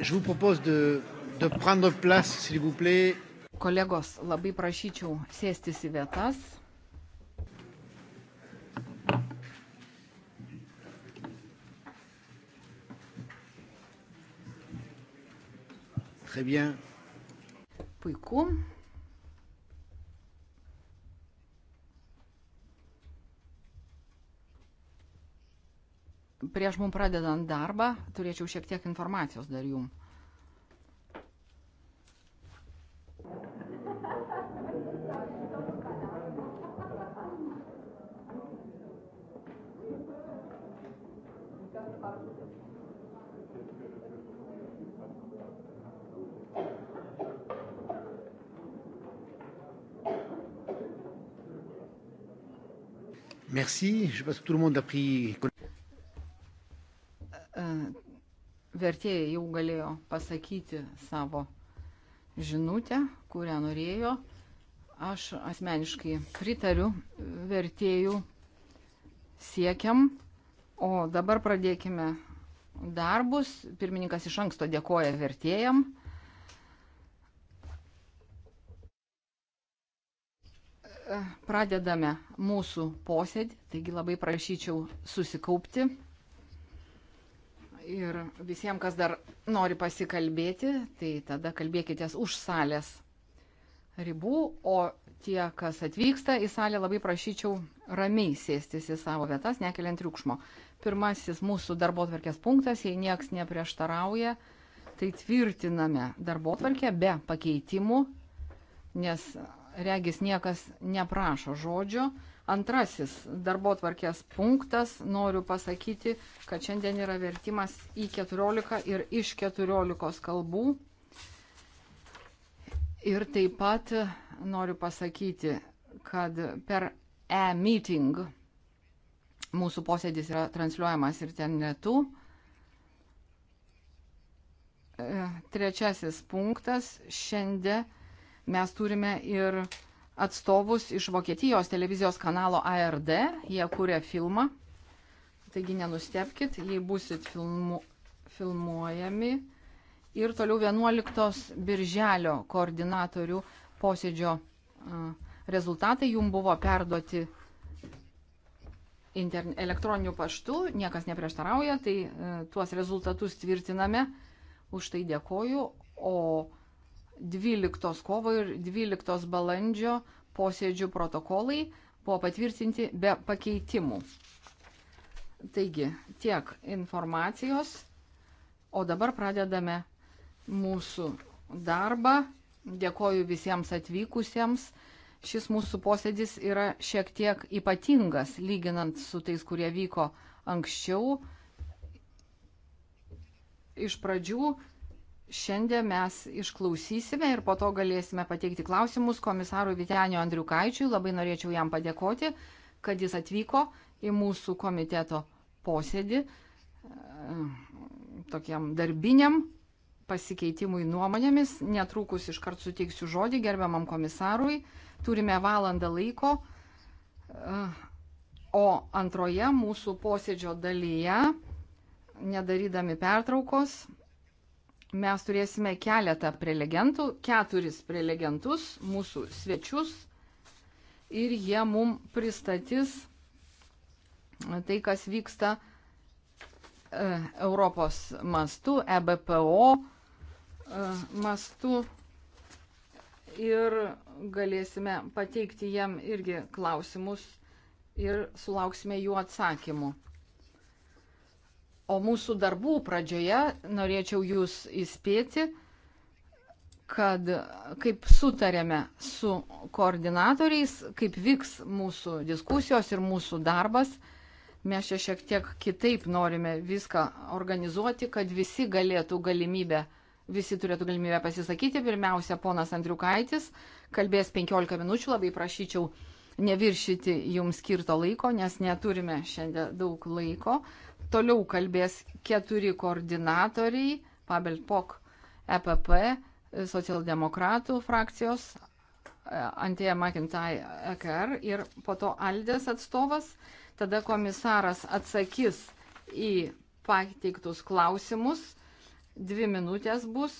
Je vous propose de, de prendre place, s'il vous plaît. Kolegos, labai prašyčiau sėstis į vietas. Très bien. Puiku. prieš mum pradedant darbą turėčiau šiek tiek informacijos dar jum. Merci. Je pense que tout le monde a pris vertėjai jau galėjo pasakyti savo žinutę, kurią norėjo. Aš asmeniškai pritariu vertėjų siekiam, o dabar pradėkime darbus. Pirmininkas iš anksto dėkoja vertėjam. Pradedame mūsų posėdį, taigi labai prašyčiau susikaupti. Ir visiems, kas dar nori pasikalbėti, tai tada kalbėkitės už salės ribų, o tie, kas atvyksta į salę, labai prašyčiau ramiai sėstis į savo vietas, nekeliant triukšmo. Pirmasis mūsų darbo tvarkės punktas, jei nieks neprieštarauja, tai tvirtiname darbo tvarkę be pakeitimų, nes regis niekas neprašo žodžio. Antrasis darbo tvarkės punktas, noriu pasakyti, kad šiandien yra vertimas į 14 ir iš 14 kalbų. Ir taip pat noriu pasakyti, kad per e-meeting mūsų posėdis yra transliuojamas ir ten netu. E, trečiasis punktas. Šiandien mes turime ir atstovus iš Vokietijos televizijos kanalo ARD. Jie kūrė filmą. Taigi nenustepkit, jei busit filmu, filmuojami. Ir toliau 11 birželio koordinatorių posėdžio rezultatai jums buvo perduoti interne, elektroniniu paštu, niekas neprieštarauja, tai e, tuos rezultatus tvirtiname, už tai dėkoju, o 12 kovo ir 12 balandžio posėdžių protokolai buvo patvirtinti be pakeitimų. Taigi, tiek informacijos, o dabar pradedame mūsų darbą. Dėkoju visiems atvykusiems. Šis mūsų posėdis yra šiek tiek ypatingas, lyginant su tais, kurie vyko anksčiau. Iš pradžių Šiandien mes išklausysime ir po to galėsime pateikti klausimus komisarui Vitenio Andriukaičiui. Labai norėčiau jam padėkoti, kad jis atvyko į mūsų komiteto posėdį e, tokiam darbiniam pasikeitimui nuomonėmis. Netrukus iškart suteiksiu žodį gerbiamam komisarui. Turime valandą laiko. E, o antroje mūsų posėdžio dalyje, nedarydami pertraukos, mes turėsime keletą prelegentų, keturis prelegentus, mūsų svečius, ir jie mum pristatys tai, kas vyksta e, Europos mastu, EBPO e, mastu. Ir galėsime pateikti jam irgi klausimus ir sulauksime jų atsakymų. O mūsų darbų pradžioje norėčiau jūs įspėti, kad kaip sutarėme su koordinatoriais, kaip vyks mūsų diskusijos ir mūsų darbas, mes čia šiek tiek kitaip norime viską organizuoti, kad visi galėtų galimybę, visi turėtų galimybę pasisakyti. Pirmiausia, ponas Andriukaitis kalbės 15 minučių, labai prašyčiau neviršyti jums skirto laiko, nes neturime šiandien daug laiko. Toliau kalbės keturi koordinatoriai - Pavel Pok, EPP, socialdemokratų frakcijos, Antėja McIntyre EKR ir po to Aldės atstovas. Tada komisaras atsakys į pateiktus klausimus, dvi minutės bus,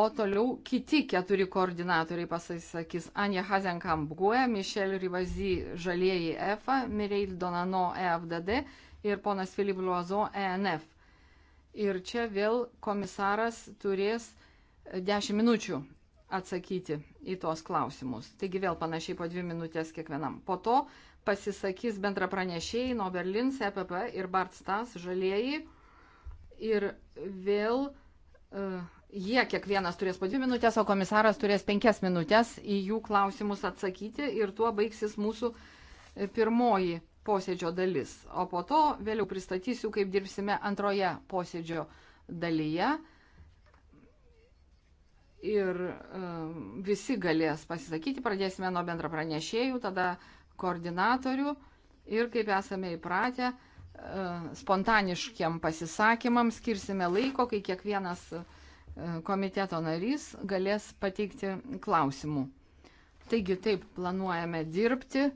o toliau kiti keturi koordinatoriai pasisakys Anja Hazenkam Bgue, Mišel Rivazy Žalieji EFA, Mireil Donano EFDD ir ponas Filip Luozo ENF. Ir čia vėl komisaras turės 10 minučių atsakyti į tuos klausimus. Taigi vėl panašiai po 2 minutės kiekvienam. Po to pasisakys bendra pranešėjai nuo Berlins, EPP ir Bartstas žalieji. Ir vėl uh, jie kiekvienas turės po 2 minutės, o komisaras turės 5 minutės į jų klausimus atsakyti ir tuo baigsis mūsų e, pirmoji posėdžio dalis, o po to vėliau pristatysiu, kaip dirbsime antroje posėdžio dalyje. Ir um, visi galės pasisakyti, pradėsime nuo bendra pranešėjų, tada koordinatorių ir kaip esame įpratę, uh, spontaniškiam pasisakymams skirsime laiko, kai kiekvienas uh, komiteto narys galės pateikti klausimų. Taigi taip planuojame dirbti.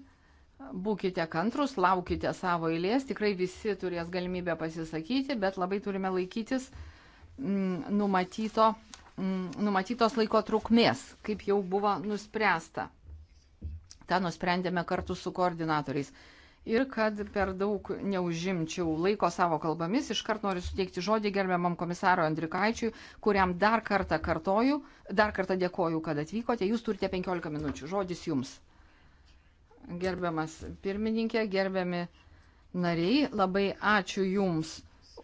Būkite kantrus, laukite savo eilės, tikrai visi turės galimybę pasisakyti, bet labai turime laikytis mm, numatyto, mm, numatytos laiko trukmės, kaip jau buvo nuspręsta. Ta nusprendėme kartu su koordinatoriais. Ir kad per daug neužimčiau laiko savo kalbomis, iškart noriu suteikti žodį gerbiamam komisaro Andrikaičiui, kuriam dar kartą kartoju, dar kartą dėkoju, kad atvykote. Jūs turite 15 minučių. Žodis jums. Gerbiamas pirmininkė, gerbiami nariai, labai ačiū Jums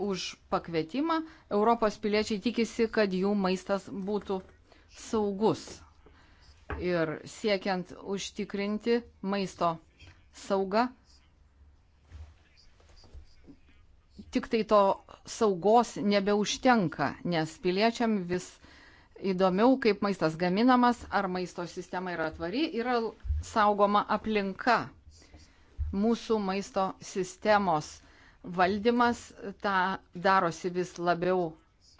už pakvietimą. Europos piliečiai tikisi, kad jų maistas būtų saugus. Ir siekiant užtikrinti maisto saugą, tik tai to saugos nebeužtenka, nes piliečiam vis įdomiau, kaip maistas gaminamas, ar maisto sistema yra tvari, yra saugoma aplinka, mūsų maisto sistemos valdymas tą darosi vis labiau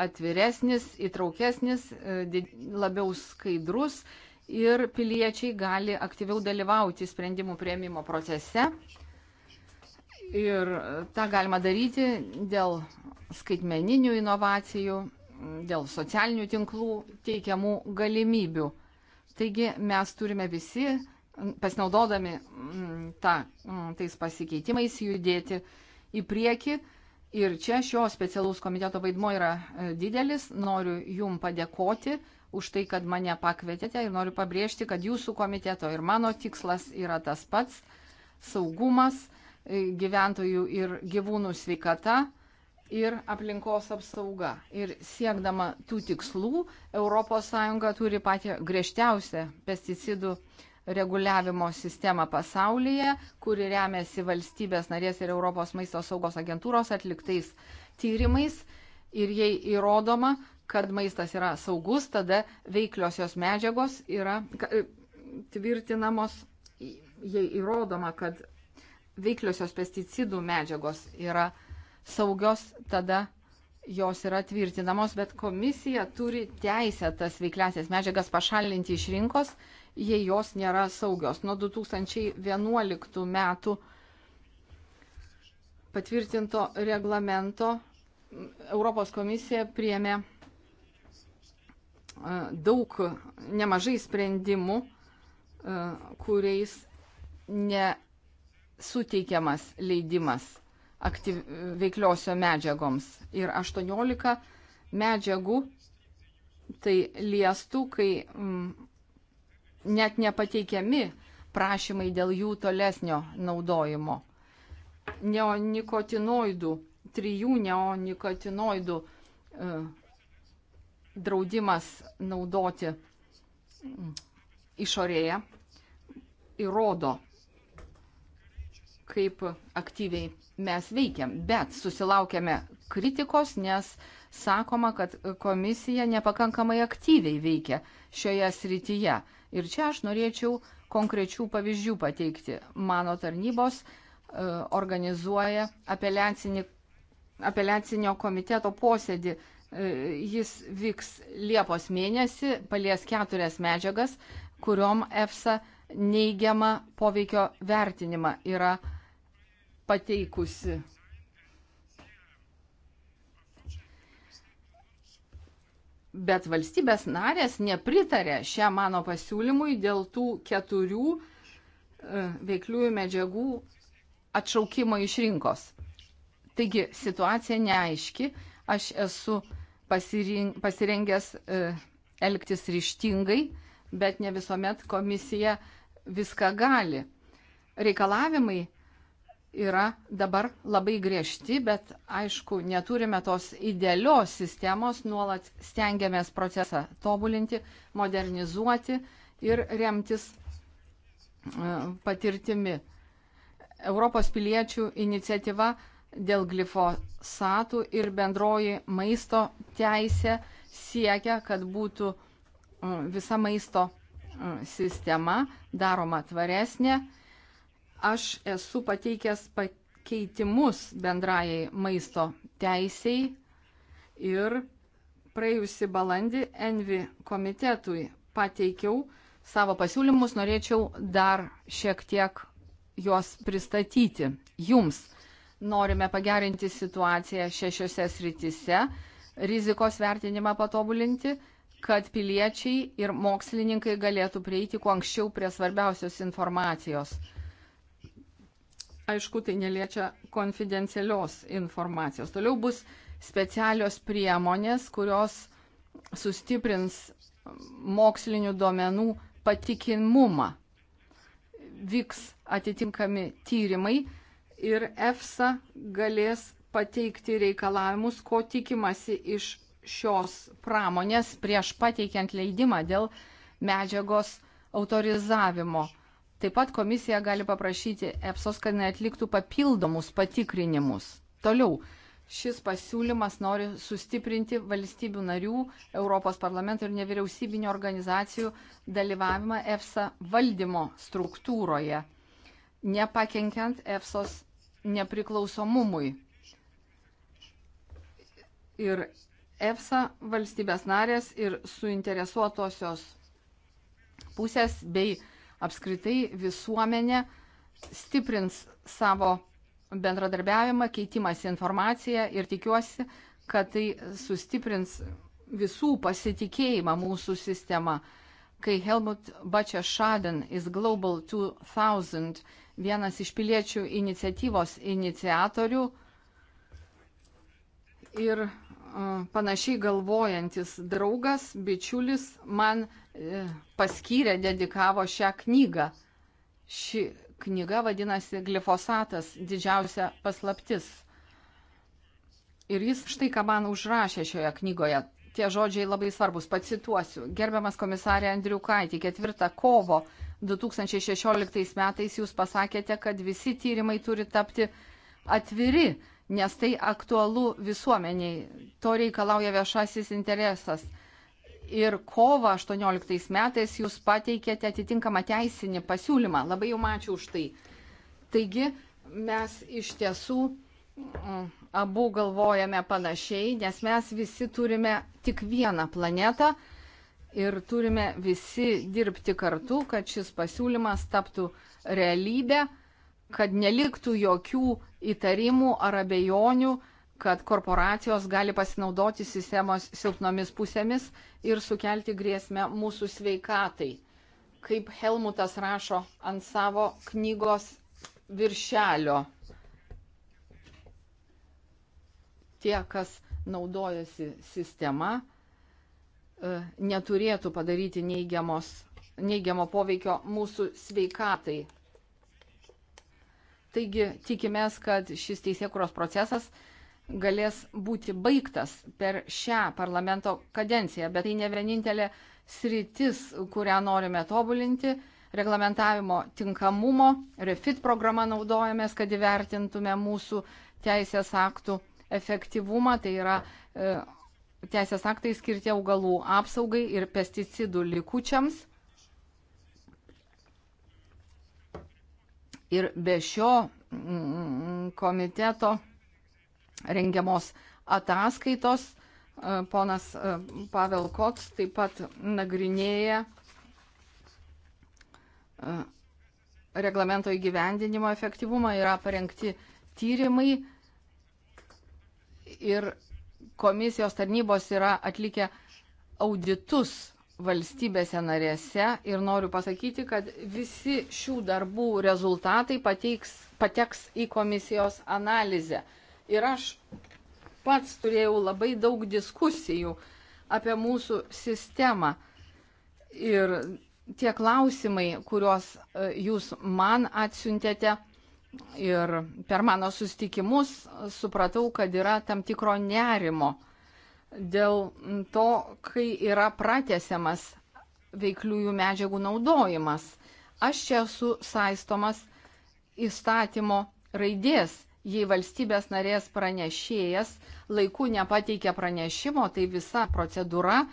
atviresnis, įtraukesnis, e, labiau skaidrus ir piliečiai gali aktyviau dalyvauti sprendimų prieimimo procese. Ir tą galima daryti dėl skaitmeninių inovacijų, dėl socialinių tinklų teikiamų galimybių. Taigi mes turime visi pasinaudodami mm, ta, mm, tais pasikeitimais judėti į priekį. Ir čia šio specialaus komiteto vaidmo yra e, didelis. Noriu Jum padėkoti už tai, kad mane pakvietėte ir noriu pabrėžti, kad Jūsų komiteto ir mano tikslas yra tas pats - saugumas, e, gyventojų ir gyvūnų sveikata ir aplinkos apsauga. Ir siekdama tų tikslų, ES turi patį griežčiausią pesticidų reguliavimo sistemą pasaulyje, kuri remiasi valstybės narės ir Europos maisto saugos agentūros atliktais tyrimais. Ir jei įrodoma, kad maistas yra saugus, tada veikliosios medžiagos yra e, tvirtinamos, jei įrodoma, kad veikliosios pesticidų medžiagos yra saugios, tada jos yra tvirtinamos, bet komisija turi teisę tas veikliasias medžiagas pašalinti iš rinkos jei jos nėra saugios. Nuo 2011 metų patvirtinto reglamento Europos komisija priėmė e, daug nemažai sprendimų, e, kuriais nesuteikiamas leidimas aktyv, veikliosio medžiagoms. Ir 18 medžiagų tai liestų, kai mm, net nepateikiami prašymai dėl jų tolesnio naudojimo. Neonikotinoidų, trijų neonikotinoidų e, draudimas naudoti mm, išorėje įrodo, kaip aktyviai mes veikiam. Bet susilaukėme kritikos, nes sakoma, kad komisija nepakankamai aktyviai veikia šioje srityje. Ir čia aš norėčiau konkrečių pavyzdžių pateikti. Mano tarnybos e, organizuoja apeliacinio komiteto posėdį. E, jis vyks Liepos mėnesį, palies keturias medžiagas, kuriuom EFSA neigiamą poveikio vertinimą yra pateikusi. Bet valstybės narės nepritarė šią mano pasiūlymui dėl tų keturių e, veikliųjų medžiagų atšaukimo iš rinkos. Taigi situacija neaiški, aš esu pasirengęs e, elgtis ryštingai, bet ne visuomet komisija viską gali. Reikalavimai yra dabar labai griežti, bet aišku, neturime tos idealios sistemos, nuolat stengiamės procesą tobulinti, modernizuoti ir remtis e, patirtimi. Europos piliečių iniciatyva dėl glifosatų ir bendroji maisto teisė siekia, kad būtų e, visa maisto e, sistema daroma tvaresnė Aš esu pateikęs pakeitimus bendrajai maisto teisiai ir praėjusi balandį Envi komitetui pateikiau savo pasiūlymus, norėčiau dar šiek tiek juos pristatyti jums. Norime pagerinti situaciją šešiose sritise, rizikos vertinimą patobulinti, kad piliečiai ir mokslininkai galėtų prieiti kuo anksčiau prie svarbiausios informacijos Aišku, tai neliečia konfidencialios informacijos. Toliau bus specialios priemonės, kurios sustiprins mokslinių duomenų patikimumą. Vyks atitinkami tyrimai ir EFSA galės pateikti reikalavimus, ko tikimasi iš šios pramonės prieš pateikiant leidimą dėl medžiagos autorizavimo. Taip pat komisija gali paprašyti EPSOS, kad atliktų papildomus patikrinimus. Toliau, šis pasiūlymas nori sustiprinti valstybių narių, Europos parlamento ir nevyriausybinio organizacijų dalyvavimą EFSA valdymo struktūroje, nepakenkiant EFSOS nepriklausomumui. Ir EFSA valstybės narės ir suinteresuotosios pusės bei apskritai visuomenė stiprins savo bendradarbiavimą, keitimas informaciją ir tikiuosi, kad tai sustiprins visų pasitikėjimą mūsų sistema. Kai Helmut Bačia Šaden is Global 2000, vienas iš piliečių iniciatyvos iniciatorių ir panašiai galvojantis draugas, bičiulis man e, paskyrė, dedikavo šią knygą. Ši knyga vadinasi Glifosatas - didžiausia paslaptis. Ir jis štai ką man užrašė šioje knygoje. Tie žodžiai labai svarbus, pacituosiu. Gerbiamas komisarė Andriu Kaitį, 4 kovo 2016 metais jūs pasakėte, kad visi tyrimai turi tapti atviri nes tai aktualu visuomeniai, to reikalauja viešasis interesas. Ir kovo 18 metais jūs pateikėte atitinkamą teisinį pasiūlymą. Labai jums ačiū už tai. Taigi mes iš tiesų mm, abu galvojame panašiai, nes mes visi turime tik vieną planetą ir turime visi dirbti kartu, kad šis pasiūlymas taptų realybę kad neliktų jokių įtarimų ar abejonių, kad korporacijos gali pasinaudoti sistemos silpnomis pusėmis ir sukelti grėsmę mūsų sveikatai. Kaip Helmutas rašo ant savo knygos viršelio. Tie, kas naudojasi sistema, e, neturėtų padaryti neigiamos, neigiamo poveikio mūsų sveikatai Taigi tikimės, kad šis teisėkuros procesas galės būti baigtas per šią parlamento kadenciją, bet tai ne vienintelė sritis, kurią norime tobulinti. Reglamentavimo tinkamumo, refit programą naudojamės, kad įvertintume mūsų teisės aktų efektyvumą, tai yra e, teisės aktai skirti augalų apsaugai ir pesticidų likučiams. ir be šio mm, komiteto rengiamos ataskaitos. E, ponas e, Pavel Kots taip pat nagrinėja e, reglamento įgyvendinimo efektyvumą, yra parengti tyrimai ir komisijos tarnybos yra atlikę auditus valstybėse narėse ir noriu pasakyti, kad visi šių darbų rezultatai pateiks, pateks į komisijos analizę. Ir aš pats turėjau labai daug diskusijų apie mūsų sistemą. Ir tie klausimai, kuriuos e, jūs man atsiuntėte ir per mano sustikimus, supratau, kad yra tam tikro nerimo dėl to, kai yra pratesiamas veikliųjų medžiagų naudojimas. Aš čia esu saistomas įstatymo raidės. Jei valstybės narės pranešėjas laiku nepateikia pranešimo, tai visa procedūra e,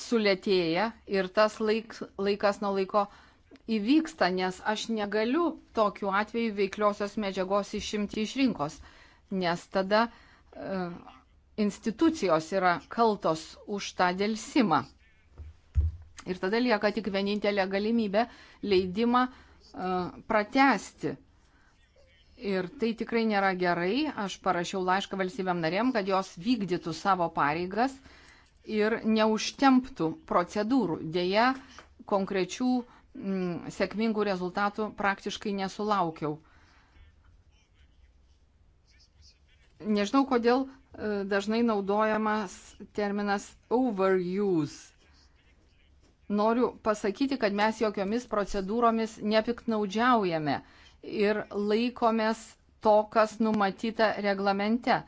sulėtėja ir tas laik, laikas nuo laiko įvyksta, nes aš negaliu tokiu atveju veikliosios medžiagos išimti iš rinkos, nes tada uh, institucijos yra kaltos už tą dėlsimą. Ir tada lieka tik vienintelė galimybė leidimą uh, pratesti. Ir tai tikrai nėra gerai. Aš parašiau laišką valstybėm narėm, kad jos vykdytų savo pareigas ir neužtemptų procedūrų. Deja, konkrečių m, sėkmingų rezultatų praktiškai nesulaukiau. nežinau, kodėl e, dažnai naudojamas terminas overuse. Noriu pasakyti, kad mes jokiomis procedūromis nepiknaudžiaujame ir laikomės to, kas numatyta reglamente.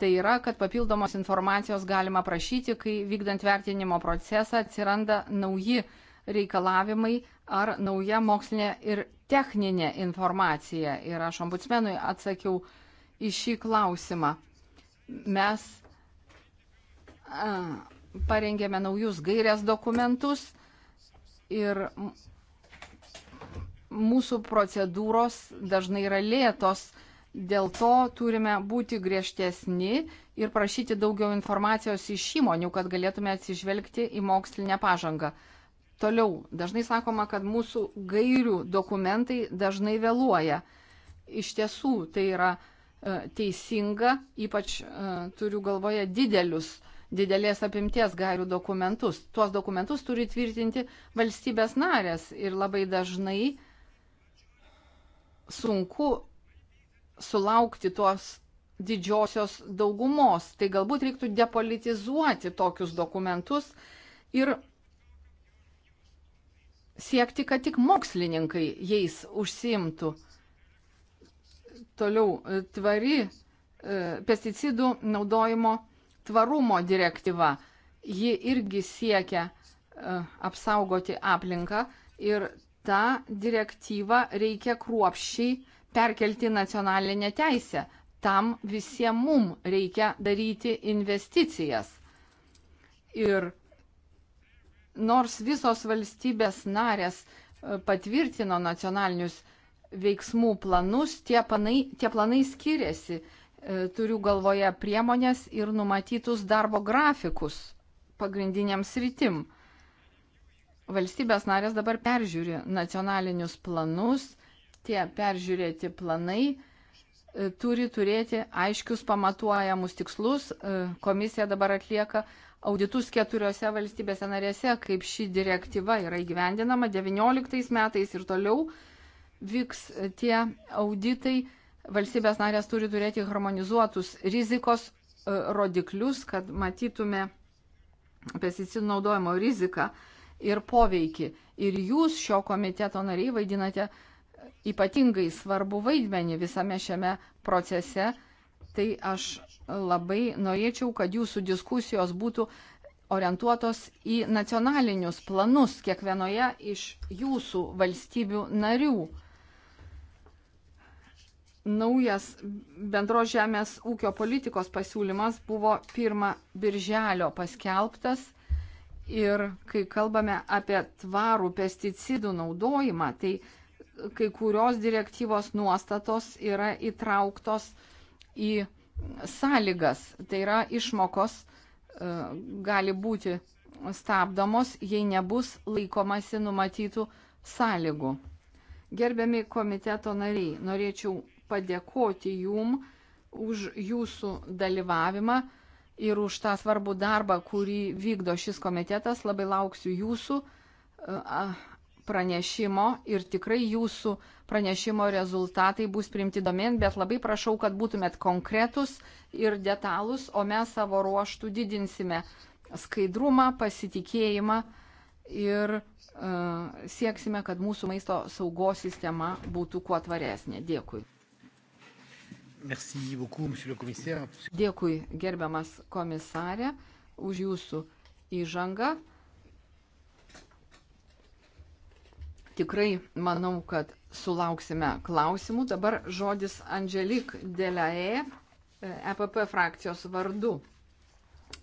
Tai yra, kad papildomos informacijos galima prašyti, kai vykdant vertinimo procesą atsiranda nauji reikalavimai ar nauja mokslinė ir techninė informacija. Ir aš ombudsmenui atsakiau, uh, į šį klausimą. Mes a, parengėme naujus gairias dokumentus ir mūsų procedūros dažnai yra lėtos. Dėl to turime būti griežtesni ir prašyti daugiau informacijos iš įmonių, kad galėtume atsižvelgti į mokslinę pažangą. Toliau, dažnai sakoma, kad mūsų gairių dokumentai dažnai vėluoja. Iš tiesų, tai yra E, teisinga, ypač e, turiu galvoje didelius, didelės apimties gairių dokumentus. Tuos dokumentus turi tvirtinti valstybės narės ir labai dažnai sunku sulaukti tuos didžiosios daugumos. Tai galbūt reiktų depolitizuoti tokius dokumentus ir siekti, kad tik mokslininkai jais užsimtų. Toliau e, tvari e, pesticidų naudojimo tvarumo direktyva. Ji irgi siekia e, apsaugoti aplinką ir tą direktyvą reikia kruopščiai perkelti nacionalinę teisę. Tam visiems mum reikia daryti investicijas. Ir nors visos valstybės narės patvirtino nacionalinius veiksmų planus, tie, panai, tie planai skiriasi. E, turiu galvoje priemonės ir numatytus darbo grafikus pagrindiniams rytim. Valstybės narės dabar peržiūri nacionalinius planus, tie peržiūrėti planai e, turi turėti aiškius pamatuojamus tikslus. E, komisija dabar atlieka auditus keturiose valstybėse narėse, kaip ši direktyva yra įgyvendinama 19 metais ir toliau vyks tie auditai, valstybės narės turi turėti harmonizuotus rizikos e, rodiklius, kad matytume pesticidų naudojimo riziką ir poveikį. Ir jūs šio komiteto nariai vaidinate ypatingai svarbu vaidmenį visame šiame procese. Tai aš labai norėčiau, kad jūsų diskusijos būtų orientuotos į nacionalinius planus kiekvienoje iš jūsų valstybių narių naujas bendros žemės ūkio politikos pasiūlymas buvo 1 birželio paskelbtas ir kai kalbame apie tvarų pesticidų naudojimą, tai kai kurios direktyvos nuostatos yra įtrauktos į sąlygas, tai yra išmokos e, gali būti stabdomos, jei nebus laikomasi numatytų sąlygų. Gerbiami komiteto nariai, norėčiau padėkoti jum už jūsų dalyvavimą ir už tą svarbų darbą, kurį vykdo šis komitetas. Labai lauksiu jūsų pranešimo ir tikrai jūsų pranešimo rezultatai bus priimti domen, bet labai prašau, kad būtumėt konkretus ir detalus, o mes savo ruoštų didinsime skaidrumą, pasitikėjimą ir uh, sieksime, kad mūsų maisto saugos sistema būtų kuo tvaresnė. Dėkui. Dėkui, gerbiamas komisarė, už jūsų įžangą. Tikrai manau, kad sulauksime klausimų. Dabar žodis Angelik Delae, EPP frakcijos vardu.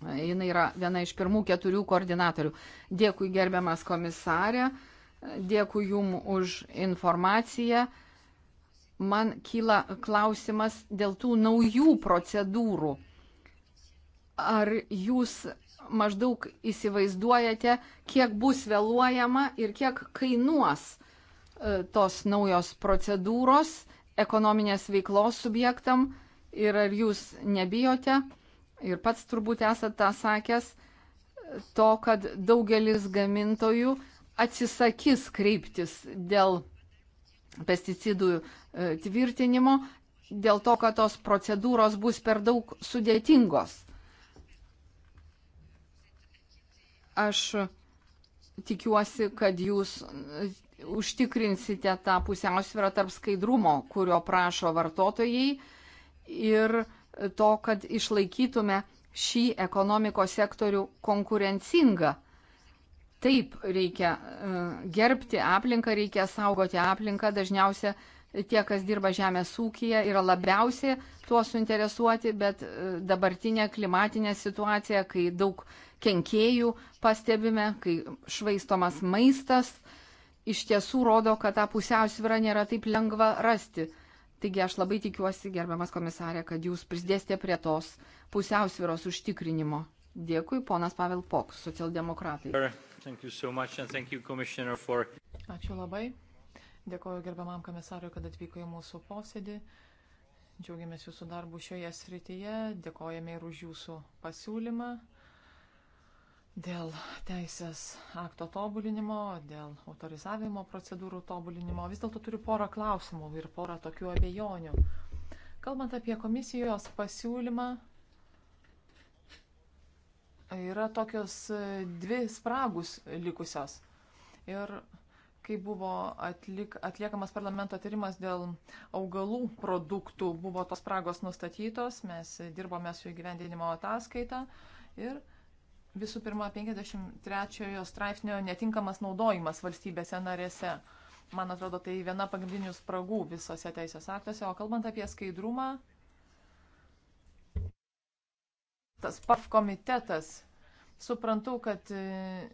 Jis yra viena iš pirmų keturių koordinatorių. Dėkui, gerbiamas komisarė, dėkui jum už informaciją man kyla klausimas dėl tų naujų procedūrų. Ar jūs maždaug įsivaizduojate, kiek bus vėluojama ir kiek kainuos e, tos naujos procedūros ekonominės veiklos subjektam ir ar jūs nebijote, ir pats turbūt esate tą sakęs, to, kad daugelis gamintojų atsisakys kreiptis dėl pesticidų e, tvirtinimo, dėl to, kad tos procedūros bus per daug sudėtingos. Aš tikiuosi, kad jūs e, užtikrinsite tą pusiausvyrą tarp skaidrumo, kurio prašo vartotojai ir to, kad išlaikytume šį ekonomikos sektorių konkurencingą. Taip, reikia e, gerbti aplinką, reikia saugoti aplinką. Dažniausia tie, kas dirba žemės ūkija, yra labiausiai tuo suinteresuoti, bet e, dabartinė klimatinė situacija, kai daug kenkėjų pastebime, kai švaistomas maistas, iš tiesų rodo, kad tą pusiausvyrą nėra taip lengva rasti. Taigi aš labai tikiuosi, gerbiamas komisarė, kad jūs prisidėsite prie tos pusiausvyros užtikrinimo. Dėkui, ponas Pavel Poks, socialdemokratai. Gerai. So much, you, for... Ačiū labai. Dėkoju gerbiamam komisarui, kad atvyko į mūsų posėdį. Džiaugiamės jūsų darbu šioje srityje, dėkojame ir už jūsų pasiūlymą dėl teisės akto tobulinimo, dėl autorizavimo procedūrų tobulinimo. Vis dėlto turiu porą klausimų ir porą tokių abejonių. Kalbant apie komisijos pasiūlymą, yra tokios e, dvi spragus likusios. Ir kai buvo atlik, atliekamas parlamento tyrimas dėl augalų produktų, buvo tos spragos nustatytos, mes dirbome su įgyvendinimo ataskaita ir visų pirma 53 straipsnio netinkamas naudojimas valstybėse narėse. Man atrodo, tai viena pagrindinių spragų visose teisės aktuose. O kalbant apie skaidrumą, tas PAF komitetas. Suprantu, kad e,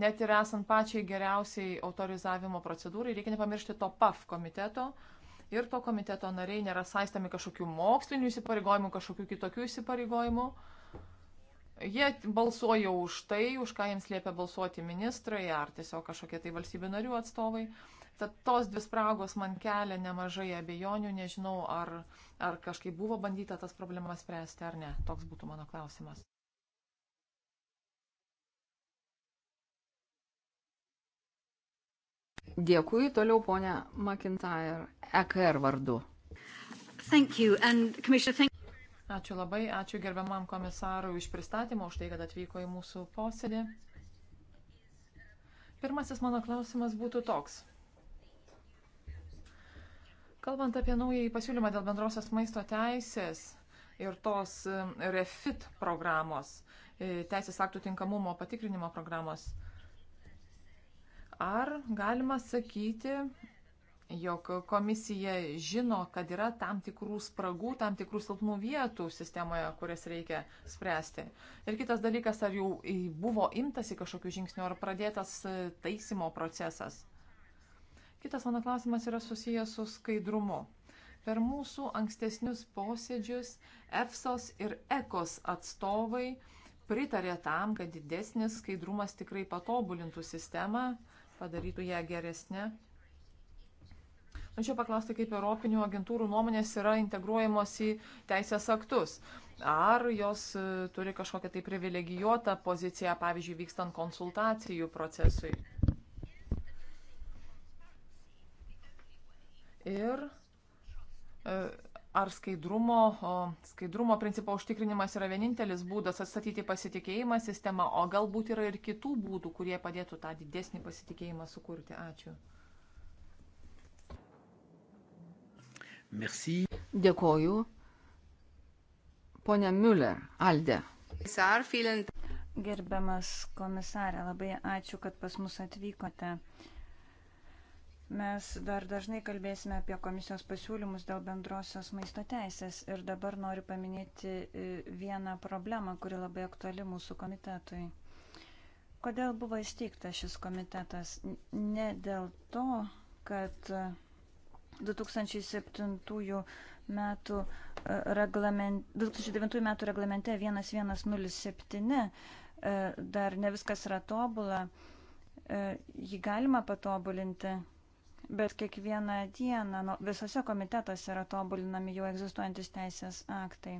net ir esant pačiai geriausiai autorizavimo procedūrai, reikia nepamiršti to PAF komiteto. Ir to komiteto nariai nėra saistami kažkokių mokslinių įsipareigojimų, kažkokių kitokių įsipareigojimų. Jie balsuoja už tai, už ką jiems liepia balsuoti ministrai ar tiesiog kažkokie tai valstybių narių atstovai. Tad tos dvi spragos man kelia nemažai abejonių, nežinau, ar, ar kažkaip buvo bandyta tas problemas spręsti ar ne. Toks būtų mano klausimas. Dėkui, toliau ponia McIntyre, EKR vardu. Thank you, and Commissioner, thank you. Ačiū labai, ačiū gerbiamam komisarui iš pristatymo, už tai, kad atvyko į mūsų posėdį. Pirmasis mano klausimas būtų toks. Kalbant apie naująjį pasiūlymą dėl bendrosios maisto teisės ir tos refit programos, e, teisės aktų tinkamumo patikrinimo programos, ar galima sakyti, jog komisija žino, kad yra tam tikrų spragų, tam tikrų silpnų vietų sistemoje, kurias reikia spręsti. Ir kitas dalykas, ar jau buvo imtasi kažkokių žingsnių, ar pradėtas e, taisymo procesas. Kitas mano klausimas yra susijęs su skaidrumu. Per mūsų ankstesnius posėdžius EFSOS ir ECOS atstovai pritarė tam, kad didesnis skaidrumas tikrai patobulintų sistemą, padarytų ją geresnę. Norėčiau paklausti, kaip Europinių agentūrų nuomonės yra integruojamos į teisės aktus. Ar jos e, turi kažkokią tai privilegijuotą poziciją, pavyzdžiui, vykstant konsultacijų procesui? ir e, ar skaidrumo, skaidrumo principo užtikrinimas yra vienintelis būdas atstatyti pasitikėjimą sistemą, o galbūt yra ir kitų būdų, kurie padėtų tą didesnį pasitikėjimą sukurti. Ačiū. Merci. Dėkoju. Pone Müller, Alde. Gerbiamas komisarė, labai ačiū, kad pas mus atvykote. Uh, Mes dar dažnai kalbėsime apie komisijos pasiūlymus dėl bendrosios maisto teisės ir dabar noriu paminėti e, vieną problemą, kuri labai aktuali mūsų komitetui. Kodėl buvo įsteigtas šis komitetas? Ne dėl to, kad 2007 metų e, reglament, 2009 metų reglamente 1107 e, dar ne viskas yra tobula, jį galima patobulinti bet kiekvieną dieną nu, visose komitetuose yra tobulinami jau egzistuojantis teisės aktai.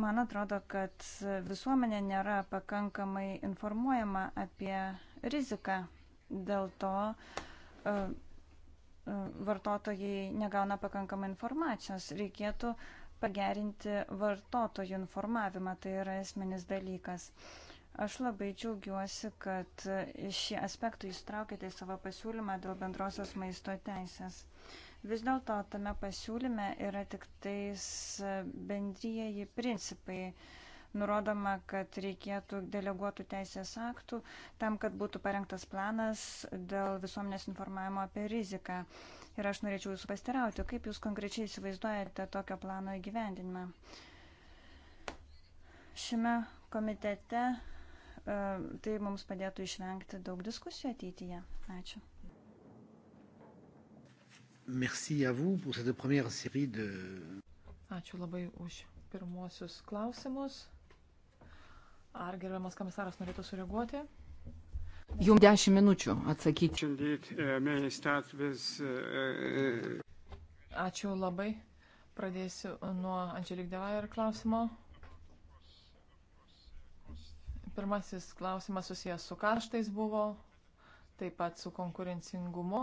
Man atrodo, kad visuomenė nėra pakankamai informuojama apie riziką. Dėl to uh, vartotojai negauna pakankamai informacijos. Reikėtų pagerinti vartotojų informavimą, tai yra esminis dalykas. Uh, Aš labai džiaugiuosi, kad šį aspektą jūs traukite į savo pasiūlymą dėl bendrosios maisto teisės. Vis dėlto tame pasiūlyme yra tik tais bendrieji principai. Nurodoma, kad reikėtų deleguotų teisės aktų tam, kad būtų parengtas planas dėl visuomenės informavimo apie riziką. Ir aš norėčiau jūsų pastirauti, kaip jūs konkrečiai įsivaizduojate tokio plano įgyvendinimą. Šiame komitete E, tai mums padėtų išvengti daug diskusijų ateityje. Ačiū. Merci à vous pour cette première série de... Ačiū labai už pirmosius klausimus. Ar gerbiamas komisaras norėtų sureaguoti? Jums dešimt minučių atsakyti. Uh, uh, uh, Ačiū labai. Pradėsiu nuo Andželik Devair klausimo. Pirmasis klausimas susijęs su karštais buvo, taip pat su konkurencingumu.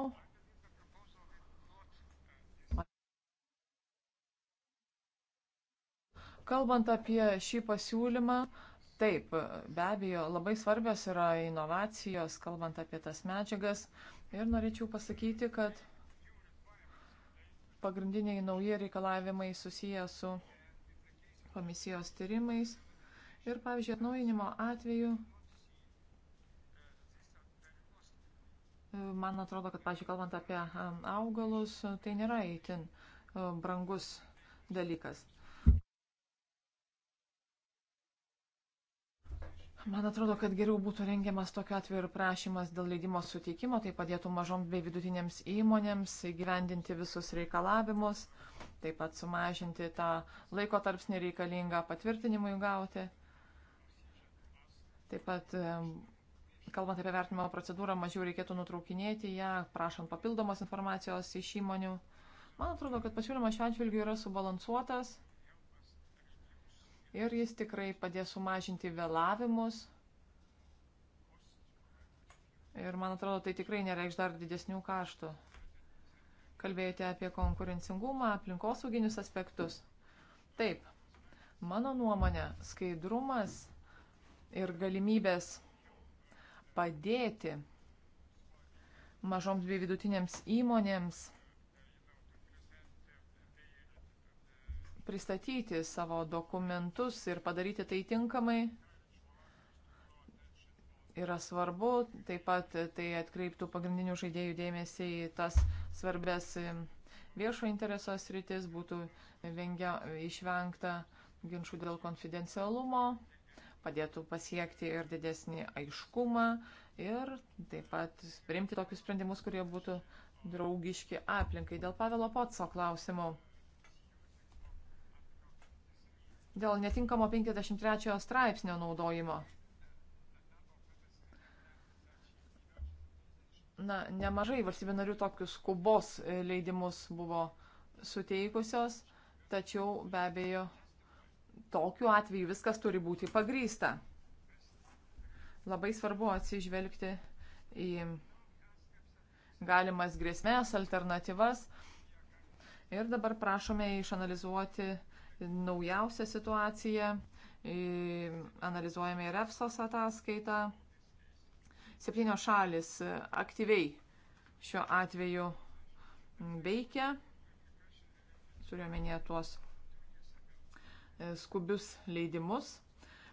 Kalbant apie šį pasiūlymą, taip, be abejo, labai svarbios yra inovacijos, kalbant apie tas medžiagas. Ir norėčiau pasakyti, kad pagrindiniai nauji reikalavimai susiję su komisijos tyrimais Ir, pavyzdžiui, atnaujinimo atveju, man atrodo, kad, pavyzdžiui, kalbant apie augalus, tai nėra įtin brangus dalykas. Man atrodo, kad geriau būtų rengiamas tokiu atveju ir prašymas dėl leidimo suteikimo, tai padėtų mažoms bei vidutinėms įmonėms įgyvendinti visus reikalavimus, taip pat sumažinti tą laiko tarpsnį reikalingą patvirtinimui gauti. Taip pat, kalbant apie vertinimo procedūrą, mažiau reikėtų nutraukinėti ją, prašant papildomos informacijos iš įmonių. Man atrodo, kad pasiūlymas šiuo atžvilgiu yra subalansuotas ir jis tikrai padės sumažinti vėlavimus. Ir man atrodo, tai tikrai nereikš dar didesnių kaštų. Kalbėjote apie konkurencingumą, aplinkosauginius aspektus. Taip, mano nuomonė, skaidrumas ir galimybės padėti mažoms bei vidutinėms įmonėms pristatyti savo dokumentus ir padaryti tai tinkamai yra svarbu. Taip pat tai atkreiptų pagrindinių žaidėjų dėmesį į tas svarbės viešo intereso sritis, būtų vengia, išvengta ginčių dėl konfidencialumo padėtų pasiekti ir didesnį aiškumą ir taip pat priimti tokius sprendimus, kurie būtų draugiški aplinkai. Dėl Pavelo Potso klausimų. Dėl netinkamo 53 straipsnio naudojimo. Na, nemažai valstybė narių tokius skubos leidimus buvo suteikusios, tačiau be abejo tokiu atveju viskas turi būti pagrysta. Labai svarbu atsižvelgti į galimas grėsmės, alternatyvas. Ir dabar prašome išanalizuoti naujausią situaciją, analizuojame ir EFSOS ataskaitą. Septynios šalis aktyviai šiuo atveju veikia, turiuomenė tuos E, skubius leidimus.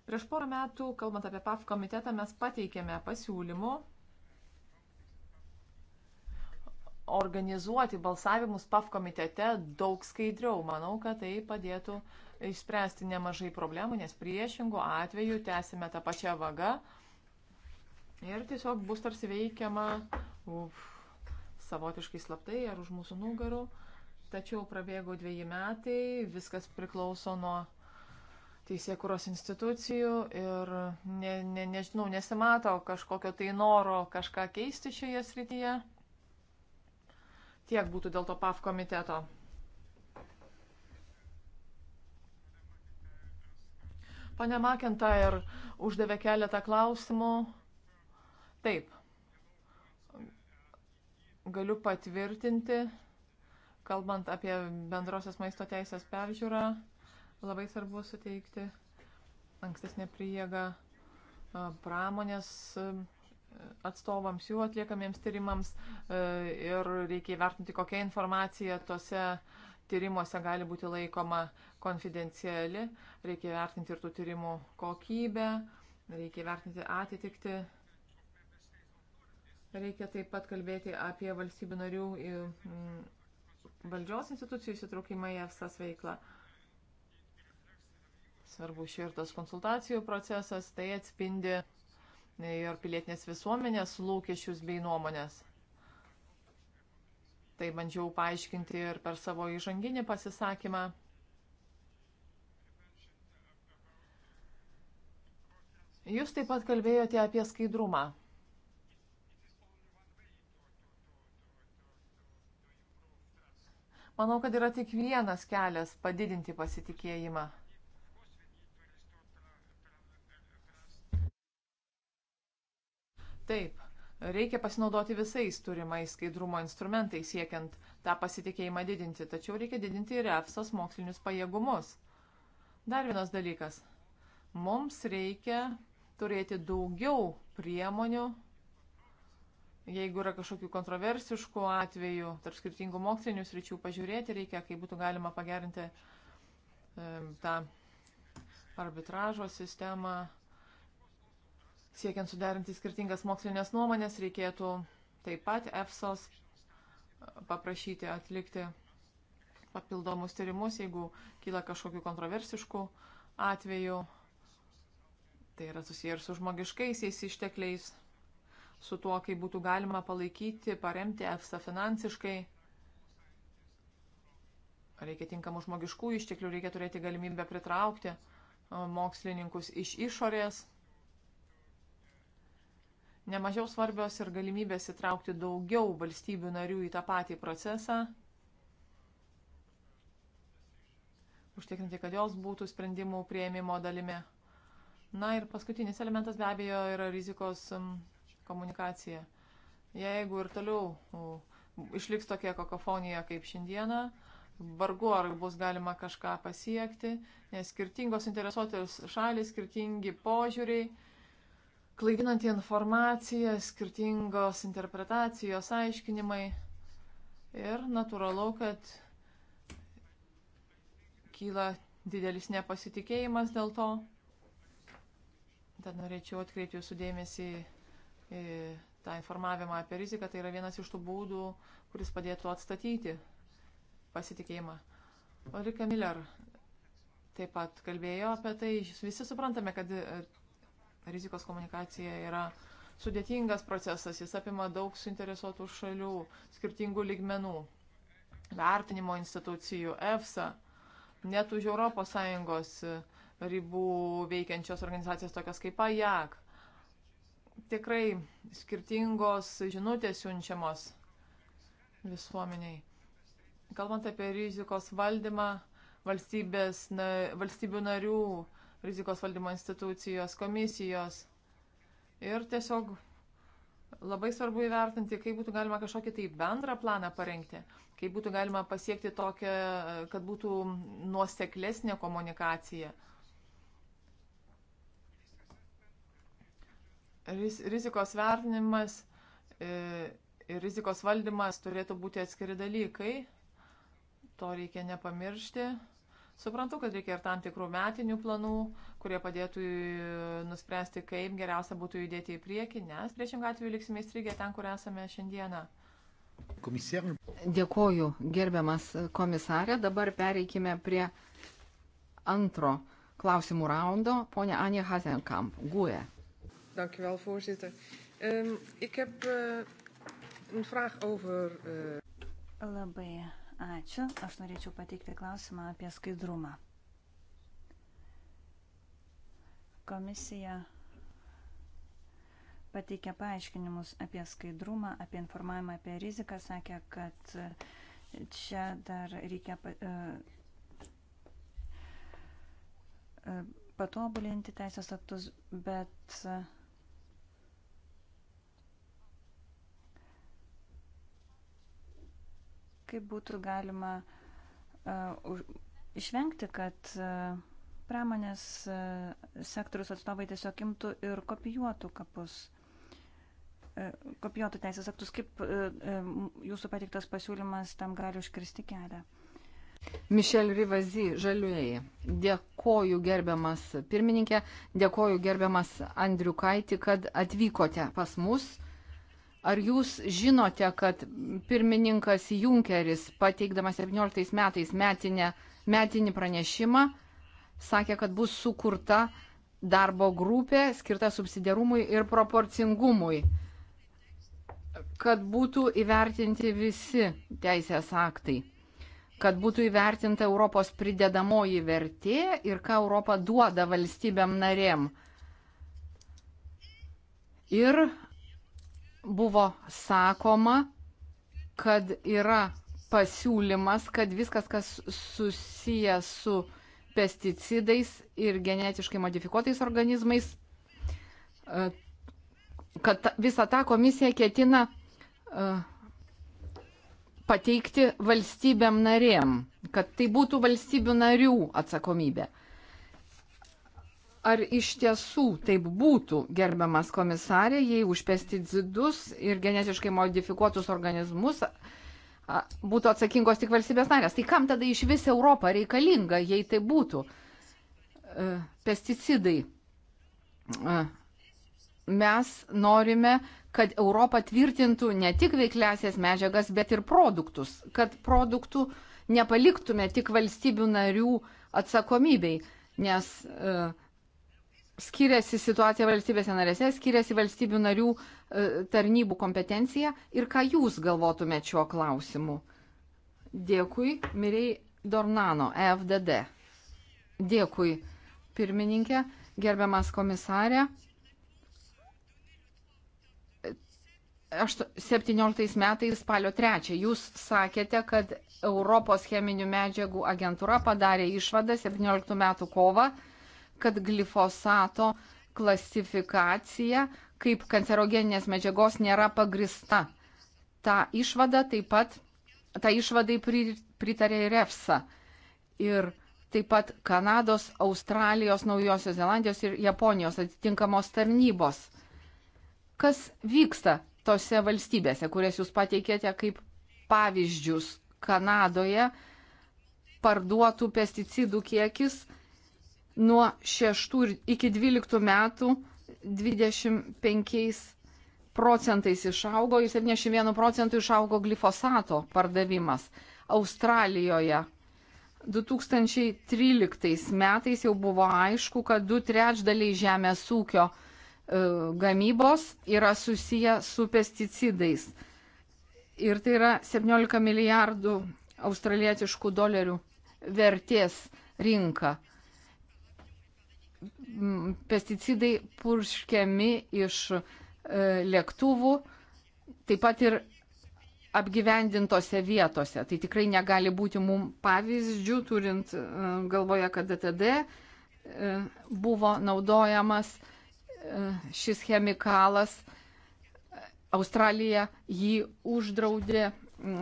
Prieš porą metų, kalbant apie PAF komitetą, mes pateikėme pasiūlymų organizuoti balsavimus PAF komitete daug skaidriau. Manau, kad tai padėtų išspręsti nemažai problemų, nes priešingų atveju tęsime tą pačią vagą ir tiesiog bus tarsi veikiama uf, savotiškai slaptai ar už mūsų nugarų. Tačiau prabėgo dviejai metai, viskas priklauso nuo teisėkuros institucijų ir ne, ne, nežinau, nesimato kažkokio tai noro kažką keisti šioje srityje. Tiek būtų dėl to PAF komiteto. Pane Makentair uždavė keletą klausimų. Taip. Galiu patvirtinti, kalbant apie bendrosios maisto teisės peržiūrą, Labai svarbu suteikti ankstesnę priegą pramonės atstovams, jų atliekamiems tyrimams ir reikia įvertinti, kokia informacija tose tyrimuose gali būti laikoma konfidenciali, reikia įvertinti ir tų tyrimų kokybę, reikia įvertinti atitikti. Reikia taip pat kalbėti apie valstybių narių valdžios institucijų įsitraukimą į EFSAS veiklą. Uh, Svarbu šir tas konsultacijų procesas, tai atspindi ir pilietinės visuomenės lūkesčius bei nuomonės. Tai bandžiau paaiškinti ir per savo įžanginį pasisakymą. Jūs taip pat kalbėjote apie skaidrumą. Manau, kad yra tik vienas kelias padidinti pasitikėjimą. Taip, reikia pasinaudoti visais turimais skaidrumo instrumentais siekiant tą pasitikėjimą didinti, tačiau reikia didinti ir EFSAS mokslinius pajėgumus. Dar vienas dalykas. Mums reikia turėti daugiau priemonių, jeigu yra kažkokių kontroversiškų atvejų, tarp skirtingų mokslinių sričių pažiūrėti reikia, kaip būtų galima pagerinti e, tą arbitražo sistemą Siekiant suderinti skirtingas mokslinės nuomonės, reikėtų taip pat EFSOS paprašyti atlikti papildomus tyrimus, jeigu kyla kažkokių kontroversiškų atvejų. Tai yra susiję ir su žmogiškaisiais ištekliais, su tuo, kaip būtų galima palaikyti, paremti EFSA finansiškai. Reikia tinkamų žmogiškų išteklių, reikia turėti galimybę pritraukti e, mokslininkus iš išorės. Nemažiau svarbios ir galimybės įtraukti daugiau valstybių narių į tą patį procesą. Užtikrinti, kad jos būtų sprendimų prieimimo dalimi. Na ir paskutinis elementas be abejo yra rizikos um, komunikacija. Jeigu ir toliau išliks tokia kakofonija kaip šiandieną, vargu ar bus galima kažką pasiekti, nes skirtingos interesuotės šalis, skirtingi požiūriai klaidinanti informacija, skirtingos interpretacijos, aiškinimai ir natūralu, kad kyla didelis nepasitikėjimas dėl to. Tad norėčiau atkreipti jūsų dėmesį į tą informavimą apie riziką. Tai yra vienas iš tų būdų, kuris padėtų atstatyti pasitikėjimą. Ulrika Miller taip pat kalbėjo apie tai. Visi suprantame, kad Rizikos komunikacija yra sudėtingas procesas, jis apima daug suinteresuotų šalių, skirtingų ligmenų, vertinimo institucijų, EFSA, net už ES ribų veikiančios organizacijos tokios kaip AJAK. Tikrai skirtingos žinutės siunčiamos visuomeniai. Kalbant apie rizikos valdymą, valstybės, na, valstybių narių rizikos valdymo institucijos, komisijos. Ir tiesiog labai svarbu įvertinti, kaip būtų galima kažkokį tai bendrą planą parengti, kaip būtų galima pasiekti tokią, kad būtų nuoseklesnė komunikacija. Rizikos vertinimas e, ir rizikos valdymas turėtų būti atskiri dalykai. To reikia nepamiršti. Suprantu, kad reikia ir tam tikrų metinių planų, kurie padėtų e, nuspręsti, kaip geriausia būtų judėti į priekį, nes priešingą atveju liksime įstrigę ten, kur esame šiandieną. Komisarė. Dėkoju, gerbiamas komisarė. Dabar pereikime prie antro klausimų raundo. Pone Anja Hazenkamp, GUE. Dankjewel, voorzitter. Um, ik heb uh, een vraag over... Uh... Labai Ačiū. Aš norėčiau pateikti klausimą apie skaidrumą. Komisija pateikė paaiškinimus apie skaidrumą, apie informavimą apie riziką, sakė, kad čia dar reikia e, e, patobulinti teisės aktus, bet kaip būtų galima uh, išvengti, kad uh, pramonės uh, e, sektorius atstovai tiesiog imtų ir kopijuotų kapus, uh, kopijuotų teisės aktus, kaip uh, uh, jūsų pateiktas pasiūlymas tam gali užkirsti kelią. Mišel Rivazy, žaliuėjai. Dėkoju gerbiamas pirmininkė, dėkoju gerbiamas Andriukaitį, kad atvykote pas mus Ar jūs žinote, kad pirmininkas Junkeris, pateikdamas 17 metais metinę, metinį pranešimą, sakė, kad bus sukurta darbo grupė skirta subsidiarumui ir proporcingumui, kad būtų įvertinti visi teisės aktai, kad būtų įvertinta Europos pridedamoji vertė ir ką Europa duoda valstybėm narėm. Ir buvo sakoma, kad yra pasiūlymas, kad viskas, kas susiję su pesticidais ir genetiškai modifikuotais organizmais, e, kad visą tą komisiją ketina e, pateikti valstybėm narėm, kad tai būtų valstybių narių atsakomybė ar iš tiesų taip būtų, gerbiamas komisarė, jei už pesticidus ir genetiškai modifikuotus organizmus būtų atsakingos tik valstybės narės. Tai kam tada iš vis Europą reikalinga, jei tai būtų e, pesticidai? E, mes norime, kad Europa tvirtintų ne tik veikliasias medžiagas, bet ir produktus, kad produktų nepaliktume tik valstybių narių atsakomybei, nes uh, skiriasi situacija valstybėse narėse, skiriasi valstybių narių e, tarnybų kompetencija ir ką jūs galvotumėte šiuo klausimu. Dėkui, Miriai Dornano, EFDD. Dėkui, pirmininkė, gerbiamas komisarė. 17 metais spalio 3 jūs sakėte, kad Europos cheminių medžiagų agentūra padarė išvadą 17 metų kovą kad glifosato klasifikacija kaip kancerogeninės medžiagos nėra pagrista. Ta išvada taip pat, ta išvadai pritarė ir EFSA. Ir taip pat Kanados, Australijos, Naujosios Zelandijos ir Japonijos atitinkamos tarnybos. Kas vyksta tose valstybėse, kurias jūs pateikėte kaip pavyzdžius Kanadoje parduotų pesticidų kiekis nuo 6 iki 12 metų 25 procentais išaugo, 71 procentų išaugo glifosato pardavimas. Australijoje 2013 metais jau buvo aišku, kad du trečdaliai žemės ūkio e, gamybos yra susiję su pesticidais. Ir tai yra 17 milijardų australietiškų dolerių vertės rinka pesticidai purškiami iš e, lėktuvų, taip pat ir apgyvendintose vietose. Tai tikrai negali būti mum pavyzdžių, turint e, galvoje, kad DTD e, buvo naudojamas šis chemikalas. Australija jį uždraudė,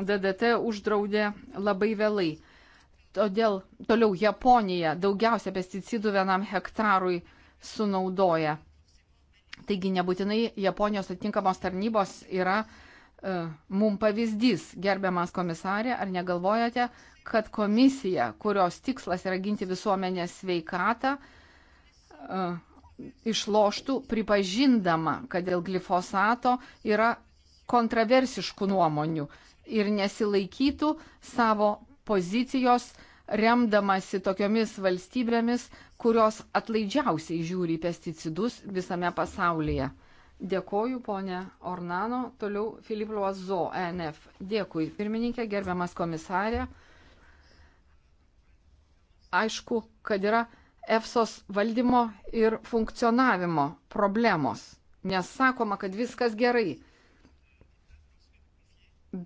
DDT uždraudė labai vėlai. Todėl toliau Japonija daugiausia pesticidų vienam hektarui sunaudoja. Taigi nebūtinai Japonijos atitinkamos tarnybos yra uh, mum pavyzdys, gerbiamas komisarė, ar negalvojate, kad komisija, kurios tikslas yra ginti visuomenės sveikatą, uh, išloštų pripažindama, kad dėl glifosato yra kontroversiškų nuomonių ir nesilaikytų savo pozicijos, remdamasi tokiomis valstybėmis, kurios atlaidžiausiai žiūri į pesticidus visame pasaulyje. Dėkoju, ponė Ornano, toliau Filip Loazo, ENF. Dėkui, pirmininkė, gerbiamas komisarė. Aišku, kad yra EFSOS valdymo ir funkcionavimo problemos, nes sakoma, kad viskas gerai.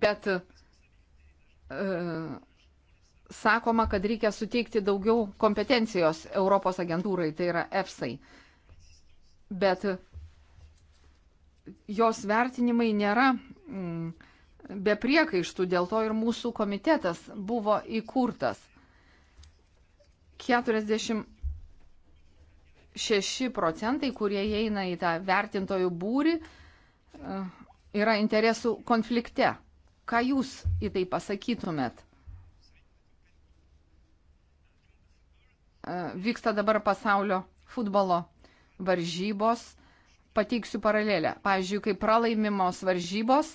Bet e, sakoma, kad reikia suteikti daugiau kompetencijos Europos agentūrai, tai yra EFSAI. Bet jos vertinimai nėra mm, be priekaištų, dėl to ir mūsų komitetas buvo įkurtas. 46 procentai, kurie įeina į tą vertintojų būrį, e, yra interesų konflikte. Ką jūs į tai pasakytumėt? E, vyksta dabar pasaulio futbolo varžybos. Pateiksiu paralelę. Pavyzdžiui, kai pralaimimos varžybos,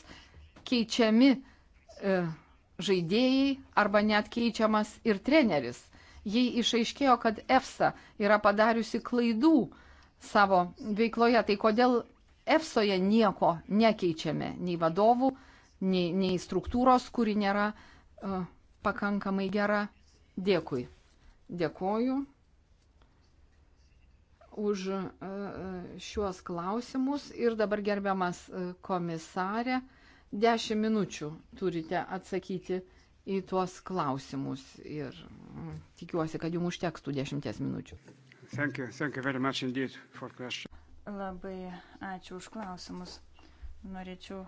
keičiami e, žaidėjai arba net keičiamas ir treneris. Jei išaiškėjo, kad EFSA yra padariusi klaidų savo veikloje, tai kodėl EFSOje nieko nekeičiame, nei vadovų, nei, nei struktūros, kuri nėra e, pakankamai gera. Dėkui. Dėkoju už e, e, šiuos klausimus. Ir dabar gerbiamas e, komisarė, dešimt minučių turite atsakyti į tuos klausimus. Ir tikiuosi, kad jums užteks tų dešimties minučių. Thank you. Thank you very much indeed for question. Labai ačiū už klausimus. Norėčiau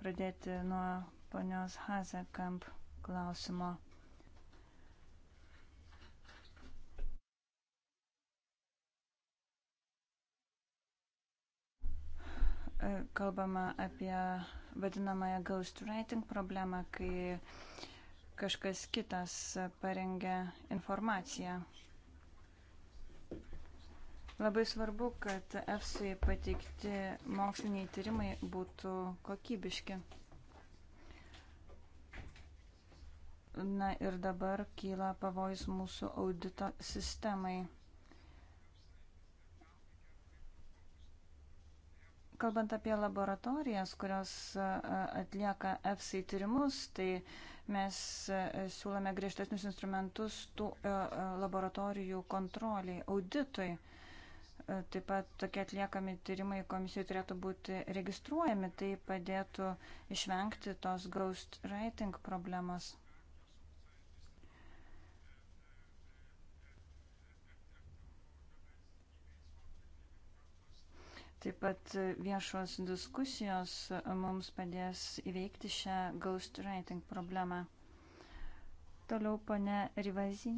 pradėti nuo ponios Hazekamp klausimo. E, kalbama apie vadinamąją ghostwriting problemą, kai kažkas kitas parengia informaciją. Labai svarbu, kad EFSA pateikti moksliniai tyrimai būtų kokybiški. Na ir dabar kyla pavojus mūsų audito sistemai. Kalbant apie laboratorijas, kurios atlieka EFSA tyrimus, tai mes siūlome griežtesnius instrumentus tų laboratorijų kontroliai, auditui. Taip pat tokie atliekami tyrimai komisijai turėtų būti registruojami, tai padėtų išvengti tos ghost writing problemos. Taip pat viešos diskusijos mums padės įveikti šią ghostwriting problemą. Toliau pane Rivazy.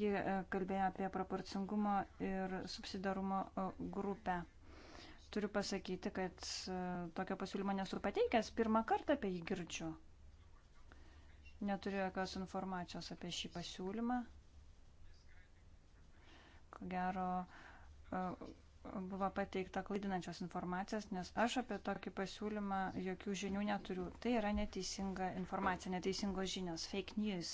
Ji e, kalbėjo apie proporcingumo ir subsidarumo e, grupę. Turiu pasakyti, kad e, tokio pasiūlymo nesu pateikęs, pirmą kartą apie jį girdžiu. Neturiu jokios informacijos apie šį pasiūlymą. Ko gero, buvo pateikta klaidinančios informacijos, nes aš apie tokį pasiūlymą jokių žinių neturiu. Tai yra neteisinga informacija, neteisingos žinios, fake news.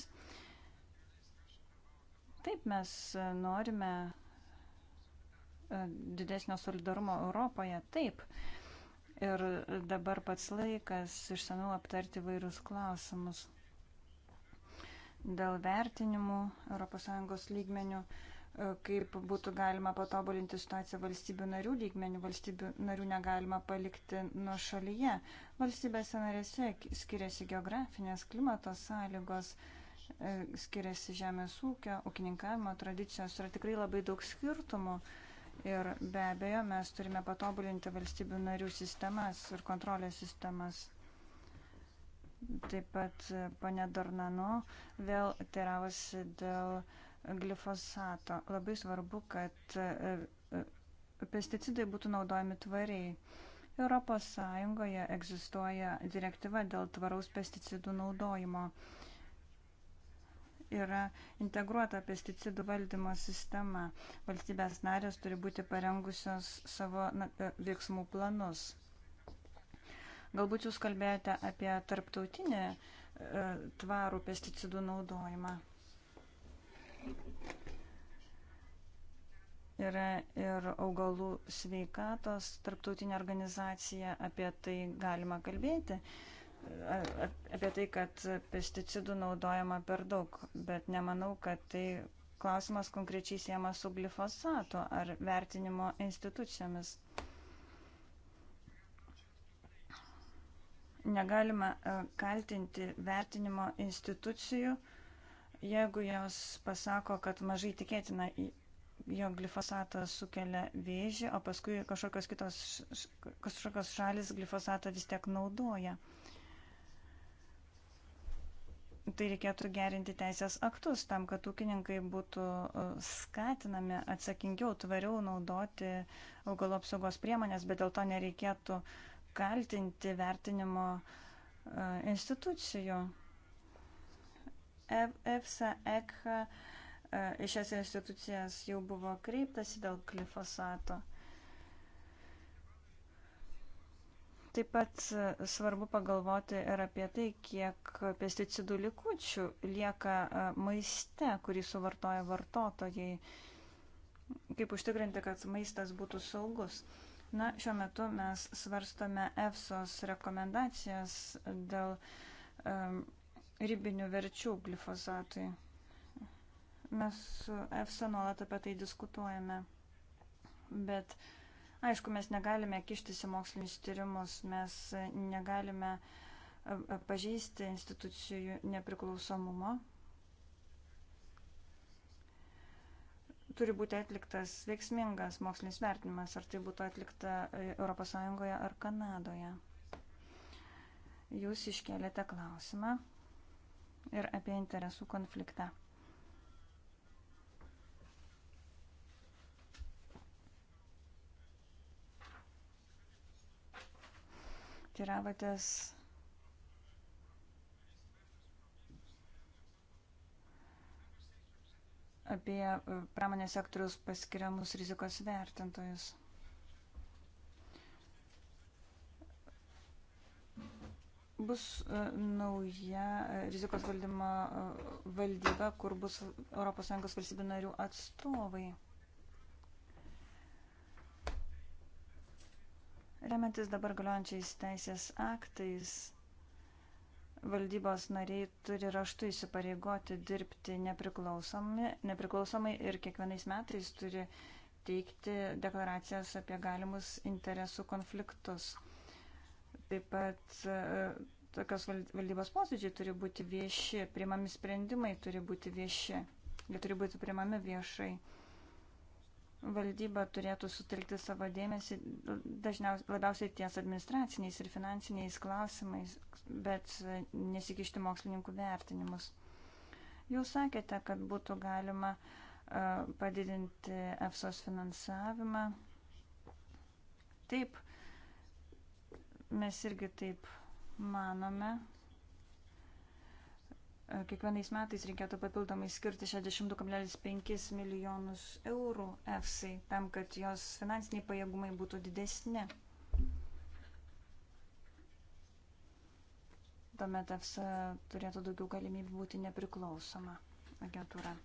Taip mes e, norime e, didesnio solidarumo Europoje, taip. Ir dabar pats laikas išsamiau aptarti vairius klausimus dėl vertinimų ES lygmenių. E, kaip būtų galima patobulinti situaciją valstybių narių lygmenių. Valstybių narių negalima palikti nuo šalyje. Valstybėse narėse skiriasi geografinės klimato sąlygos, e, skiriasi žemės ūkio, ūkininkavimo tradicijos. Yra tikrai labai daug skirtumų. Ir be abejo, mes turime patobulinti valstybių narių sistemas ir kontrolės sistemas. Taip pat, pane Dornano, vėl teravosi dėl uh, glifosato. Labai svarbu, kad e, e, pesticidai būtų naudojami tvariai. Europos Sąjungoje egzistuoja direktyva dėl tvaraus pesticidų naudojimo. Yra integruota pesticidų valdymo sistema. Valstybės narės turi būti parengusios savo na, e, veiksmų planus. Galbūt jūs kalbėjote apie tarptautinį e, tvarų pesticidų naudojimą. Yra ir augalų sveikatos tarptautinė organizacija, apie tai galima kalbėti, apie tai, kad pesticidų naudojama per daug, bet nemanau, kad tai klausimas konkrečiai siejamas su glifosatu ar vertinimo institucijomis. Negalima kaltinti vertinimo institucijų Jeigu jos pasako, kad mažai tikėtina, jog glifosatas sukelia vėžį, o paskui kažkokios kitos kažkokios šalis glifosatą vis tiek naudoja. Tai reikėtų gerinti teisės aktus tam, kad ūkininkai būtų e, skatinami atsakingiau, tvariau naudoti augalo apsaugos priemonės, bet dėl to nereikėtų kaltinti vertinimo e, institucijų. EFSA, ECHA, iš e, šias institucijas jau buvo kreiptasi dėl glifosato. Taip pat e, svarbu pagalvoti ir apie tai, kiek pesticidų likučių lieka e, maiste, kurį suvartoja vartotojai. Kaip užtikrinti, kad maistas būtų saugus. Na, šiuo metu mes svarstome EFSOS rekomendacijas dėl um, ribinių verčių glifosatui. Mes su EFSA nuolat apie tai diskutuojame. Bet aišku, mes negalime kištis į mokslinius tyrimus, mes negalime pažeisti institucijų nepriklausomumo. Turi būti atliktas veiksmingas mokslinis vertinimas, ar tai būtų atlikta ES ar Kanadoje. Jūs iškėlėte klausimą, ir apie interesų konfliktą. Tiravotės apie pramonės sektorius paskiriamus rizikos vertintojus. bus e, nauja e, rizikos valdymo e, valdyba, kur bus ES valstybių narių atstovai. Remiantis dabar galiojančiais teisės aktais, valdybos nariai turi raštu įsipareigoti dirbti nepriklausomai, nepriklausomai ir kiekvienais metais turi teikti deklaracijas apie galimus interesų konfliktus. Taip pat Tokios valdybos posėdžiai turi būti vieši, priimami sprendimai turi būti vieši, jie turi būti priimami viešai. Valdyba turėtų sutelkti savo dėmesį labiausiai ties administraciniais ir finansiniais klausimais, bet nesikišti mokslininkų vertinimus. Jūs sakėte, kad būtų galima padidinti EFSOS finansavimą. Taip, mes irgi taip manome, e, kiekvienais metais reikėtų papildomai skirti 62,5 milijonus eurų EFSA tam, kad jos finansiniai pajėgumai būtų didesni. Tuomet EFSA turėtų daugiau galimybių būti nepriklausoma agentūra.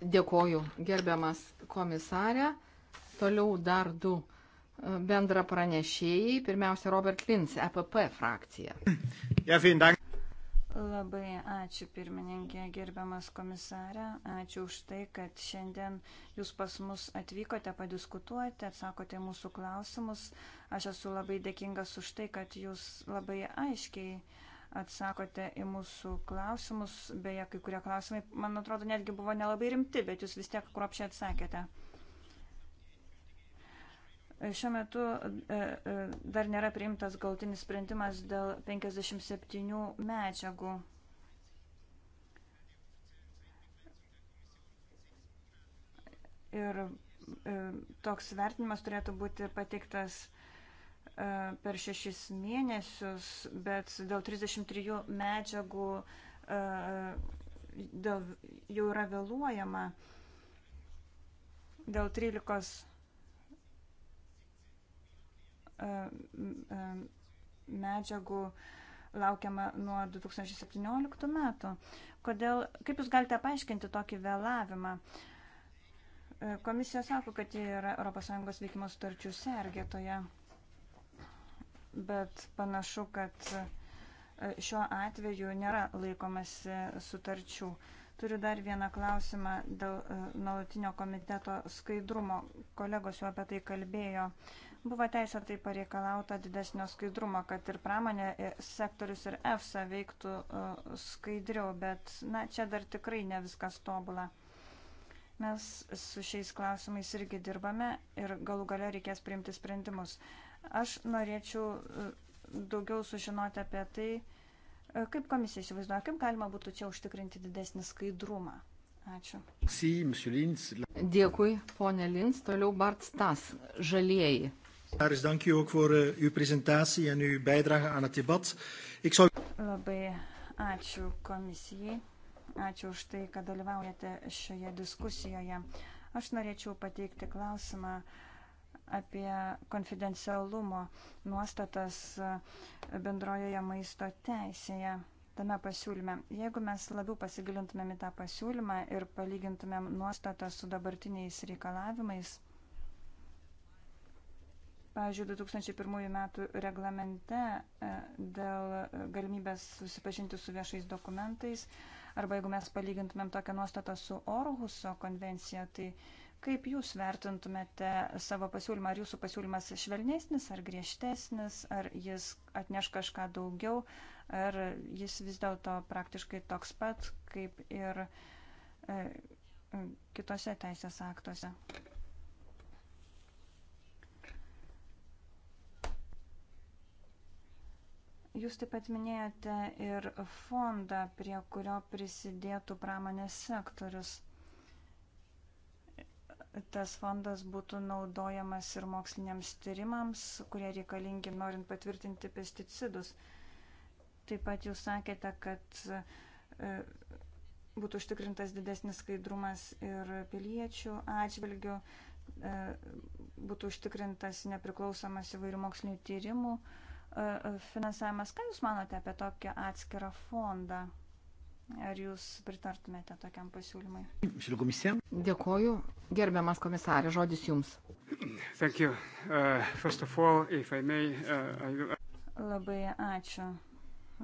Dėkoju, gerbiamas komisarė. Toliau dar du bendra pranešėjai. Pirmiausia, Robert Lins, EPP frakcija. Ja, Labai ačiū pirmininkė, gerbiamas komisarė. Ačiū už tai, kad šiandien jūs pas mus atvykote padiskutuoti, atsakote mūsų klausimus. Aš esu labai dėkingas už tai, kad jūs labai aiškiai atsakote į mūsų klausimus. Beje, kai kurie klausimai, man atrodo, netgi buvo nelabai rimti, bet jūs vis tiek kruopšiai atsakėte. Šiuo metu e, e, dar nėra priimtas galtinis sprendimas dėl 57 medžiagų. Ir e, toks vertinimas turėtų būti pateiktas per šešis mėnesius, bet dėl 33 medžiagų dėl, jau yra vėluojama. Dėl 13 medžiagų laukiama nuo 2017 metų. Kodėl, kaip Jūs galite paaiškinti tokį vėlavimą? Komisija sako, kad jie yra ES veikimo sutarčių sergėtoje, bet panašu, kad šiuo atveju nėra laikomasi sutarčių. Turiu dar vieną klausimą dėl nuolatinio komiteto skaidrumo. Kolegos jau apie tai kalbėjo. Uh, Buvo teisėtai pareikalauta didesnio skaidrumo, kad ir pramonė ir sektorius ir EFSA veiktų e, skaidriau, bet na, čia dar tikrai ne viskas tobula. Mes su šiais klausimais irgi dirbame ir galų gale reikės priimti sprendimus. Aš norėčiau e, daugiau sužinoti apie tai, e, kaip komisija įsivaizduoja, kaip galima būtų čia užtikrinti didesnį skaidrumą. Ačiū. Dėkui, ponė Lins. Toliau Bart Stas, žalieji. Aris, dank u ook voor uh, uw presentatie en uw bijdrage aan het debat. Ik zou... Labai ačiū komisijai, ačiū už tai, kad dalyvaujate šioje diskusijoje. Aš norėčiau pateikti klausimą apie konfidencialumo nuostatas eh, bendrojoje maisto teisėje tame pasiūlyme. Jeigu mes labiau pasigilintumėm į tą pasiūlymą ir palygintumėm nuostatą su dabartiniais reikalavimais, Pavyzdžiui, 2001 metų reglamente e, dėl e, galimybės susipažinti su viešais dokumentais, arba jeigu mes palygintumėm tokią nuostatą su Orhuso konvencija, tai kaip jūs vertintumėte savo pasiūlymą, ar jūsų pasiūlymas švelnesnis, ar griežtesnis, ar jis atneš kažką daugiau, ar jis vis dėlto praktiškai toks pat, kaip ir e, e kitose teisės aktuose. Jūs taip pat minėjote ir fondą, prie kurio prisidėtų pramonės sektorius. Tas fondas būtų naudojamas ir moksliniams tyrimams, kurie reikalingi norint patvirtinti pesticidus. Taip pat jūs sakėte, kad e, būtų užtikrintas didesnis skaidrumas ir piliečių atžvilgių, e, būtų užtikrintas nepriklausomas įvairių mokslinių tyrimų E, e, finansavimas. Ką Jūs manote apie tokią atskirą fondą? Ar Jūs pritartumėte tokiam pasiūlymui? Dėkoju. Gerbiamas komisarė, žodis Jums. Uh, all, may, uh, I... Labai ačiū.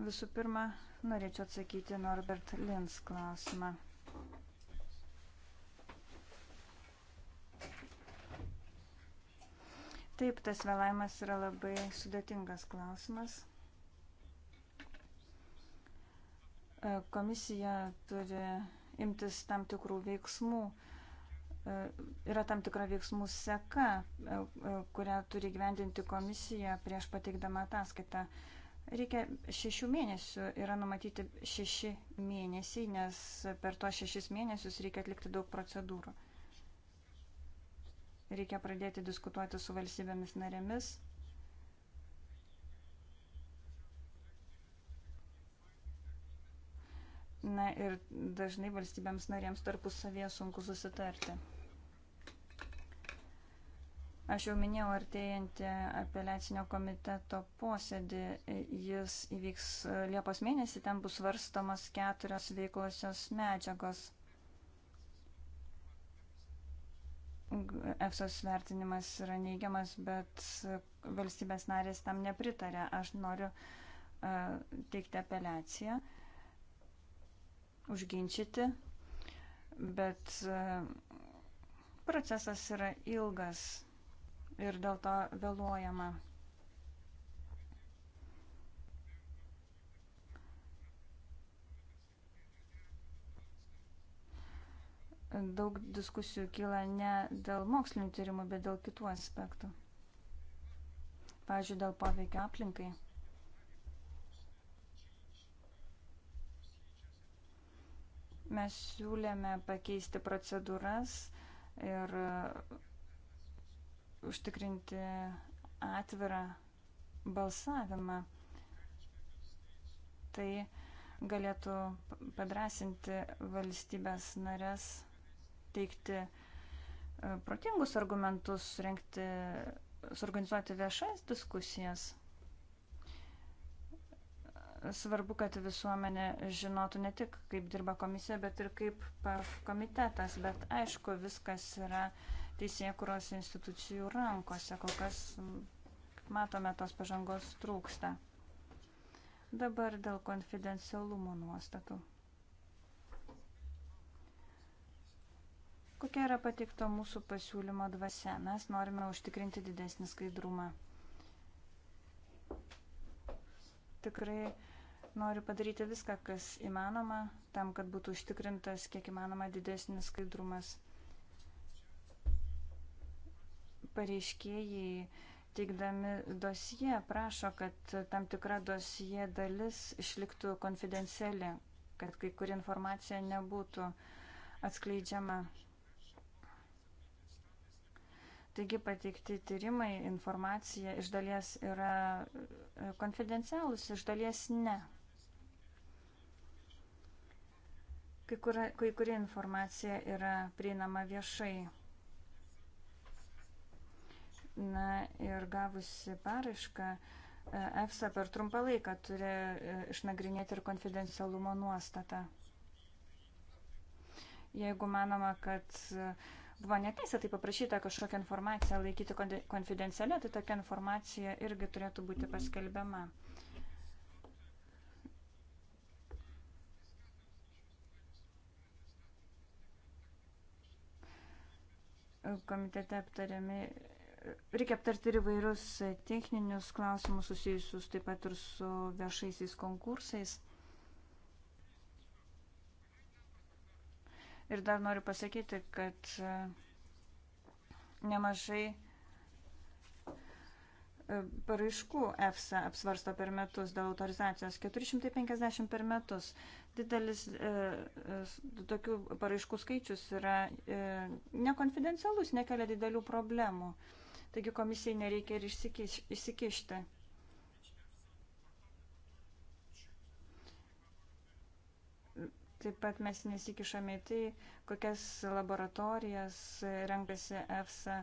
Visų pirma, norėčiau atsakyti Norbert Lins klausimą. Taip, tas vėlavimas yra labai sudėtingas klausimas. E, komisija turi imtis tam tikrų veiksmų. E, yra tam tikra veiksmų seka, e, kurią turi gyvendinti komisija prieš pateikdama ataskaitą. Reikia šešių mėnesių, yra numatyti šeši mėnesiai, nes per to šešis mėnesius reikia atlikti daug procedūrų. Reikia pradėti diskutuoti su valstybėmis narėmis. Na ir dažnai valstybėms narėms tarpusavėje sunku susitarti. Aš jau minėjau artėjantį apeliacinio komiteto posėdį. Jis įvyks Liepos mėnesį, ten bus svarstamos keturios veiklosios medžiagos. EFSOS vertinimas yra neigiamas, bet valstybės narės tam nepritarė. Aš noriu e, teikti apeliaciją, užginčyti, bet e, procesas yra ilgas ir dėl to vėluojama. daug diskusijų kyla ne dėl mokslinių tyrimų, bet dėl kitų aspektų. Pavyzdžiui, dėl poveikio aplinkai. Mes siūlėme pakeisti procedūras ir uh, užtikrinti atvirą balsavimą. Tai galėtų padrasinti valstybės narės teikti e, protingus argumentus, rengti, suorganizuoti viešas diskusijas. Svarbu, kad visuomenė žinotų ne tik, kaip dirba komisija, bet ir kaip PAF komitetas. Bet aišku, viskas yra teisėkuros institucijų rankose. Kol kas matome, tos pažangos trūksta. Dabar dėl konfidencialumo nuostatų. Kokia yra pateikta mūsų pasiūlymo dvasia? Mes norime užtikrinti didesnį skaidrumą. Tikrai noriu padaryti viską, kas įmanoma, tam, kad būtų užtikrintas kiek įmanoma didesnis skaidrumas. Pareiškėjai teikdami dosiją prašo, kad tam tikra dosiją dalis išliktų konfidenciali, kad kai kuri informacija nebūtų atskleidžiama Taigi pateikti tyrimai, informacija iš dalies yra e, konfidencialus, iš dalies ne. Kai, kur, kai kuri informacija yra prieinama viešai. Na ir gavusi paraišką, e, EFSA per trumpą laiką turi e, išnagrinėti ir konfidencialumo nuostatą. Jeigu manoma, kad uh, buvo neteisėtai paprašyta kažkokią informaciją laikyti konfidencialia, tai tokia informacija irgi turėtų būti paskelbiama. Komitete aptariami, reikia aptarti ir vairius techninius klausimus susijusius taip pat ir su viešaisiais konkursais. Ir dar noriu pasakyti, kad e, nemažai e, paraiškų EFSA apsvarsto per metus dėl autorizacijos 450 per metus. Didelis e, e, tokių paraiškų skaičius yra e, nekonfidencialus, nekelia didelių problemų. Taigi komisijai nereikia ir išsikiš, išsikišti. Taip pat mes nesikišame į tai, kokias laboratorijas renkasi EFSA,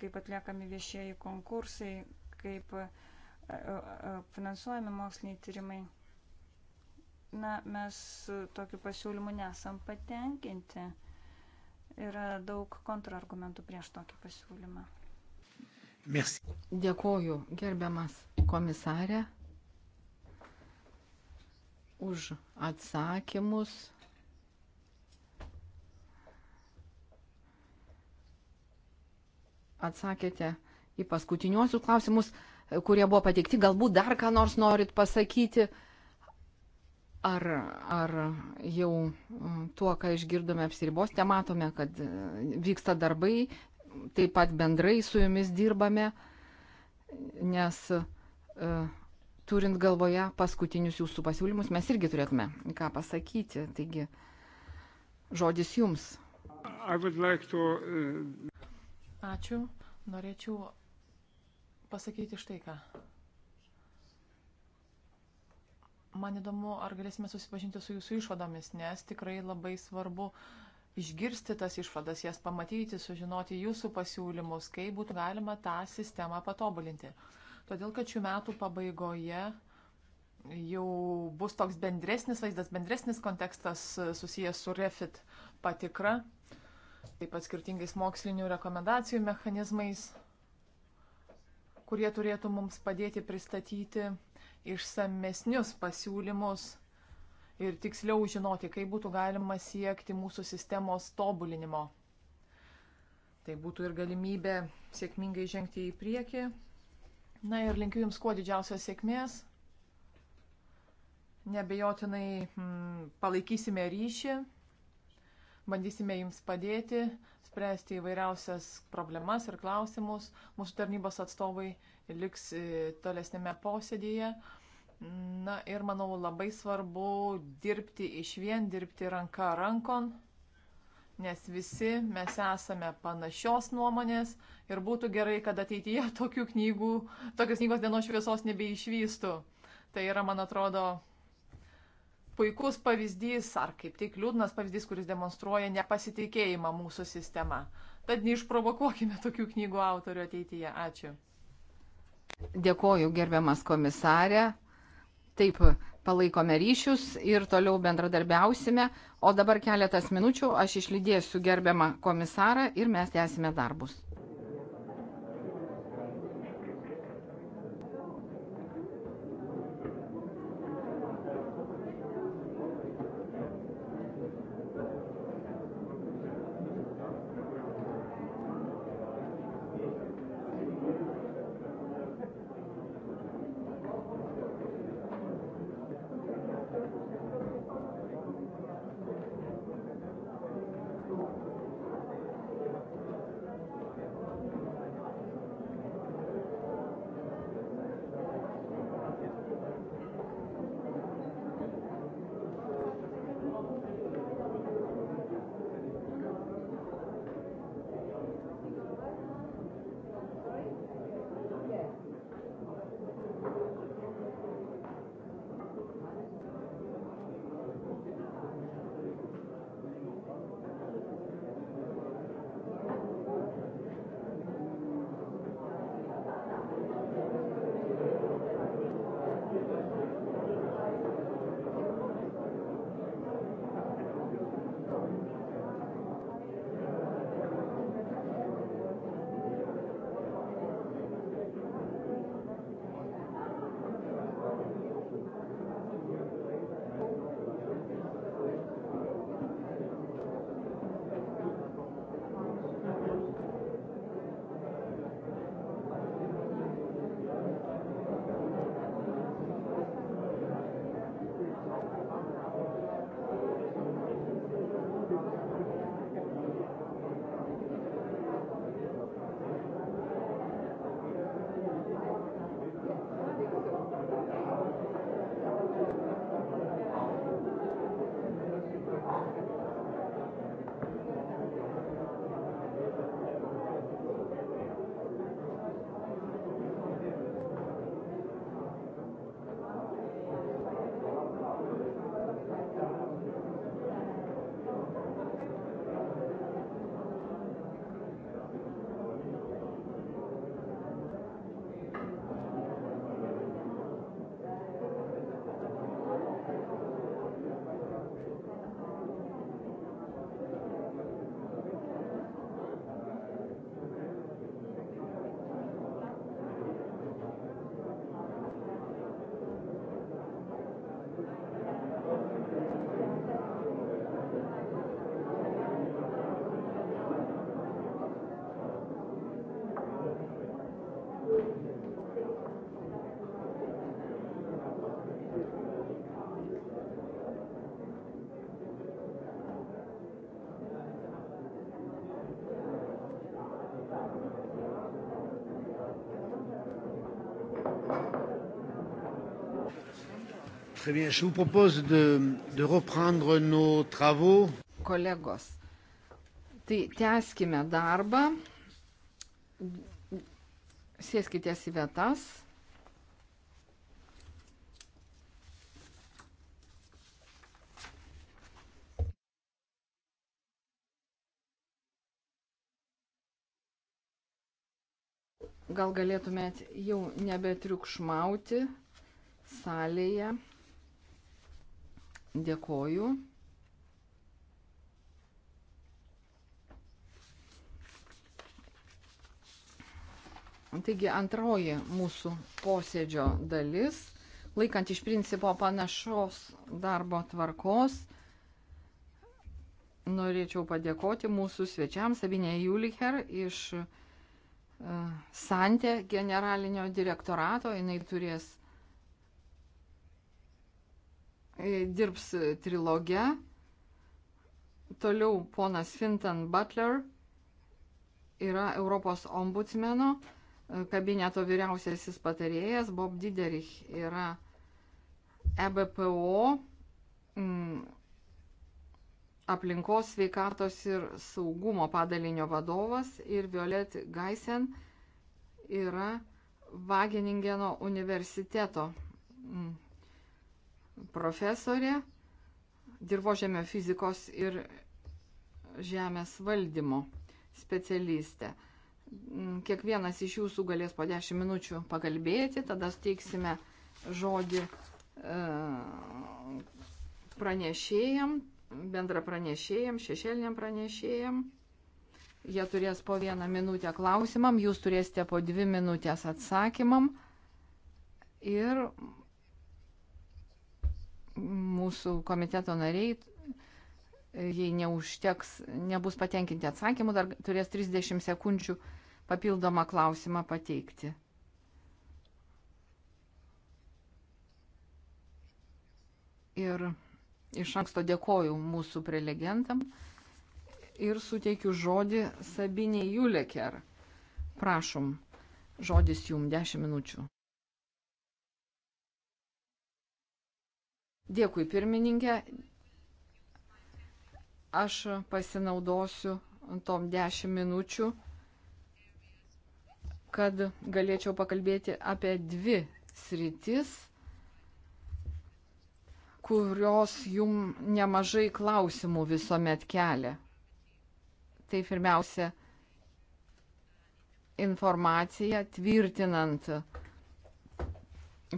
kaip atliekami viešieji konkursai, kaip e, e, finansuojami moksliniai tyrimai. Na, mes tokiu pasiūlymu nesam patenkinti. Yra daug kontrargumentų prieš tokį pasiūlymą. Merci. Dėkoju, gerbiamas komisarė už atsakymus. Atsakėte į paskutiniuosius klausimus, kurie buvo pateikti. Galbūt dar ką nors norit pasakyti. Ar, ar jau tuo, ką išgirdome apsiribosite, matome, kad vyksta darbai, taip pat bendrai su jumis dirbame, nes e, turint galvoje paskutinius jūsų pasiūlymus, mes irgi turėtume ką pasakyti. Taigi, žodis jums. Like to, uh... Ačiū. Norėčiau pasakyti štai ką. Man įdomu, ar galėsime susipažinti su jūsų išvadomis, nes tikrai labai svarbu išgirsti tas išvadas, jas pamatyti, sužinoti jūsų pasiūlymus, kaip būtų galima tą sistemą patobulinti. Uh, todėl kad šių metų pabaigoje jau bus toks bendresnis vaizdas, bendresnis kontekstas susijęs su refit patikra, taip pat skirtingais mokslinių rekomendacijų mechanizmais, kurie turėtų mums padėti pristatyti išsamesnius pasiūlymus ir tiksliau žinoti, kaip būtų galima siekti mūsų sistemos tobulinimo. Tai būtų ir galimybė sėkmingai žengti į priekį Na ir linkiu Jums kuo didžiausios sėkmės. Nebejotinai m, hmm, palaikysime ryšį, bandysime Jums padėti, spręsti įvairiausias problemas ir klausimus. Mūsų tarnybos atstovai liks e, tolesnėme posėdėje. Na ir manau labai svarbu dirbti iš vien, dirbti ranka rankon nes visi mes esame panašios nuomonės ir būtų gerai, kad ateityje tokių knygų, tokios knygos dienos šviesos nebeišvystų. Tai yra, man atrodo, puikus pavyzdys, ar kaip tik liūdnas pavyzdys, kuris demonstruoja nepasitikėjimą mūsų sistema. Tad neišprovokuokime tokių knygų autorių ateityje. Ačiū. Dėkoju, gerbiamas komisarė. Taip, palaikome ryšius ir toliau bendradarbiausime. O dabar keletas minučių aš išlydėsiu gerbiamą komisarą ir mes tęsime darbus. Très bien, je vous propose de, de reprendre nos travaux. Kolegos, tai tęskime darbą. Sėskite į vietas. Gal galėtumėt jau nebetriukšmauti salėje. Dėkoju. Taigi antroji mūsų posėdžio dalis, laikant iš principo panašos darbo tvarkos, norėčiau padėkoti mūsų svečiams, Sabinė Julicher iš e, Santė generalinio direktorato, jinai turės E, dirbs triloge. Toliau ponas Fintan Butler yra Europos ombudsmeno e, kabineto vyriausiasis patarėjas, Bob Diderich yra EBPO m, mm, aplinkos sveikatos ir saugumo padalinio vadovas ir Violet Gaisen yra Vageningeno universiteto m, mm, profesorė dirbožėmio fizikos ir žemės valdymo specialistė. Mm, kiekvienas iš jūsų galės po 10 minučių pakalbėti, tada steiksime žodį e, pranešėjam, bendra pranešėjam, šešėliniam pranešėjam. Jie turės po vieną minutę klausimam, jūs turėsite po dvi minutės atsakymam. Ir mūsų komiteto nariai, jei neužteks, nebus patenkinti atsakymu, dar turės 30 sekundžių papildomą klausimą pateikti. Ir iš anksto dėkoju mūsų prelegentam ir suteikiu žodį Sabinė Juleker. Prašom, žodis jum 10 minučių. Dėkui pirmininkė. Aš pasinaudosiu tom 10 minučių, kad galėčiau pakalbėti apie dvi sritis, kurios jum nemažai klausimų visuomet kelia. Tai pirmiausia, informacija tvirtinant,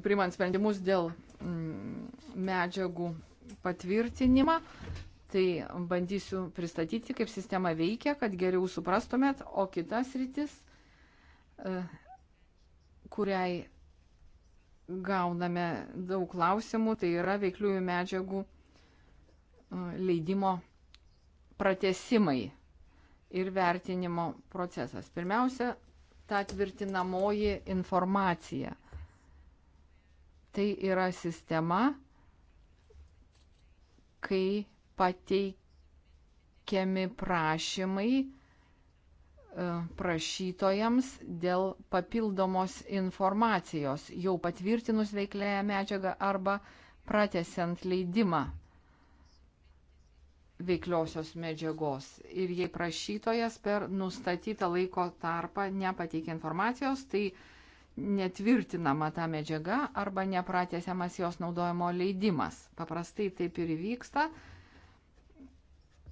primant sprendimus dėl Mm, medžiagų patvirtinimą. Tai bandysiu pristatyti, kaip sistema veikia, kad geriau suprastumėt, o kitas rytis, e, kuriai gauname daug klausimų, tai yra veikliųjų medžiagų e, leidimo pratesimai ir vertinimo procesas. Pirmiausia, ta tvirtinamoji informacija – Tai yra sistema, kai pateikiami prašymai e, prašytojams dėl papildomos informacijos, jau patvirtinus veiklėją medžiagą arba pratesiant leidimą veikliosios medžiagos. Ir jei prašytojas per nustatytą laiko tarpą nepateikia informacijos, tai netvirtinama ta medžiaga arba nepratėsiamas jos naudojimo leidimas. Paprastai taip ir vyksta.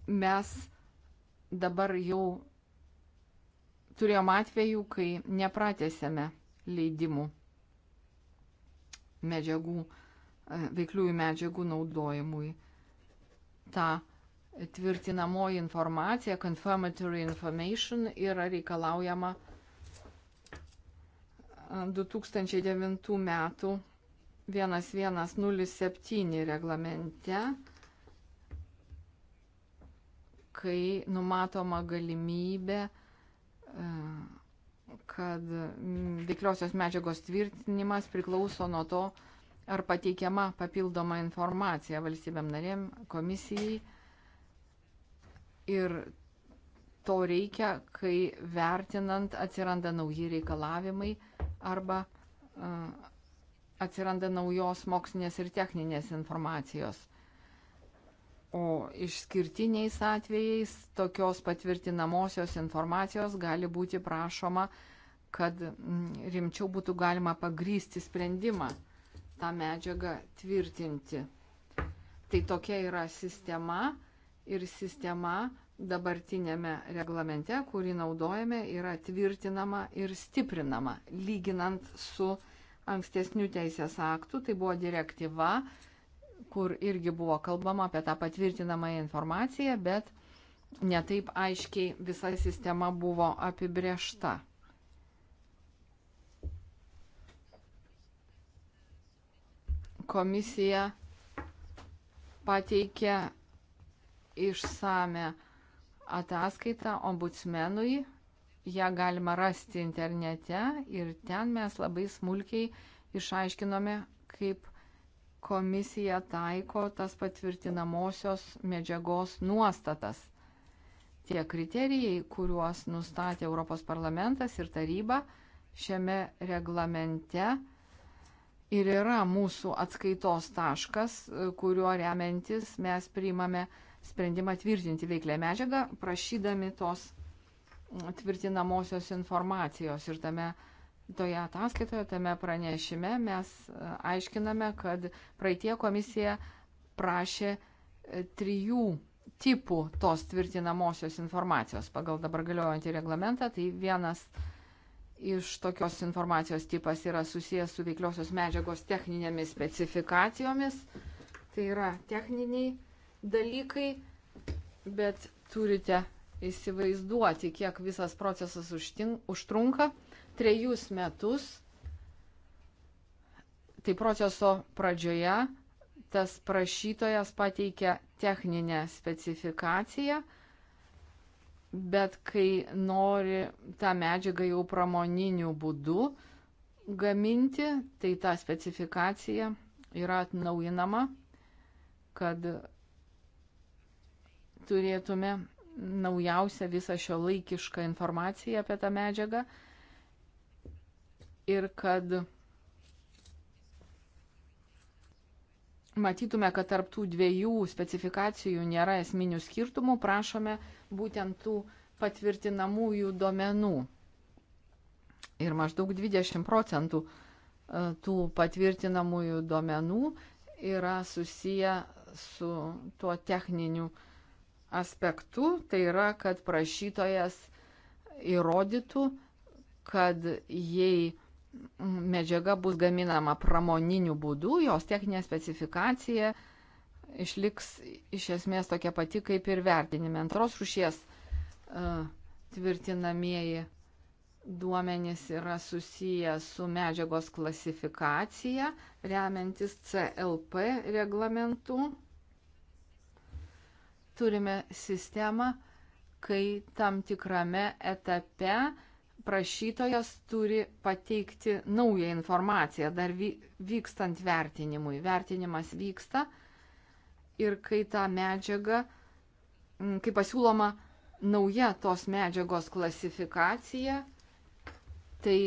Mes dabar jau turėjom atvejų, kai nepratėsiame leidimų medžiagų, e, veikliųjų medžiagų naudojimui. Ta tvirtinamoji informacija, confirmatory information, yra reikalaujama 2009 metų 1107 reglamente, kai numatoma galimybė, e, kad veikliosios medžiagos tvirtinimas priklauso nuo to, ar pateikiama papildoma informacija valstybėm narėm, komisijai. Ir to reikia, kai vertinant atsiranda nauji reikalavimai arba atsiranda naujos mokslinės ir techninės informacijos. O išskirtiniais atvejais tokios patvirtinamosios informacijos gali būti prašoma, kad rimčiau būtų galima pagrysti sprendimą tą medžiagą tvirtinti. Tai tokia yra sistema ir sistema dabartinėme reglamente, kurį naudojame, yra tvirtinama ir stiprinama, lyginant su ankstesniu teisės aktu. Tai buvo direktyva, kur irgi buvo kalbama apie tą patvirtinamą informaciją, bet netaip aiškiai visa sistema buvo apibriešta. Komisija pateikė išsame ataskaitą ombudsmenui, ją galima rasti internete ir ten mes labai smulkiai išaiškinome, kaip komisija taiko tas patvirtinamosios medžiagos nuostatas. Tie kriterijai, kuriuos nustatė Europos parlamentas ir taryba šiame reglamente ir yra mūsų atskaitos taškas, kuriuo remiantis mes priimame sprendimą tvirtinti veiklę medžiagą, prašydami tos tvirtinamosios informacijos. Ir tame toje ataskaitoje, tame pranešime mes e, aiškiname, kad praeitie komisija prašė e, trijų tipų tos tvirtinamosios informacijos pagal dabar galiojantį reglamentą. Tai vienas iš tokios informacijos tipas yra susijęs su veikliosios medžiagos techninėmis specifikacijomis. Tai yra techniniai dalykai, bet turite įsivaizduoti, kiek visas procesas užtink, užtrunka. Trejus metus. Tai proceso pradžioje tas prašytojas pateikia techninę specifikaciją, bet kai nori tą medžiagą jau pramoniniu būdu gaminti, tai ta specifikacija yra atnaujinama, kad turėtume naujausią visą šio laikišką informaciją apie tą medžiagą ir kad matytume, kad tarptų dviejų specifikacijų nėra esminių skirtumų, prašome būtent tų patvirtinamųjų duomenų. Ir maždaug 20 procentų e, tų patvirtinamųjų duomenų yra susiję su tuo techniniu uh, aspektu, tai yra, kad prašytojas įrodytų, kad jei medžiaga bus gaminama pramoniniu būdu, jos techninė specifikacija išliks iš esmės tokia pati kaip ir vertinime. Antros rušies uh, tvirtinamieji duomenys yra susiję su medžiagos klasifikacija, remiantis CLP reglamentu. Turime sistemą, kai tam tikrame etape prašytojas turi pateikti naują informaciją, dar vykstant vertinimui. Vertinimas vyksta ir kai ta medžiaga, kai pasiūloma nauja tos medžiagos klasifikacija, tai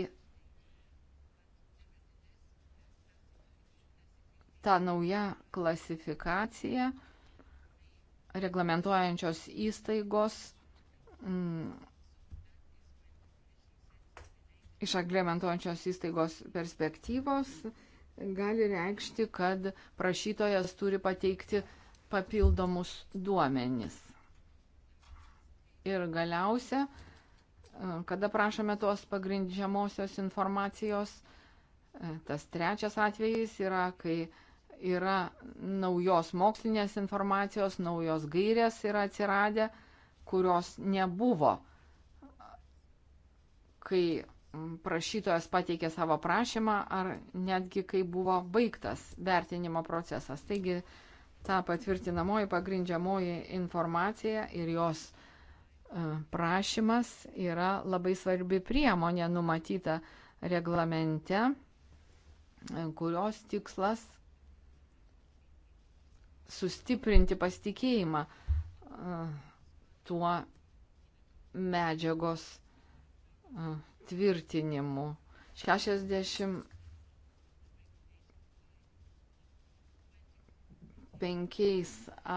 ta nauja klasifikacija reglamentuojančios įstaigos mm, iš reglamentuojančios įstaigos perspektyvos gali reikšti, kad prašytojas turi pateikti papildomus duomenis. Ir galiausia, mm, kada prašome tos pagrindžiamosios informacijos, tas trečias atvejis yra, kai yra naujos mokslinės informacijos, naujos gairės yra atsiradę, kurios nebuvo, kai prašytojas pateikė savo prašymą ar netgi kai buvo baigtas vertinimo procesas. Taigi ta patvirtinamoji pagrindžiamoji informacija ir jos e, prašymas yra labai svarbi priemonė numatyta reglamente, e, kurios tikslas sustiprinti pasitikėjimą tuo medžiagos tvirtinimu. 65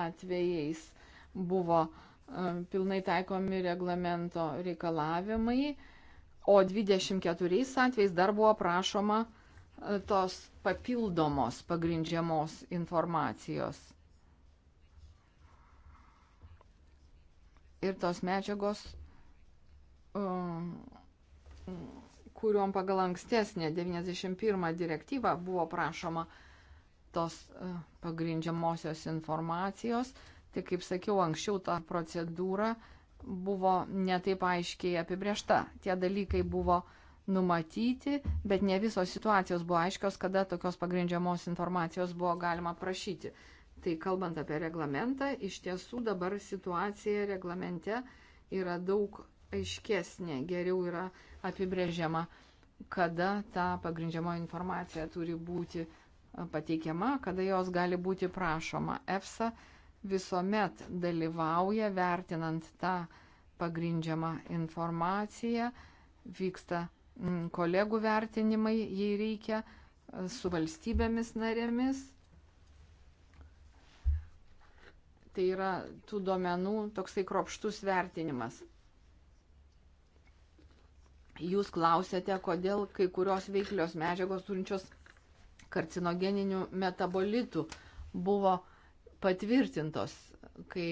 atvejais buvo pilnai taikomi reglamento reikalavimai, o 24 atvejais dar buvo prašoma tos papildomos pagrindžiamos informacijos. ir tos medžiagos, um, kuriuom pagal ankstesnė 91 direktyva buvo prašoma tos e, pagrindžiamosios informacijos. Tai kaip sakiau, anksčiau ta procedūra buvo netaip aiškiai apibriešta. Tie dalykai buvo numatyti, bet ne visos situacijos buvo aiškios, kada tokios pagrindžiamos informacijos buvo galima prašyti. Tai kalbant apie reglamentą, iš tiesų dabar situacija reglamente yra daug aiškesnė, geriau yra apibrėžiama, kada ta pagrindžiamoji informacija turi būti pateikiama, kada jos gali būti prašoma. EFSA visuomet dalyvauja vertinant tą pagrindžiamą informaciją, vyksta kolegų vertinimai, jei reikia, su valstybėmis narėmis Tai yra tų duomenų toksai kropštus vertinimas. Jūs klausėte, kodėl kai kurios veiklios medžiagos turinčios karcinogeninių metabolitų buvo patvirtintos, kai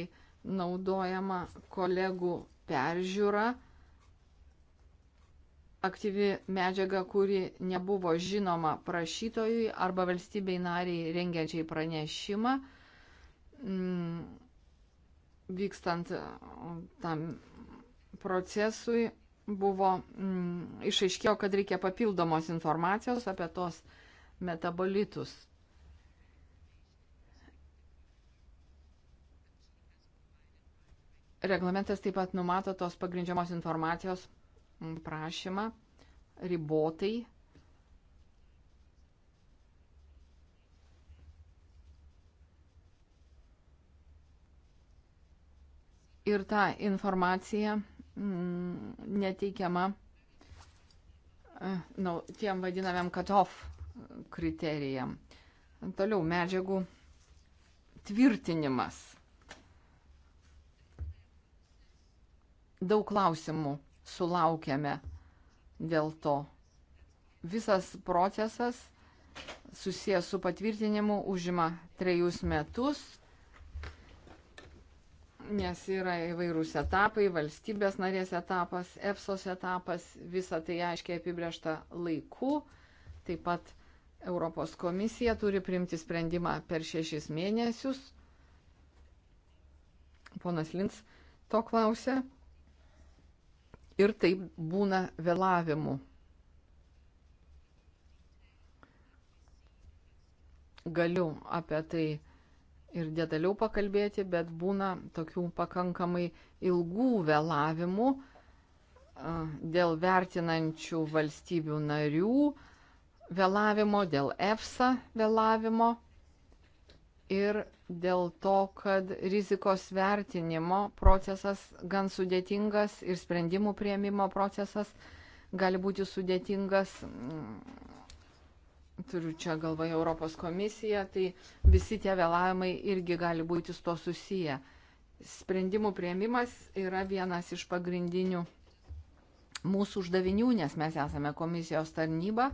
naudojama kolegų peržiūra aktyvi medžiaga, kuri nebuvo žinoma prašytojui arba valstybei nariai rengiančiai pranešimą m, mm, vykstant e, tam procesui buvo m, mm, išaiškėjo, kad reikia papildomos informacijos apie tos metabolitus. Reglamentas taip pat numato tos pagrindžiamos informacijos mm, prašymą ribotai ir ta informacija mm, neteikiama nu, tiem vadinamiam cut-off kriterijam. Toliau medžiagų tvirtinimas. Daug klausimų sulaukėme dėl to. Visas procesas susijęs su patvirtinimu užima trejus metus, nes yra įvairūs etapai, valstybės narės etapas, EPSOS etapas, visa tai aiškiai apibriešta laiku. Taip pat Europos komisija turi priimti sprendimą per šešis mėnesius. Ponas Lins to klausė. Ir taip būna vėlavimų. Galiu apie tai ir detaliau pakalbėti, bet būna tokių pakankamai ilgų vėlavimų dėl vertinančių valstybių narių vėlavimo, dėl EFSA vėlavimo ir dėl to, kad rizikos vertinimo procesas gan sudėtingas ir sprendimų prieimimo procesas gali būti sudėtingas turiu čia galvoje Europos komisiją, tai visi tie vėlavimai irgi gali būti su to susiję. Sprendimų prieimimas yra vienas iš pagrindinių mūsų uždavinių, nes mes esame komisijos tarnyba.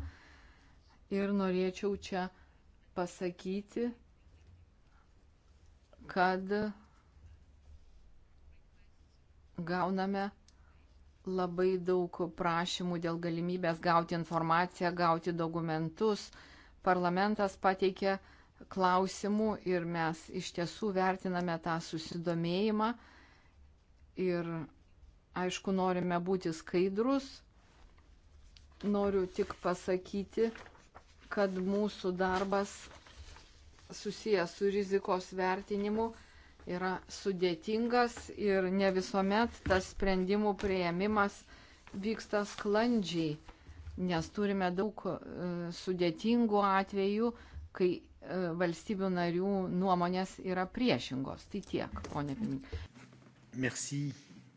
Ir norėčiau čia pasakyti, kad gauname labai daug prašymų dėl galimybės gauti informaciją, gauti dokumentus. Parlamentas pateikė klausimų ir mes iš tiesų vertiname tą susidomėjimą ir aišku norime būti skaidrus. Noriu tik pasakyti, kad mūsų darbas susijęs su rizikos vertinimu yra sudėtingas ir ne visuomet tas sprendimų prieimimas vyksta sklandžiai, nes turime daug e, sudėtingų atvejų, kai e, valstybių narių nuomonės yra priešingos. Tai tiek, ponė Pirmininkė. Merci.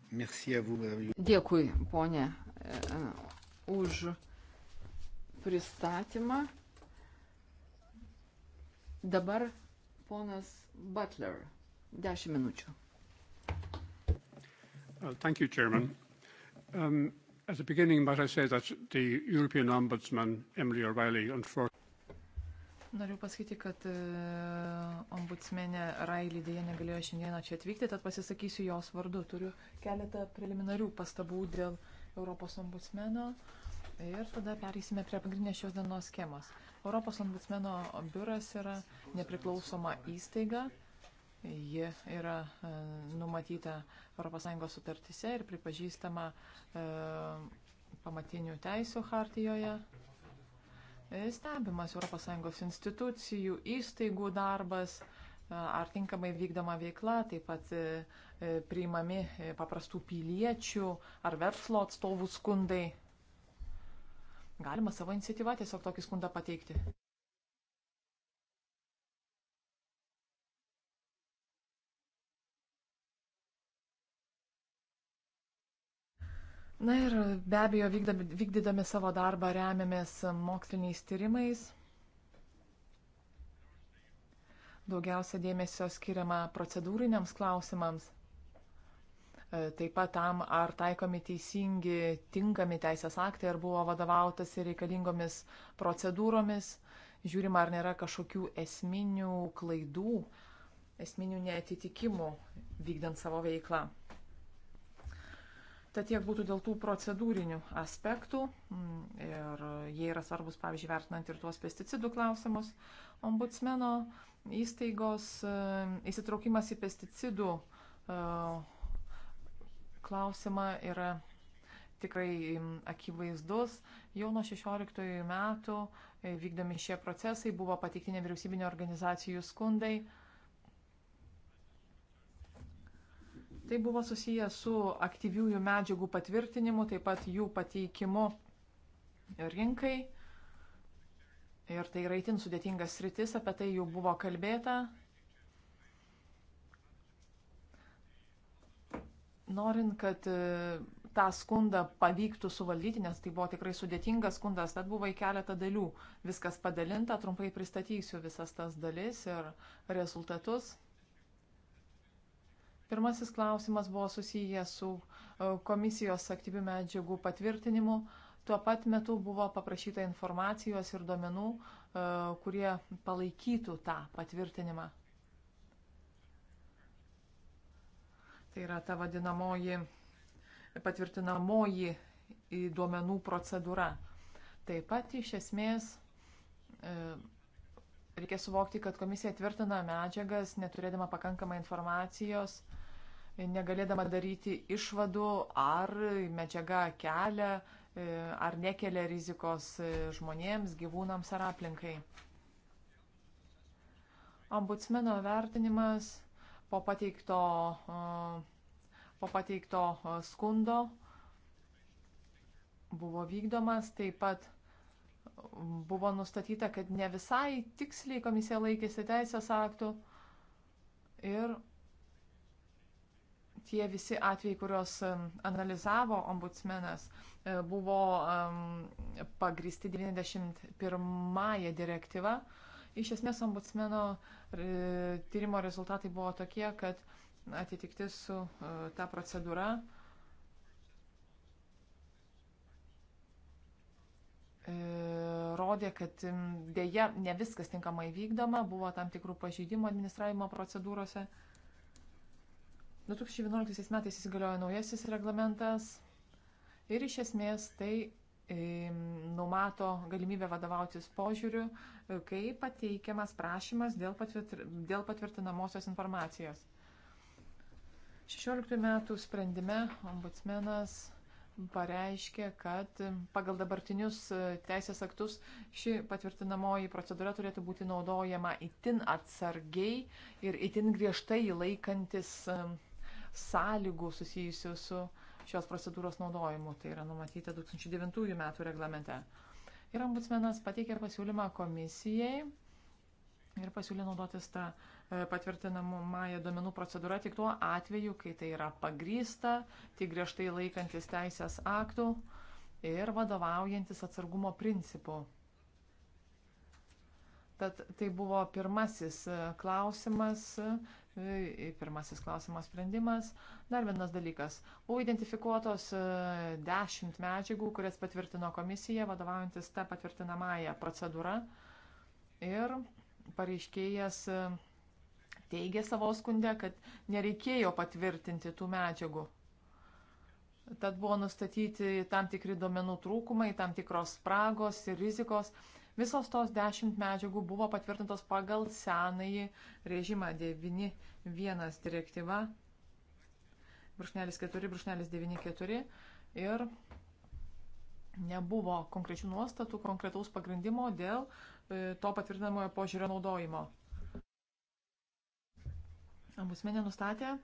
Merci Dėkui, ponė, e, už pristatymą. Dabar ponas Butler. Dešimt minučių. Well, thank you, Chairman. Um, at the beginning, might I say that the European Ombudsman, Emily O'Reilly, unfortunately. Noriu pasakyti, kad uh, ombudsmenė Railį dėja negalėjo šiandieną čia atvykti, tad pasisakysiu jos vardu. Turiu keletą preliminarių pastabų dėl Europos ombudsmeno ir tada perėsime prie pagrindinės šios dienos schemos. Europos ombudsmeno biuras yra nepriklausoma įstaiga, Ji yra e, numatyta ES sutartise ir pripažįstama e, pamatinių teisų hartijoje. E, stebimas ES institucijų, įstaigų darbas, ar tinkamai vykdoma veikla, taip pat priimami paprastų piliečių ar verslo atstovų skundai. Galima savo iniciatyvą tiesiog tokį skundą pateikti. Na ir be abejo, vykdami, vykdydami savo darbą remiamės moksliniais tyrimais. Daugiausia dėmesio skiriama procedūriniams klausimams, e, taip pat tam, ar taikomi teisingi, tinkami teisės aktai, ar buvo vadovautas ir reikalingomis procedūromis, žiūrima, ar nėra kažkokių esminių klaidų, esminių netitikimų vykdant savo veiklą. Tad tiek būtų dėl tų procedūrinių aspektų mm, ir jie yra svarbus, pavyzdžiui, vertinant ir tuos pesticidų klausimus. Ombudsmeno įstaigos e, įsitraukimas į pesticidų e, klausimą yra tikrai akivaizdus. Jau nuo 16 metų e, vykdami šie procesai buvo pateikti nevyriausybinio organizacijų skundai. Tai buvo susiję su aktyviųjų medžiagų patvirtinimu, taip pat jų pateikimu rinkai. Ir tai yra itin sudėtingas sritis, apie tai jau buvo kalbėta. Norint, kad e, tą skundą pavyktų suvaldyti, nes tai buvo tikrai sudėtingas skundas, tad buvo į keletą dalių viskas padalinta, trumpai pristatysiu visas tas dalis ir rezultatus. Pirmasis klausimas buvo susijęs su e, komisijos aktyvių medžiagų patvirtinimu. Tuo pat metu buvo paprašyta informacijos ir duomenų, e, kurie palaikytų tą patvirtinimą. Tai yra ta vadinamoji patvirtinamoji duomenų procedūra. Taip pat iš esmės e, reikia suvokti, kad komisija tvirtina medžiagas, neturėdama pakankamai informacijos negalėdama daryti išvadų, ar medžiaga kelia, e, ar nekelia rizikos e, žmonėms, gyvūnams ar aplinkai. Ombudsmeno vertinimas po pateikto, e, po pateikto skundo buvo vykdomas, taip pat buvo nustatyta, kad ne visai tiksliai komisija laikėsi teisės aktų ir tie visi atvejai, kuriuos analizavo ombudsmenas, e, buvo pagristi 91 direktyva. Iš esmės ombudsmeno e, tyrimo rezultatai buvo tokie, kad atitiktis su e, ta procedūra rodė, kad dėja ne viskas tinkamai vykdoma, buvo tam tikrų pažeidimų administravimo procedūrose. 2011 metais įsigaliojo naujasis reglamentas ir iš esmės tai numato galimybę vadovautis požiūriu, e, kai pateikiamas prašymas dėl, patvirt, dėl patvirtinamosios informacijos. 16 metų sprendime ombudsmenas pareiškė, kad pagal dabartinius e, teisės aktus ši patvirtinamoji procedūra turėtų būti naudojama itin atsargiai ir itin griežtai laikantis sąlygų susijusių su šios procedūros naudojimu. Tai yra numatyta 2009 metų reglamente. Ir ombudsmenas pateikė pasiūlymą komisijai ir pasiūlė naudotis tą e, patvirtinamąją duomenų procedūrą tik tuo atveju, kai tai yra pagrysta, tik griežtai laikantis teisės aktų ir vadovaujantis atsargumo principu. Tad tai buvo pirmasis e, klausimas Pirmasis klausimas sprendimas. Dar vienas dalykas. Buvo identifikuotos e, dešimt medžiagų, kurias patvirtino komisija, vadovaujantis tą patvirtinamąją procedūrą. Ir pareiškėjas e, teigė savo skundę, kad nereikėjo patvirtinti tų medžiagų. Tad buvo nustatyti tam tikri duomenų trūkumai, tam tikros spragos ir rizikos. Visos tos dešimt medžiagų buvo patvirtintos pagal senąjį režimą 9.1 direktyva, brūkšnelis 4, brūkšnelis 9.4 ir nebuvo konkrečių nuostatų, konkretaus pagrindimo dėl e, to patvirtinamojo požiūrio naudojimo. Ambusmenė nustatė,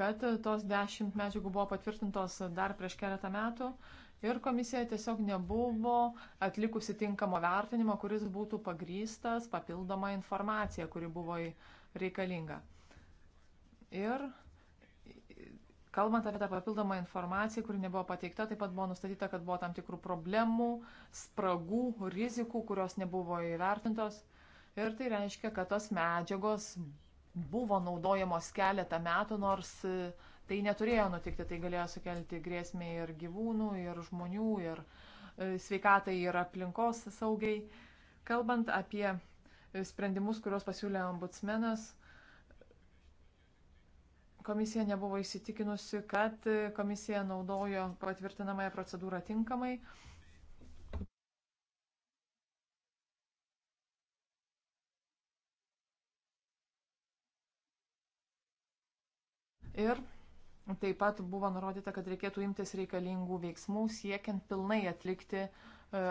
kad tos dešimt medžiagų buvo patvirtintos dar prieš keletą metų ir komisija tiesiog nebuvo atlikusi tinkamo vertinimo, kuris būtų pagrystas papildoma informacija, kuri buvo reikalinga. Ir kalbant apie tą papildomą informaciją, kuri nebuvo pateikta, taip pat buvo nustatyta, kad buvo tam tikrų problemų, spragų, rizikų, kurios nebuvo įvertintos. Ir tai reiškia, kad tos medžiagos buvo naudojamos keletą metų, nors uh, Tai neturėjo nutikti, tai galėjo sukelti grėsmę ir gyvūnų, ir žmonių, ir e, sveikatai, ir aplinkos saugiai. Kalbant apie e, sprendimus, kuriuos pasiūlė ombudsmenas, komisija nebuvo įsitikinusi, kad e, komisija naudojo patvirtinamąją procedūrą tinkamai. Ir Taip pat buvo nurodyta, kad reikėtų imtis reikalingų veiksmų, siekiant pilnai atlikti e,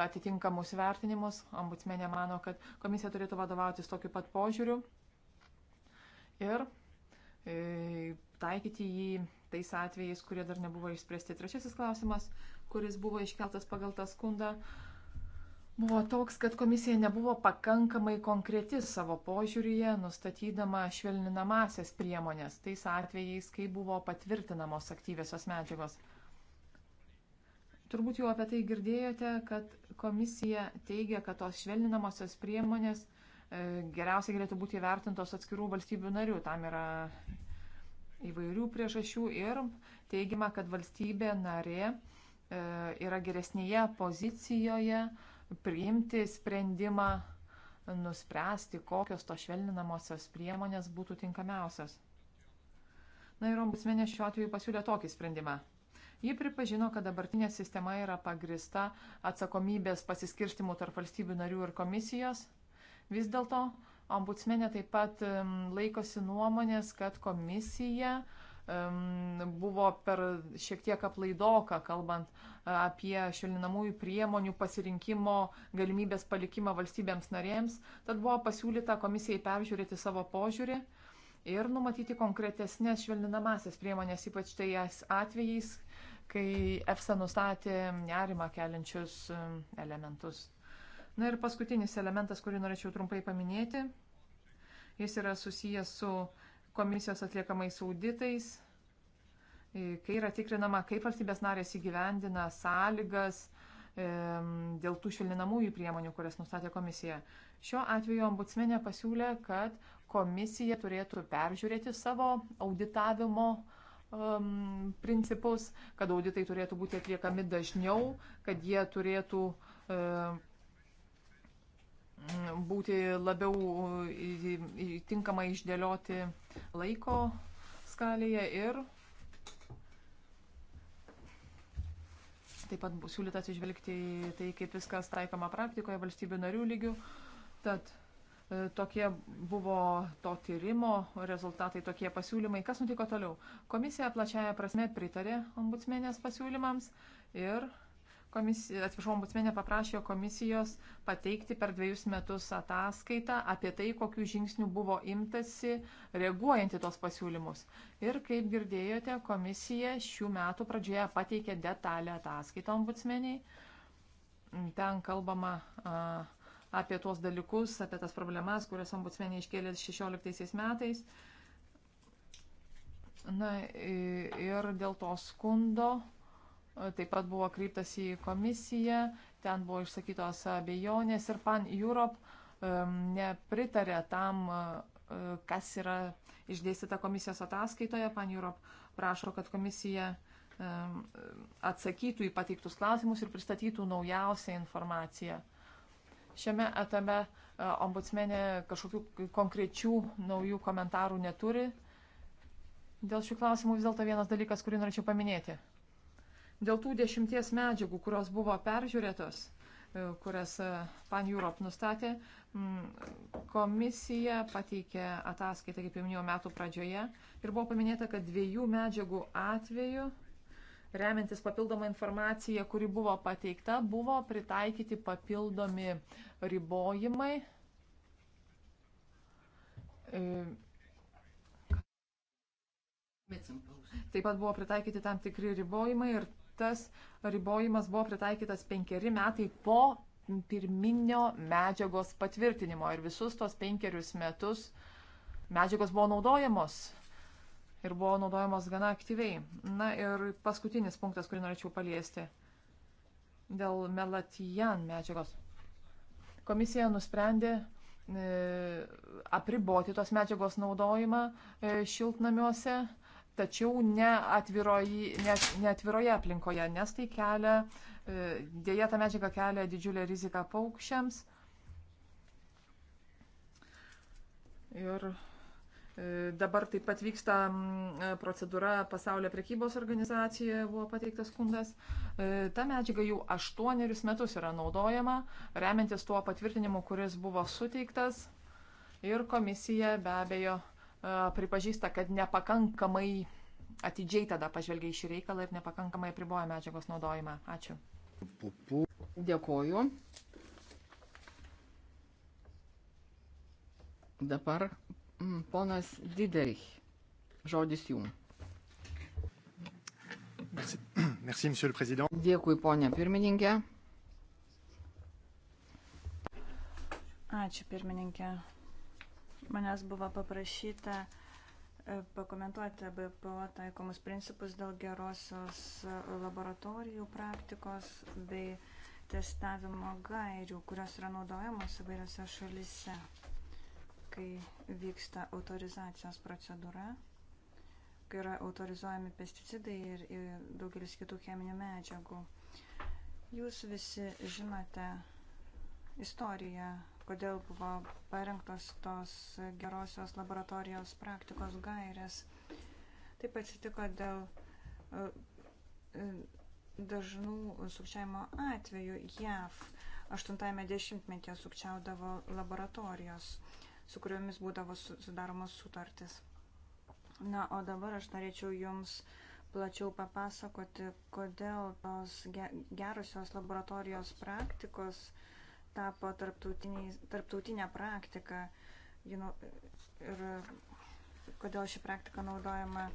atitinkamus vertinimus. Ombudsmenė mano, kad komisija turėtų vadovautis tokiu pat požiūriu ir e, taikyti jį tais atvejais, kurie dar nebuvo išspręsti. Trečiasis klausimas, kuris buvo iškeltas pagal tą skundą, buvo toks, kad komisija nebuvo pakankamai konkreti savo požiūryje, nustatydama švelninamasias priemonės tais atvejais, kai buvo patvirtinamos aktyviosios medžiagos. Turbūt jau apie tai girdėjote, kad komisija teigia, kad tos švelninamosios priemonės e, geriausiai galėtų būti įvertintos atskirų valstybių narių. Tam yra įvairių priežasčių ir teigiama, kad valstybė narė e, yra geresnėje pozicijoje priimti sprendimą, nuspręsti, kokios to švelninamosios priemonės būtų tinkamiausios. Na ir ombudsmenė šiuo atveju pasiūlė tokį sprendimą. Ji pripažino, kad dabartinė sistema yra pagrista atsakomybės pasiskirstimų tarp valstybių narių ir komisijos. Vis dėlto ombudsmenė taip pat laikosi nuomonės, kad komisija uh, buvo per šiek tiek aplaidoka, kalbant apie šilninamųjų priemonių pasirinkimo galimybės palikimą valstybėms narėms, tad buvo pasiūlyta komisijai peržiūrėti savo požiūrį ir numatyti konkretesnės švelninamasias priemonės, ypač tai atvejais, kai EFSA nustatė nerimą keliančius elementus. Na ir paskutinis elementas, kurį norėčiau trumpai paminėti, jis yra susijęs su uh, komisijos atliekamais auditais, e, kai yra tikrinama, kaip valstybės narės įgyvendina sąlygas e, dėl tų švelninamųjų priemonių, kurias nustatė komisija. Šiuo atveju ombudsmenė pasiūlė, kad komisija turėtų peržiūrėti savo auditavimo um, principus, kad auditai turėtų būti atliekami dažniau, kad jie turėtų um, būti labiau tinkamai išdėlioti laiko skalėje ir taip pat bus siūlyta atsižvelgti į tai, kaip viskas taikoma praktikoje valstybių narių lygių. Tad e, tokie buvo to tyrimo rezultatai, tokie pasiūlymai. Kas nutiko toliau? Komisija plačiaja prasme pritarė ombudsmenės pasiūlymams ir komisija, atsiprašau, ombudsmenė paprašė komisijos pateikti per dviejus metus ataskaitą apie tai, kokiu žingsniu buvo imtasi reaguojant į tos pasiūlymus. Ir kaip girdėjote, komisija šių metų pradžioje pateikė detalę ataskaitą ombudsmeniai. Ten kalbama a, apie tuos dalykus, apie tas problemas, kurias ombudsmeniai iškėlė 16 metais. Na ir dėl to skundo Taip pat buvo kryptas į komisiją, ten buvo išsakytos abejonės ir Pan Europe nepritarė tam, e, kas yra išdėstyta komisijos ataskaitoje. Pan Europe prašo, kad komisija atsakytų į pateiktus klausimus ir pristatytų naujausią informaciją. Šiame etame e, ombudsmenė kažkokių konkrečių naujų komentarų neturi. Dėl šių klausimų vis dėlto vienas dalykas, kurį norėčiau paminėti. Dėl tų dešimties medžiagų, kurios buvo peržiūrėtos, e, kurias e, Pan Europe nustatė, mm, komisija pateikė ataskaitą, kaip jau minėjau, metų pradžioje ir buvo paminėta, kad dviejų medžiagų atveju, remiantis papildomą informaciją, kuri buvo pateikta, buvo pritaikyti papildomi ribojimai. E, Taip pat buvo pritaikyti tam tikri ribojimai ir tas ribojimas buvo pritaikytas penkeri metai po pirminio medžiagos patvirtinimo ir visus tos penkerius metus medžiagos buvo naudojamos ir buvo naudojamos gana aktyviai. Na ir paskutinis punktas, kurį norėčiau paliesti dėl melatijan medžiagos. Komisija nusprendė e, apriboti tos medžiagos naudojimą e, šiltnamiuose tačiau ne, atviroj, ne, ne atviroje aplinkoje, nes tai kelia, e, dėja ta medžiaga kelia didžiulę riziką paukščiams. Ir e, dabar taip pat vyksta procedūra pasaulio prekybos organizacijoje, buvo pateiktas skundas. E, ta medžiaga jau aštuonerius metus yra naudojama, remiantis tuo patvirtinimu, kuris buvo suteiktas. Ir komisija be abejo pripažįsta, kad nepakankamai atidžiai tada pažvelgia į šį reikalą ir nepakankamai apriboja medžiagos naudojimą. Ačiū. Dėkoju. Dabar mm, ponas Diderich, žodis jums. Merci, monsieur le président. Dėkui, ponė pirmininkė. Ačiū, pirmininkė. Manęs buvo paprašyta e, pakomentuoti BPO taikomus principus dėl gerosios e, laboratorijų praktikos bei testavimo gairių, kurios yra naudojamos įvairiose šalise, kai vyksta autorizacijos procedūra, kai yra autorizuojami pesticidai ir, ir daugelis kitų cheminių medžiagų. Jūs visi žinote istoriją kodėl buvo parengtos tos gerosios laboratorijos praktikos gairės. Taip atsitiko dėl e, e, dažnų sukčiavimo atvejų JAV 80-metyje sukčiaudavo laboratorijos, su kuriomis būdavo sudaromos sutartis. Na, o dabar aš norėčiau Jums plačiau papasakoti, kodėl tos gerosios laboratorijos praktikos uh, tapo tarptautinė praktika you nu, know, ir kodėl ši praktika naudojama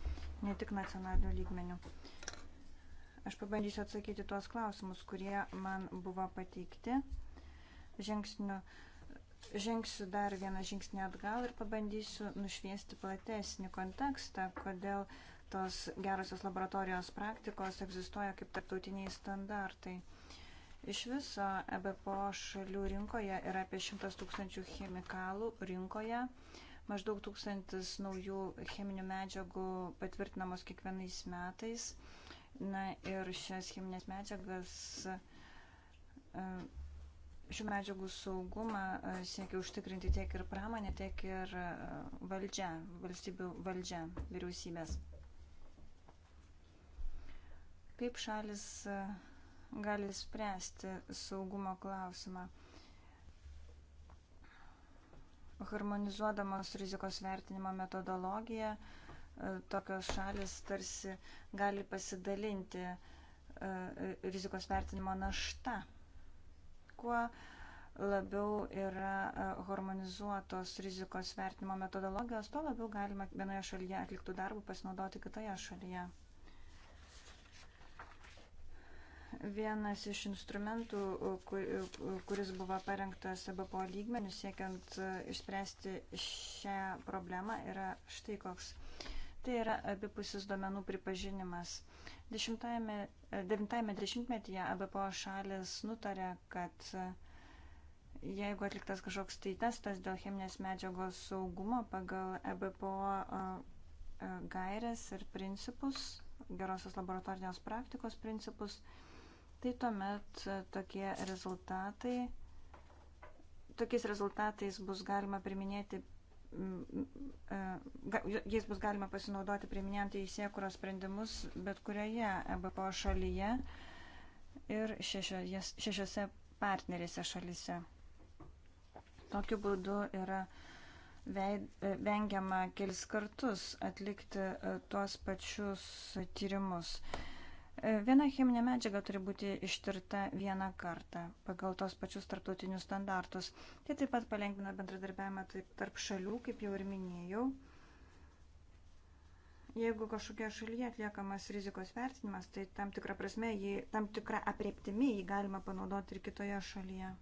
ne tik nacionaliniu lygmeniu. Aš pabandysiu atsakyti tuos klausimus, kurie man buvo pateikti. Žingsniu, žingsiu dar vieną žingsnį atgal ir pabandysiu nušviesti platesnį kontekstą, kodėl tos gerosios laboratorijos praktikos egzistuoja kaip tarptautiniai standartai. Uh, Iš viso EBPO šalių rinkoje yra apie 100 tūkstančių chemikalų rinkoje, maždaug tūkstantis naujų cheminių medžiagų patvirtinamos kiekvienais metais. Na ir šias cheminės medžiagas e, šių medžiagų saugumą e, siekia užtikrinti tiek ir pramonė, tiek ir e, valdžia, valstybių valdžia, vyriausybės. Kaip šalis gali spręsti saugumo klausimą. Harmonizuodamos rizikos vertinimo metodologiją, e, tokios šalis tarsi gali pasidalinti e, rizikos vertinimo našta. Kuo labiau yra e, harmonizuotos rizikos vertinimo metodologijos, tuo labiau galima vienoje šalyje atliktų darbų pasinaudoti kitoje šalyje. Vienas iš instrumentų, kuris buvo parengtas ABPO e lygmenių siekiant e, išspręsti šią problemą, yra štai koks. Tai yra abipusis duomenų pripažinimas. 90-metyje e, ABPO šalis nutarė, kad jeigu atliktas kažkoks tai testas dėl cheminės medžiagos saugumo pagal ABPO gairias ir principus, gerosios laboratorinės praktikos principus, tai tuomet e, tokie rezultatai, tokiais rezultatais bus galima priminėti e, jais bus galima pasinaudoti priminėjant teisėkuros sprendimus bet kurioje EBPO šalyje ir šešioje, šešiose partnerėse šalyse. Tokiu būdu yra veid, e, vengiama kelis kartus atlikti tuos pačius tyrimus. Viena cheminė medžiaga turi būti ištirta vieną kartą pagal tos pačius tarptautinius standartus. Tai taip pat palengvina bendradarbiavimą tarp šalių, kaip jau ir minėjau. Jeigu kažkokia šalyje atliekamas rizikos vertinimas, tai tam tikrą prasme, jį, tam tikrą apreptimį jį galima panaudoti ir kitoje šalyje.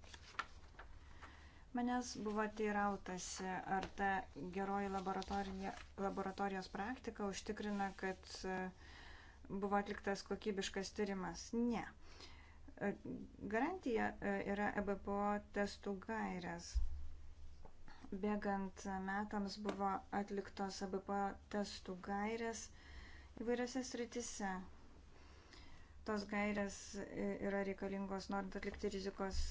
Manęs buvo teirautasi, ar ta geroji laboratorijos praktika užtikrina, kad uh, buvo atliktas kokybiškas tyrimas. Ne. E, garantija e, yra EBPO testų gairės. Bėgant metams buvo atliktos EBPO testų gairės įvairiose sritise. Tos gairės e, yra reikalingos norint atlikti rizikos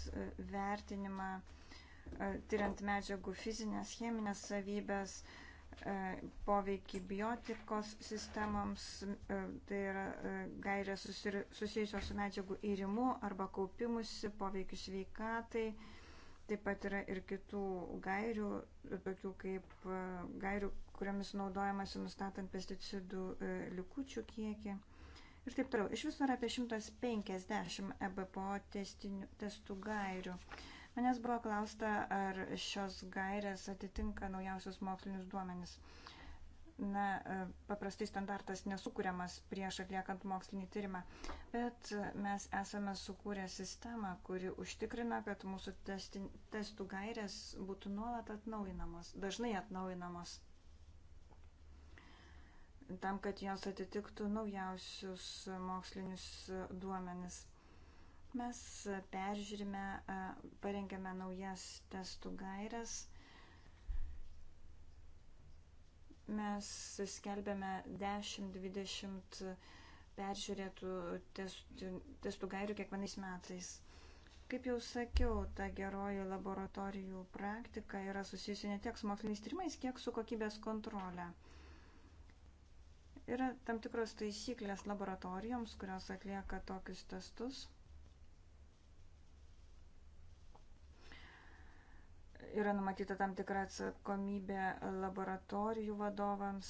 vertinimą, tyriant medžiagų fizinės, cheminės savybės, E, poveikį biotikos sistemoms, e, tai yra e, gairės susijusios su medžiagų įrimu arba kaupimusi, poveikiu sveikatai. Taip pat yra ir kitų gairių, tokių kaip gairių, kuriamis naudojamasi nustatant pesticidų likučių kiekį. Ir taip toliau. Iš viso yra apie 150 EBPO testinių, testų gairių. Uh, Manęs buvo klausta, ar šios gairės atitinka naujausius mokslinius duomenis. Na, e, paprastai standartas nesukūriamas prieš atliekant mokslinį tyrimą, bet mes esame sukūrę sistemą, kuri užtikrina, kad mūsų testų gairės būtų nuolat atnaujinamos, dažnai atnaujinamos tam, kad jos atitiktų naujausius mokslinius duomenis. Mes peržiūrime, parengėme naujas testų gairias. Mes skelbėme 10-20 peržiūrėtų testų, testų gairių kiekvienais metais. Kaip jau sakiau, ta geroji laboratorijų praktika yra susijusi ne tiek su moksliniais tyrimais, kiek su kokybės kontrole. Yra tam tikros taisyklės laboratorijoms, kurios atlieka tokius testus. yra numatyta tam tikra atsakomybė laboratorijų vadovams,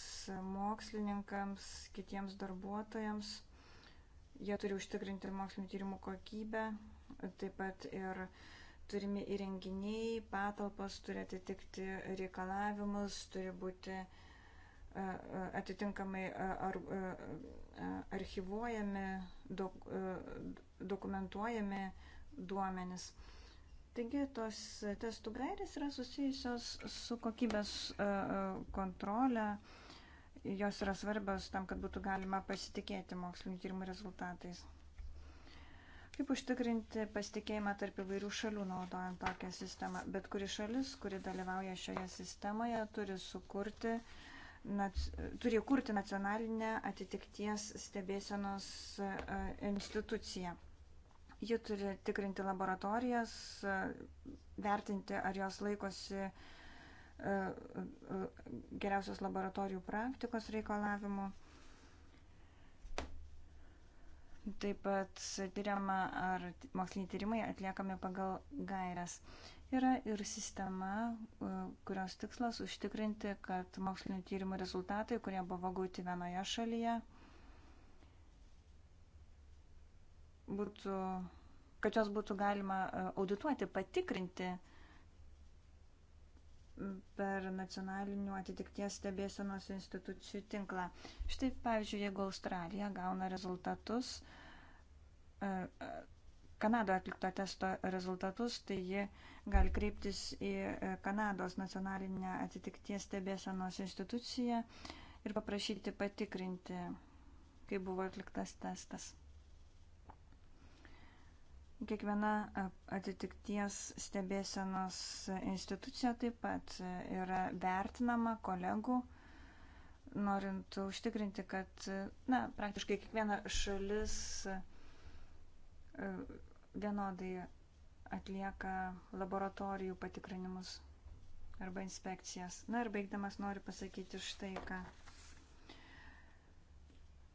mokslininkams, kitiems darbuotojams. Jie turi užtikrinti mokslinio tyrimų kokybę, taip pat ir turimi įrenginiai, patalpos turi atitikti reikalavimus, turi būti e, e, atitinkamai e, ar, archivuojami, dok, dokumentuojami duomenis. Taigi tos testų gairės yra susijusios su kokybės e, e, kontrolė, jos yra svarbios tam, kad būtų galima pasitikėti mokslinio tyrimų rezultatais. Kaip užtikrinti pasitikėjimą tarp įvairių šalių naudojant tokią sistemą? Bet kuri šalis, kuri dalyvauja šioje sistemoje, turi sukurti, nac, turi kurti nacionalinę atitikties stebėsenos e, instituciją. Ji turi tikrinti laboratorijas, vertinti, ar jos laikosi e, e, geriausios laboratorijų praktikos reikalavimų. Taip pat tyriama, ar moksliniai tyrimai atliekami pagal gairias. Yra ir sistema, e, kurios tikslas užtikrinti, kad mokslinio tyrimų rezultatai, kurie buvo gauti vienoje šalyje, būtų, kad jos būtų galima e, audituoti, patikrinti per nacionalinių atitikties stebėsenos institucijų tinklą. Štai, pavyzdžiui, jeigu Australija gauna rezultatus, e, Kanadoje atlikto testo rezultatus, tai ji gali kreiptis į e, Kanados nacionalinę atitikties stebėsenos instituciją ir paprašyti patikrinti, kaip buvo atliktas testas. Kiekviena e, atitikties stebėsenos institucija taip pat e, yra vertinama kolegų, norint užtikrinti, kad e, na, praktiškai kiekviena šalis vienodai atlieka laboratorijų patikrinimus arba inspekcijas. Na ir baigdamas noriu pasakyti štai ką.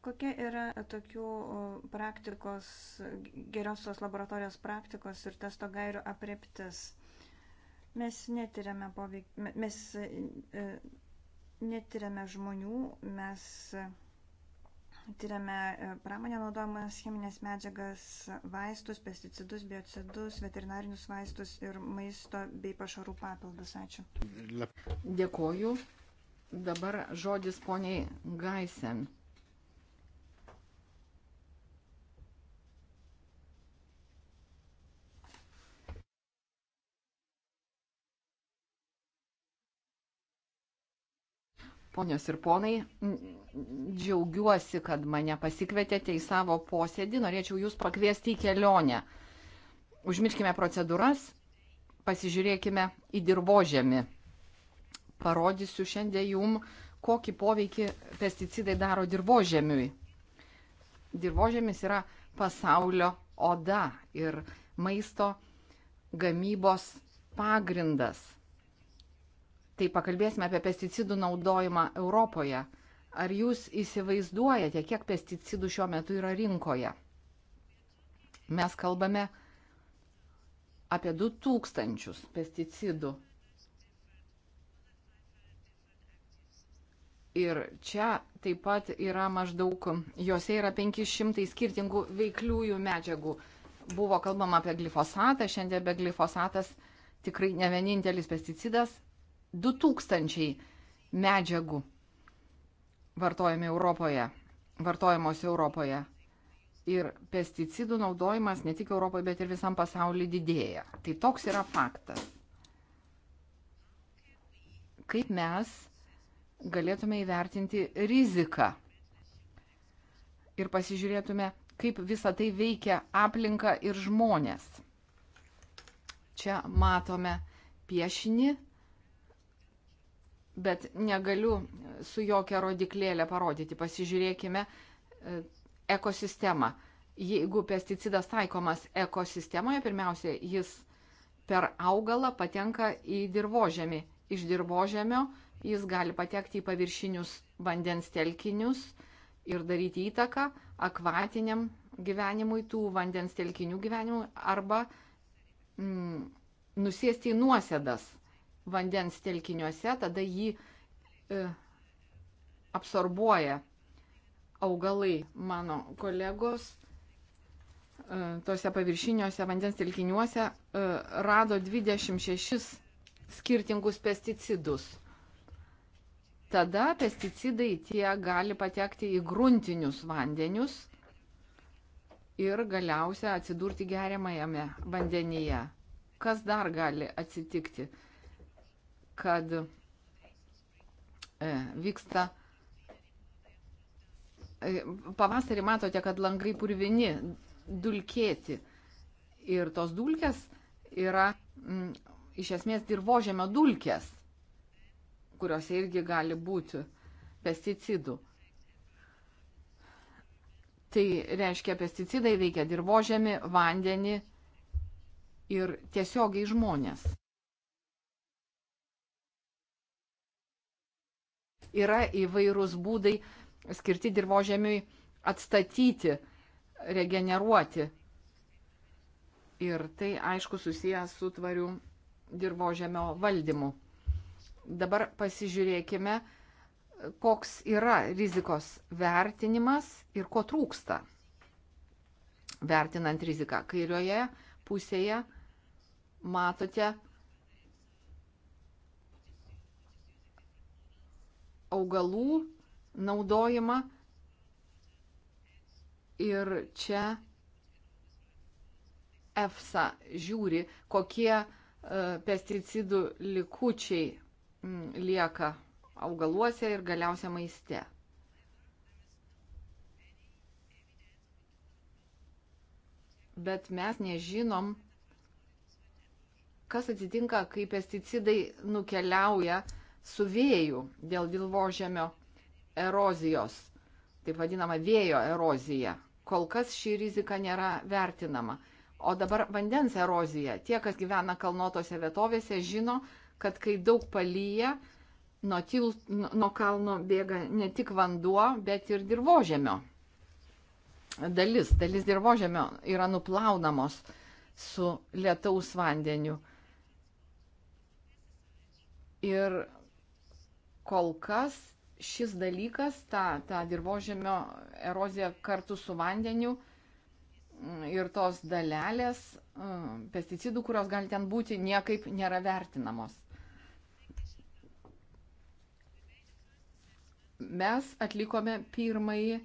Kokia yra tokių praktikos, geriausios laboratorijos praktikos ir testo gairių apreptis? Mes netiriame, poveik, mes e, netiriame žmonių, mes Tyriame e, pramonę naudojamas cheminės medžiagas, vaistus, pesticidus, biocidus, veterinarinius vaistus ir maisto bei pašarų papildus. Ačiū. Dėkoju. Dabar žodis poniai Gaisen. Ponios ir ponai, džiaugiuosi, kad mane pasikvietėte į savo posėdį. Norėčiau jūs pakviesti į kelionę. Užmirškime procedūras, pasižiūrėkime į dirbožėmį. Parodysiu šiandien jum, kokį poveikį pesticidai daro dirbožėmiui. Dirbožėmis yra pasaulio oda ir maisto gamybos pagrindas tai pakalbėsime apie pesticidų naudojimą Europoje. Ar jūs įsivaizduojate, kiek pesticidų šiuo metu yra rinkoje? Mes kalbame apie 2000 pesticidų. Ir čia taip pat yra maždaug, juose yra 500 skirtingų veikliųjų medžiagų. Buvo kalbama apie glifosatą, šiandien be glifosatas tikrai ne vienintelis pesticidas, 2000 medžiagų vartojami Europoje, vartojamos Europoje. Ir pesticidų naudojimas ne tik Europoje, bet ir visam pasaulyje didėja. Tai toks yra faktas. Kaip mes galėtume įvertinti riziką ir pasižiūrėtume, kaip visa tai veikia aplinką ir žmonės. Čia matome piešinį bet negaliu su jokia rodiklėlė parodyti. Pasižiūrėkime e, ekosistemą. Jeigu pesticidas taikomas ekosistemoje, pirmiausia, jis per augalą patenka į dirbožemį. Iš dirbožemio jis gali patekti į paviršinius vandens telkinius ir daryti įtaką akvatiniam gyvenimui, tų vandens telkinių gyvenimui arba mm, nusėsti į nuosėdas vandens telkiniuose, tada jį e, absorbuoja augalai mano kolegos. E, tose paviršiniuose vandens telkiniuose e, rado 26 skirtingus pesticidus. Tada pesticidai tie gali patekti į gruntinius vandenius ir galiausia atsidurti geriamajame vandenyje. Kas dar gali atsitikti? kad e, vyksta. E, pavasarį matote, kad langai purvini, dulkėti. Ir tos dulkės yra m, iš esmės dirbožėmio dulkės, kuriuose irgi gali būti pesticidų. Tai reiškia, pesticidai veikia dirbožėmį, vandenį ir tiesiogiai žmonės. yra įvairūs būdai skirti dirbožėmiui atstatyti, regeneruoti. Ir tai aišku susijęs su tvariu dirbožėmio valdymu. Dabar pasižiūrėkime, koks yra rizikos vertinimas ir ko trūksta. Vertinant riziką kairioje pusėje matote augalų naudojimą. Ir čia EFSA žiūri, kokie e, pesticidų likučiai lieka augaluose ir galiausia maiste. Bet mes nežinom, kas atsitinka, kai pesticidai nukeliauja uh, su vėju dėl dirbožėmio erozijos, taip vadinama vėjo erozija. Kol kas ši rizika nėra vertinama. O dabar vandens erozija. Tie, kas gyvena kalnuotose vietovėse, žino, kad kai daug palyja, nuo, til, nuo kalno bėga ne tik vanduo, bet ir dirbožėmio. Dalis, dalis dirbožėmio yra nuplaunamos su lietaus vandeniu. Ir kol kas šis dalykas, ta, ta dirbožėmio erozija kartu su vandeniu ir tos dalelės e, pesticidų, kurios gali ten būti, niekaip nėra vertinamos. Mes atlikome pirmąjį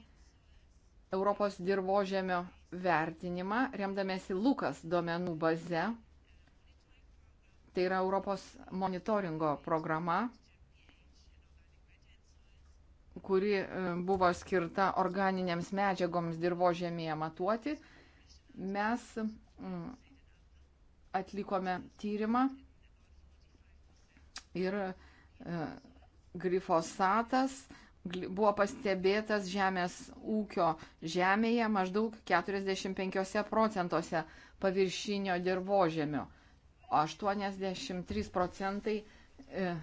Europos dirbožėmio vertinimą, remdamėsi Lukas duomenų baze. Tai yra Europos monitoringo programa, kuri e, buvo skirta organiniams medžiagoms dirbožėmėje matuoti, mes mm, atlikome tyrimą ir e, glifosatas buvo pastebėtas žemės ūkio žemėje maždaug 45 procentuose paviršinio dirbožėmio. 83 procentai e,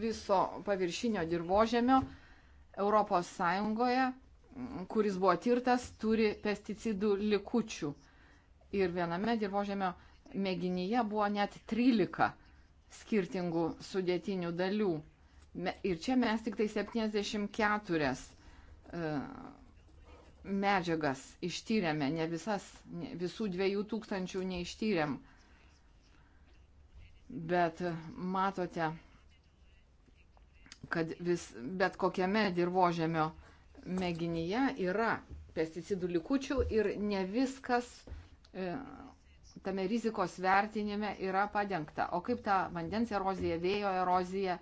viso paviršinio dirbožėmio Europos Sąjungoje, kuris buvo tirtas, turi pesticidų likučių. Ir viename dirbožėmio mėginyje buvo net 13 skirtingų sudėtinių dalių. Ir čia mes tik tai 74 e, medžiagas ištyrėme, ne visas, visų 2000 neištyrėm. Bet matote, kad vis, bet kokiame dirbožėmio mėginyje yra pesticidų likučių ir ne viskas e, tame rizikos vertinime yra padengta. O kaip ta vandens erozija, vėjo erozija,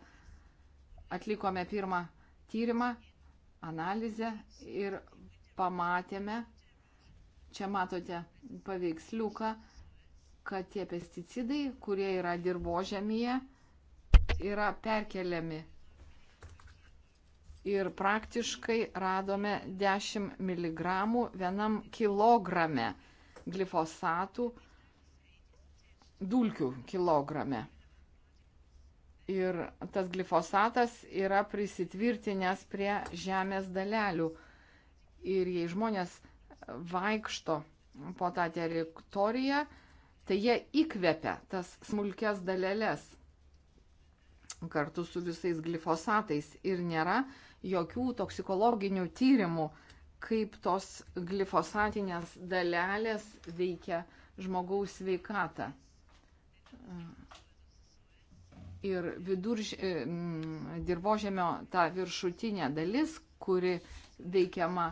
atlikome pirmą tyrimą, analizę ir pamatėme, čia matote paveiksliuką, kad tie pesticidai, kurie yra dirbožėmėje, yra perkeliami ir praktiškai radome 10 mg vienam kilograme glifosatų dulkių kilograme. Ir tas glifosatas yra prisitvirtinęs prie žemės dalelių. Ir jei žmonės vaikšto po tą teritoriją, tai jie įkvepia tas smulkės dalelės kartu su visais glifosatais ir nėra jokių toksikologinių tyrimų, kaip tos glifosatinės dalelės veikia žmogaus sveikatą. Ir vidurž... dirbožėmio ta viršutinė dalis, kuri veikiama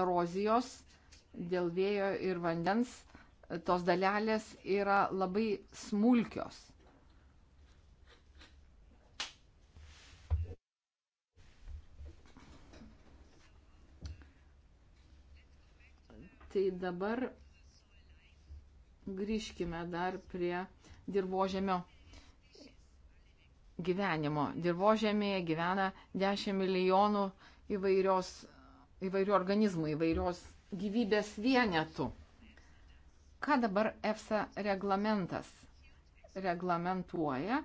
erozijos dėl vėjo ir vandens, tos dalelės yra labai smulkios. Tai dabar grįžkime dar prie dirbožėmio gyvenimo. Dirbožėmėje gyvena 10 milijonų įvairios, įvairių organizmų, įvairios gyvybės vienetų. Ką dabar EFSA reglamentas reglamentuoja,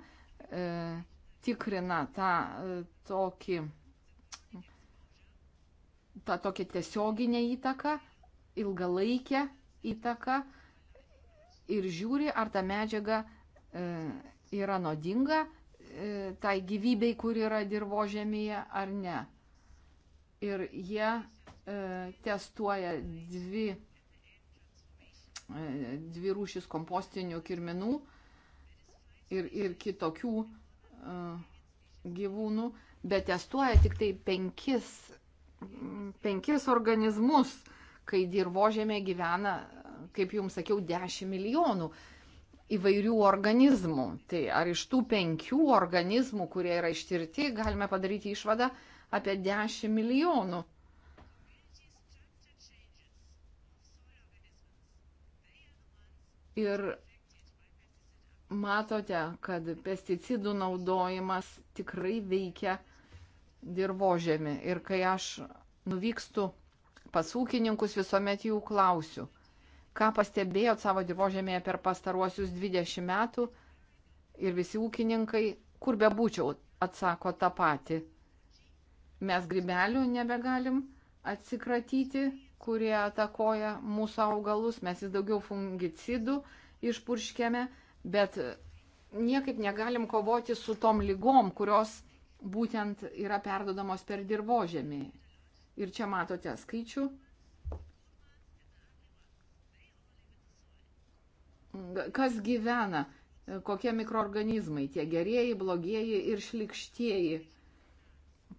e, tikrina tą e, tokį tą tokią tiesioginę įtaką ilgalaikę įtaką ir žiūri, ar ta medžiaga e, yra nuodinga e, tai gyvybei, kur yra dirbožėmėje ar ne. Ir jie e, testuoja dvi, e, dvi rūšis kompostinių kirminų ir, ir kitokių e, gyvūnų, bet testuoja tik tai penkis, penkis organizmus, kai dirbožėme gyvena, kaip jums sakiau, 10 milijonų įvairių organizmų. Tai ar iš tų penkių organizmų, kurie yra ištirti, galime padaryti išvadą apie 10 milijonų. Ir matote, kad pesticidų naudojimas tikrai veikia dirbožėmi. Ir kai aš nuvykstu pas ūkininkus visuomet jų klausiu, ką pastebėjot savo dirbožėmėje per pastaruosius 20 metų ir visi ūkininkai, kur be būčiau, atsako tą patį. Mes gribelių nebegalim atsikratyti, kurie atakoja mūsų augalus, mes vis daugiau fungicidų išpurškiame, bet niekaip negalim kovoti su tom lygom, kurios būtent yra perdodamos per dirbožėmį. Ir čia matote skaičių. Kas gyvena, kokie mikroorganizmai, tie gerieji, blogieji ir šlikštieji.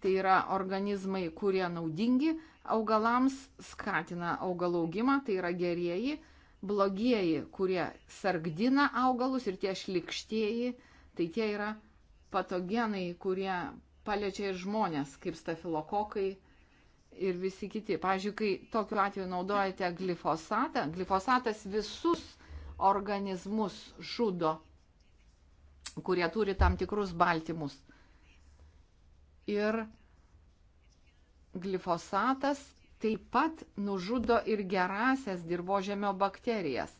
Tai yra organizmai, kurie naudingi augalams, skatina augalų augimą, tai yra gerieji, blogieji, kurie sargdina augalus ir tie šlikštieji, tai tie yra patogenai, kurie paliečia ir žmonės, kaip stafilokokai, ir visi kiti. Pavyzdžiui, kai tokiu atveju naudojate glifosatą, glifosatas visus organizmus žudo, kurie turi tam tikrus baltymus. Ir glifosatas taip pat nužudo ir gerasias dirbožėmio bakterijas.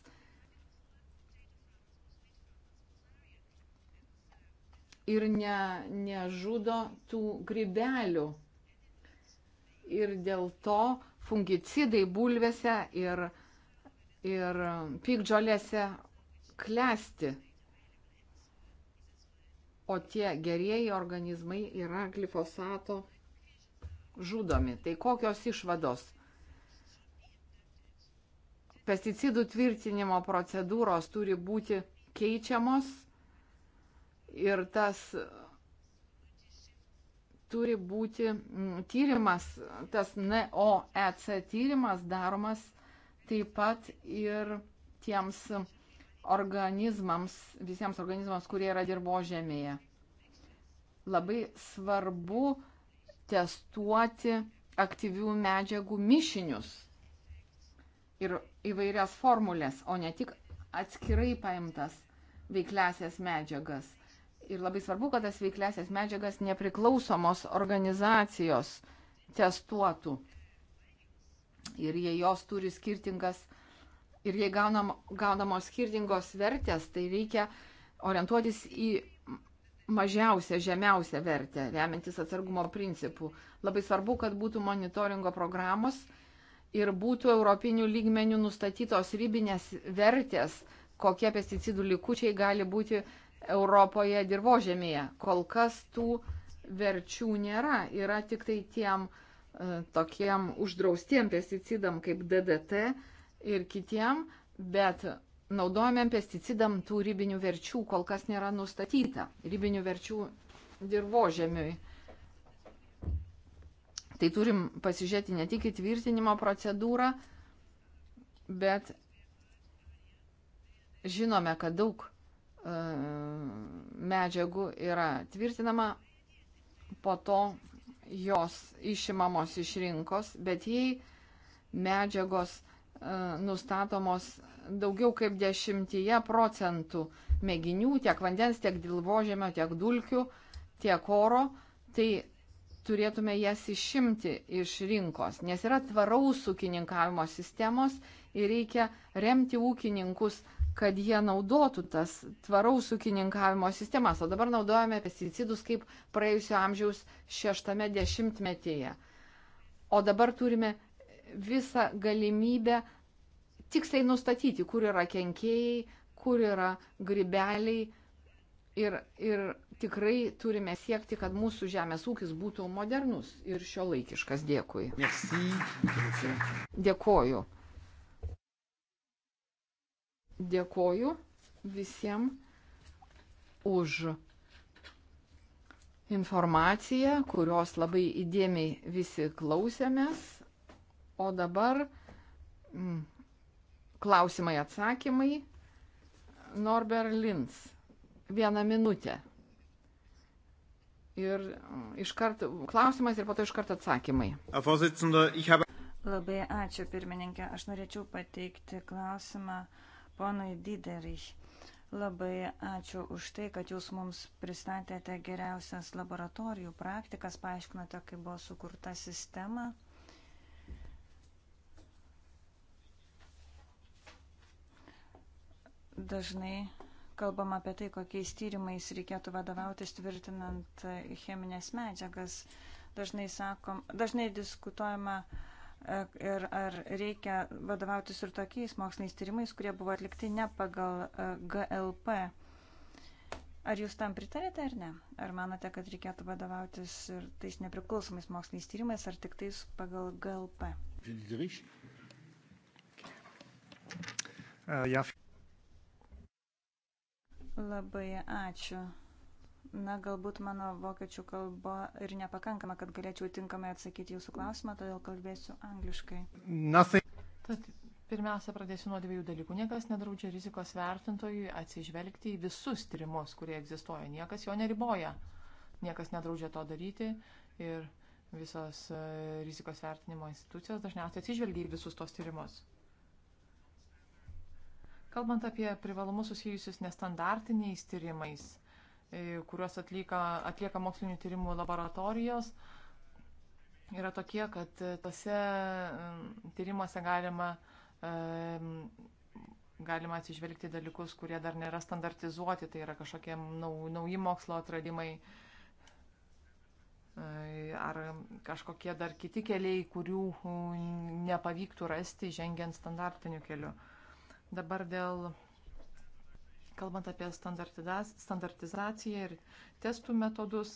Ir ne, nežudo tų grybelių ir dėl to fungicidai bulvėse ir, ir pikdžiolėse klesti. O tie gerieji organizmai yra glifosato žudomi. Tai kokios išvados? Pesticidų tvirtinimo procedūros turi būti keičiamos ir tas turi būti mm, tyrimas, tas NOEC e tyrimas daromas taip pat ir tiems organizmams, visiems organizmams, kurie yra dirbožėmėje. Labai svarbu testuoti aktyvių medžiagų mišinius ir įvairias formulės, o ne tik atskirai paimtas veikliasias medžiagas. Ir labai svarbu, kad tas veiklesias medžiagas nepriklausomos organizacijos testuotų. Ir jei jos turi skirtingas, ir jei gaunam, gaunamos skirtingos vertės, tai reikia orientuotis į mažiausią, žemiausią vertę, remiantis atsargumo principų. Labai svarbu, kad būtų monitoringo programos ir būtų europinių lygmenių nustatytos ribinės vertės, kokie pesticidų likučiai gali būti Europoje dirbožėmėje. Kol kas tų verčių nėra. Yra tik tai tiem e, tokiem uždraustiem pesticidam kaip DDT ir kitiem, bet naudojamiem pesticidam tų ribinių verčių kol kas nėra nustatyta. Ribinių verčių dirbožėmiui. Tai turim pasižiūrėti ne tik įtvirtinimo procedūrą, bet žinome, kad daug medžiagų yra tvirtinama, po to jos išimamos iš rinkos, bet jei medžiagos e, nustatomos daugiau kaip dešimtyje procentų mėginių, tiek vandens, tiek dilbožėmio, tiek dulkių, tiek oro, tai turėtume jas išimti iš rinkos, nes yra tvaraus ūkininkavimo sistemos ir reikia remti ūkininkus kad jie naudotų tas tvaraus ūkininkavimo sistemas. O dabar naudojame pesticidus kaip praėjusio amžiaus šeštame dešimtmetyje. O dabar turime visą galimybę tiksliai nustatyti, kur yra kenkėjai, kur yra gribeliai. Ir, ir tikrai turime siekti, kad mūsų žemės ūkis būtų modernus ir šiuolaikiškas. Dėkui. Merci. Dėkuoju. Dėkoju visiems už informaciją, kurios labai įdėmiai visi klausėmės. O dabar mm, klausimai atsakymai. Norber Lins. Vieną minutę. Ir mm, iškart klausimas ir po to iškart atsakymai. Labai ačiū, pirmininkė. Aš norėčiau pateikti klausimą. Uh, Ponui Diderich, labai ačiū už tai, kad jūs mums pristatėte geriausias laboratorijų praktikas, paaiškinote, kaip buvo sukurta sistema. Dažnai kalbam apie tai, kokiais tyrimais reikėtų vadovautis tvirtinant cheminės medžiagas. Dažnai, sakom, dažnai diskutuojama uh, ir ar reikia vadovautis ir tokiais moksliniais tyrimais, kurie buvo atlikti ne pagal e, GLP. Ar jūs tam pritarėte ar ne? Ar manote, kad reikėtų vadovautis ir tais nepriklausomais moksliniais tyrimais, ar tik tais pagal GLP? E, Labai ačiū. Na, galbūt mano vokiečių kalba ir nepakankama, kad galėčiau tinkamai atsakyti jūsų klausimą, todėl kalbėsiu angliškai. Nothing. Tad pirmiausia, pradėsiu nuo dviejų dalykų. Niekas nedraudžia rizikos vertintojui atsižvelgti į visus tyrimus, kurie egzistuoja. Niekas jo neriboja. Niekas nedraudžia to daryti. Ir visos e, rizikos vertinimo institucijos dažniausiai atsižvelgia į visus tos tyrimus. Kalbant apie privalumus susijusius nestandartiniais tyrimais, kuriuos atlieka, atlieka mokslinių tyrimų laboratorijos, yra tokie, kad e, tose e, tyrimuose galima, e, galima atsižvelgti dalykus, kurie dar nėra standartizuoti, tai yra kažkokie nau, nauji mokslo atradimai ar kažkokie dar kiti keliai, kurių nepavyktų rasti žengiant standartiniu keliu. Dabar dėl kalbant apie standartizaciją ir testų metodus.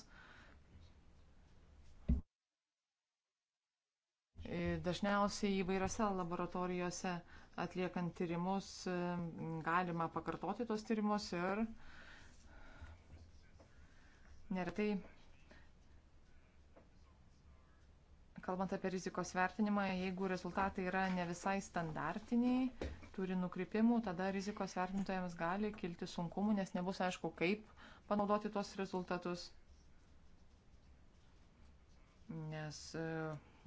E, dažniausiai įvairiose laboratorijose atliekant tyrimus e, galima pakartoti tos tyrimus ir neretai kalbant apie rizikos vertinimą, jeigu rezultatai yra ne visai standartiniai, turi nukrypimų, tada rizikos vertintojams gali kilti sunkumų, nes nebus aišku, kaip panaudoti tuos rezultatus, nes e,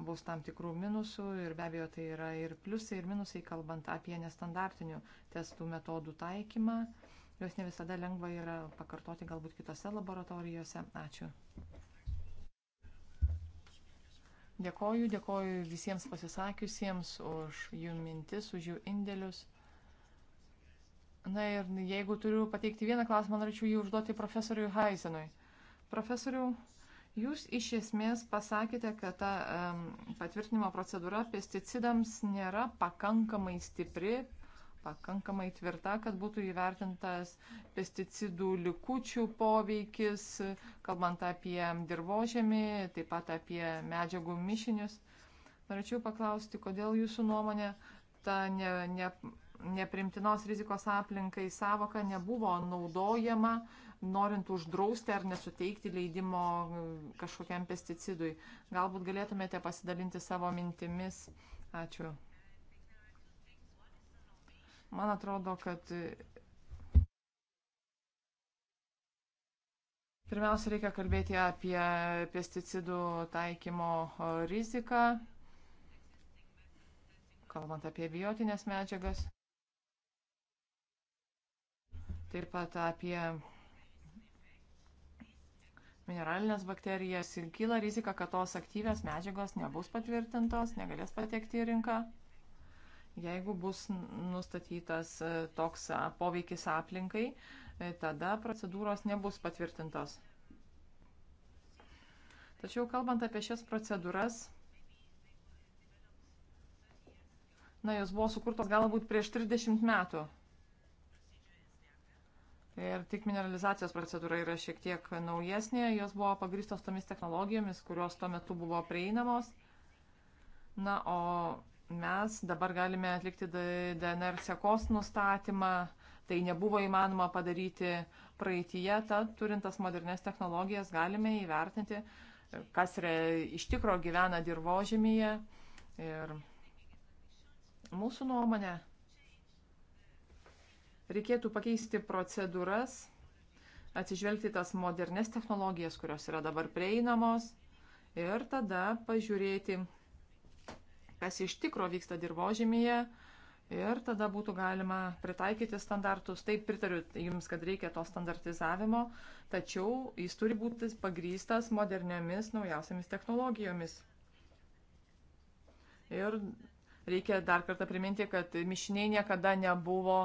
bus tam tikrų minusų ir be abejo tai yra ir pliusai, ir minusai, kalbant apie nestandartinių testų metodų taikymą. Jos ne visada lengva yra pakartoti galbūt kitose laboratorijose. Ačiū. Dėkoju, dėkoju visiems pasisakiusiems už jų mintis, už jų indėlius. Na ir jeigu turiu pateikti vieną klausimą, norėčiau jį užduoti profesoriui Heisenui. Profesoriu, jūs iš esmės pasakėte, kad ta um, patvirtinimo procedūra pesticidams nėra pakankamai stipri, pakankamai tvirta, kad būtų įvertintas pesticidų likučių poveikis, kalbant apie dirbožėmį, taip pat apie medžiagų mišinius. Norėčiau paklausti, kodėl jūsų nuomonė ta ne, ne, neprimtinos rizikos aplinkai savoka nebuvo naudojama, norint uždrausti ar nesuteikti leidimo kažkokiam pesticidui. Galbūt galėtumėte pasidalinti savo mintimis. Ačiū. Man atrodo, kad e, Pirmiausia, reikia kalbėti apie pesticidų taikymo riziką, kalbant apie biotinės medžiagas, taip pat apie mineralinės bakterijas ir kyla rizika, kad tos aktyvios medžiagos nebus patvirtintos, negalės patekti į rinką. Jeigu bus nustatytas e, toks e, poveikis aplinkai, e, tada procedūros nebus patvirtintos. Tačiau kalbant apie šias procedūras, na, jos buvo sukurtos galbūt prieš 30 metų. Ir tik mineralizacijos procedūra yra šiek tiek naujesnė, jos buvo pagristos tomis technologijomis, kurios tuo metu buvo prieinamos. Na, o Mes dabar galime atlikti DNR sekos nustatymą, tai nebuvo įmanoma padaryti praeitie, tad turintas modernes technologijas galime įvertinti, kas re, iš tikro gyvena dirbožymyje. Ir mūsų nuomonė, reikėtų pakeisti procedūras, atsižvelgti tas modernes technologijas, kurios yra dabar prieinamos ir tada pažiūrėti, kas iš tikro vyksta dirbožymėje ir tada būtų galima pritaikyti standartus. Taip pritariu Jums, kad reikia to standartizavimo, tačiau jis turi būti pagrystas moderniamis naujausiamis technologijomis. Ir reikia dar kartą priminti, kad mišiniai niekada nebuvo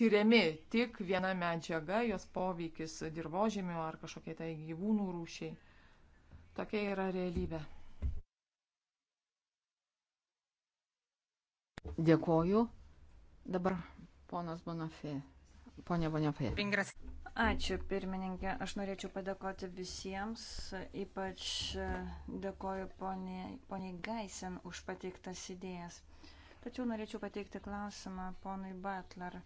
tyriami, tik viena medžiaga, jos poveikis dirbožėmio ar kažkokie tai gyvūnų rūšiai. Tokia yra realybė. Dėkoju. Dabar ponas Bonafė. Pone Bonafė. Ačiū, pirmininkė. Aš norėčiau padėkoti visiems. Ypač dėkoju poniai, poniai Gaisen už pateiktas idėjas. Tačiau norėčiau pateikti klausimą ponui Butler.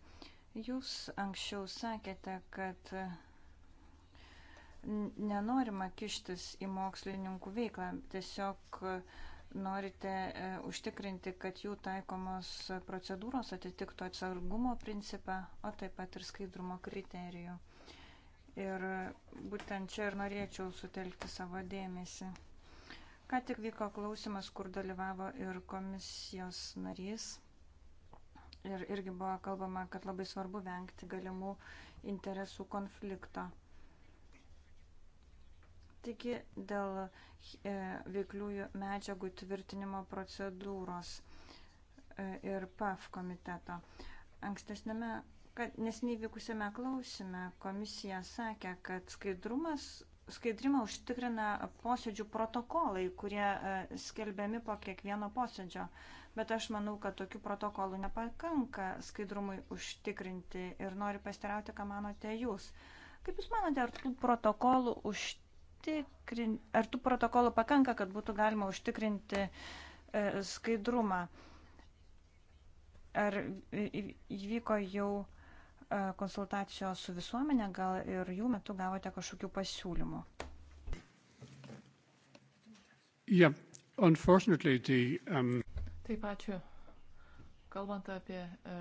Jūs anksčiau sakėte, kad nenorima kištis į mokslininkų veiklą. Tiesiog uh, norite e, užtikrinti, kad jų taikomos procedūros atitiktų atsargumo principą, o taip pat ir skaidrumo kriterijų. Ir būtent čia ir norėčiau sutelkti savo dėmesį. Ką tik vyko klausimas, kur dalyvavo ir komisijos narys. Ir irgi buvo kalbama, kad labai svarbu vengti galimų interesų konflikto. Taigi dėl e, veikliųjų medžiagų tvirtinimo procedūros e, ir PAF komiteto. Ankstesnėme, kad nesiniai vykusėme klausime, komisija sakė, kad skaidrumas, skaidrimą užtikrina posėdžių protokolai, kurie e, skelbiami po kiekvieno posėdžio. Bet aš manau, kad tokių protokolų nepakanka skaidrumui užtikrinti ir noriu pastarauti, ką manote jūs. Kaip Jūs manote, ar tų protokolų užtikrinti? užtikrin, ar tų protokolų pakanka, kad būtų galima užtikrinti e, skaidrumą? Ar įvyko jau e, konsultacijos su visuomenė, gal ir jų metu gavote kažkokių pasiūlymų? Yeah, unfortunately, the, um... Taip, ačiū. Kalbant apie e,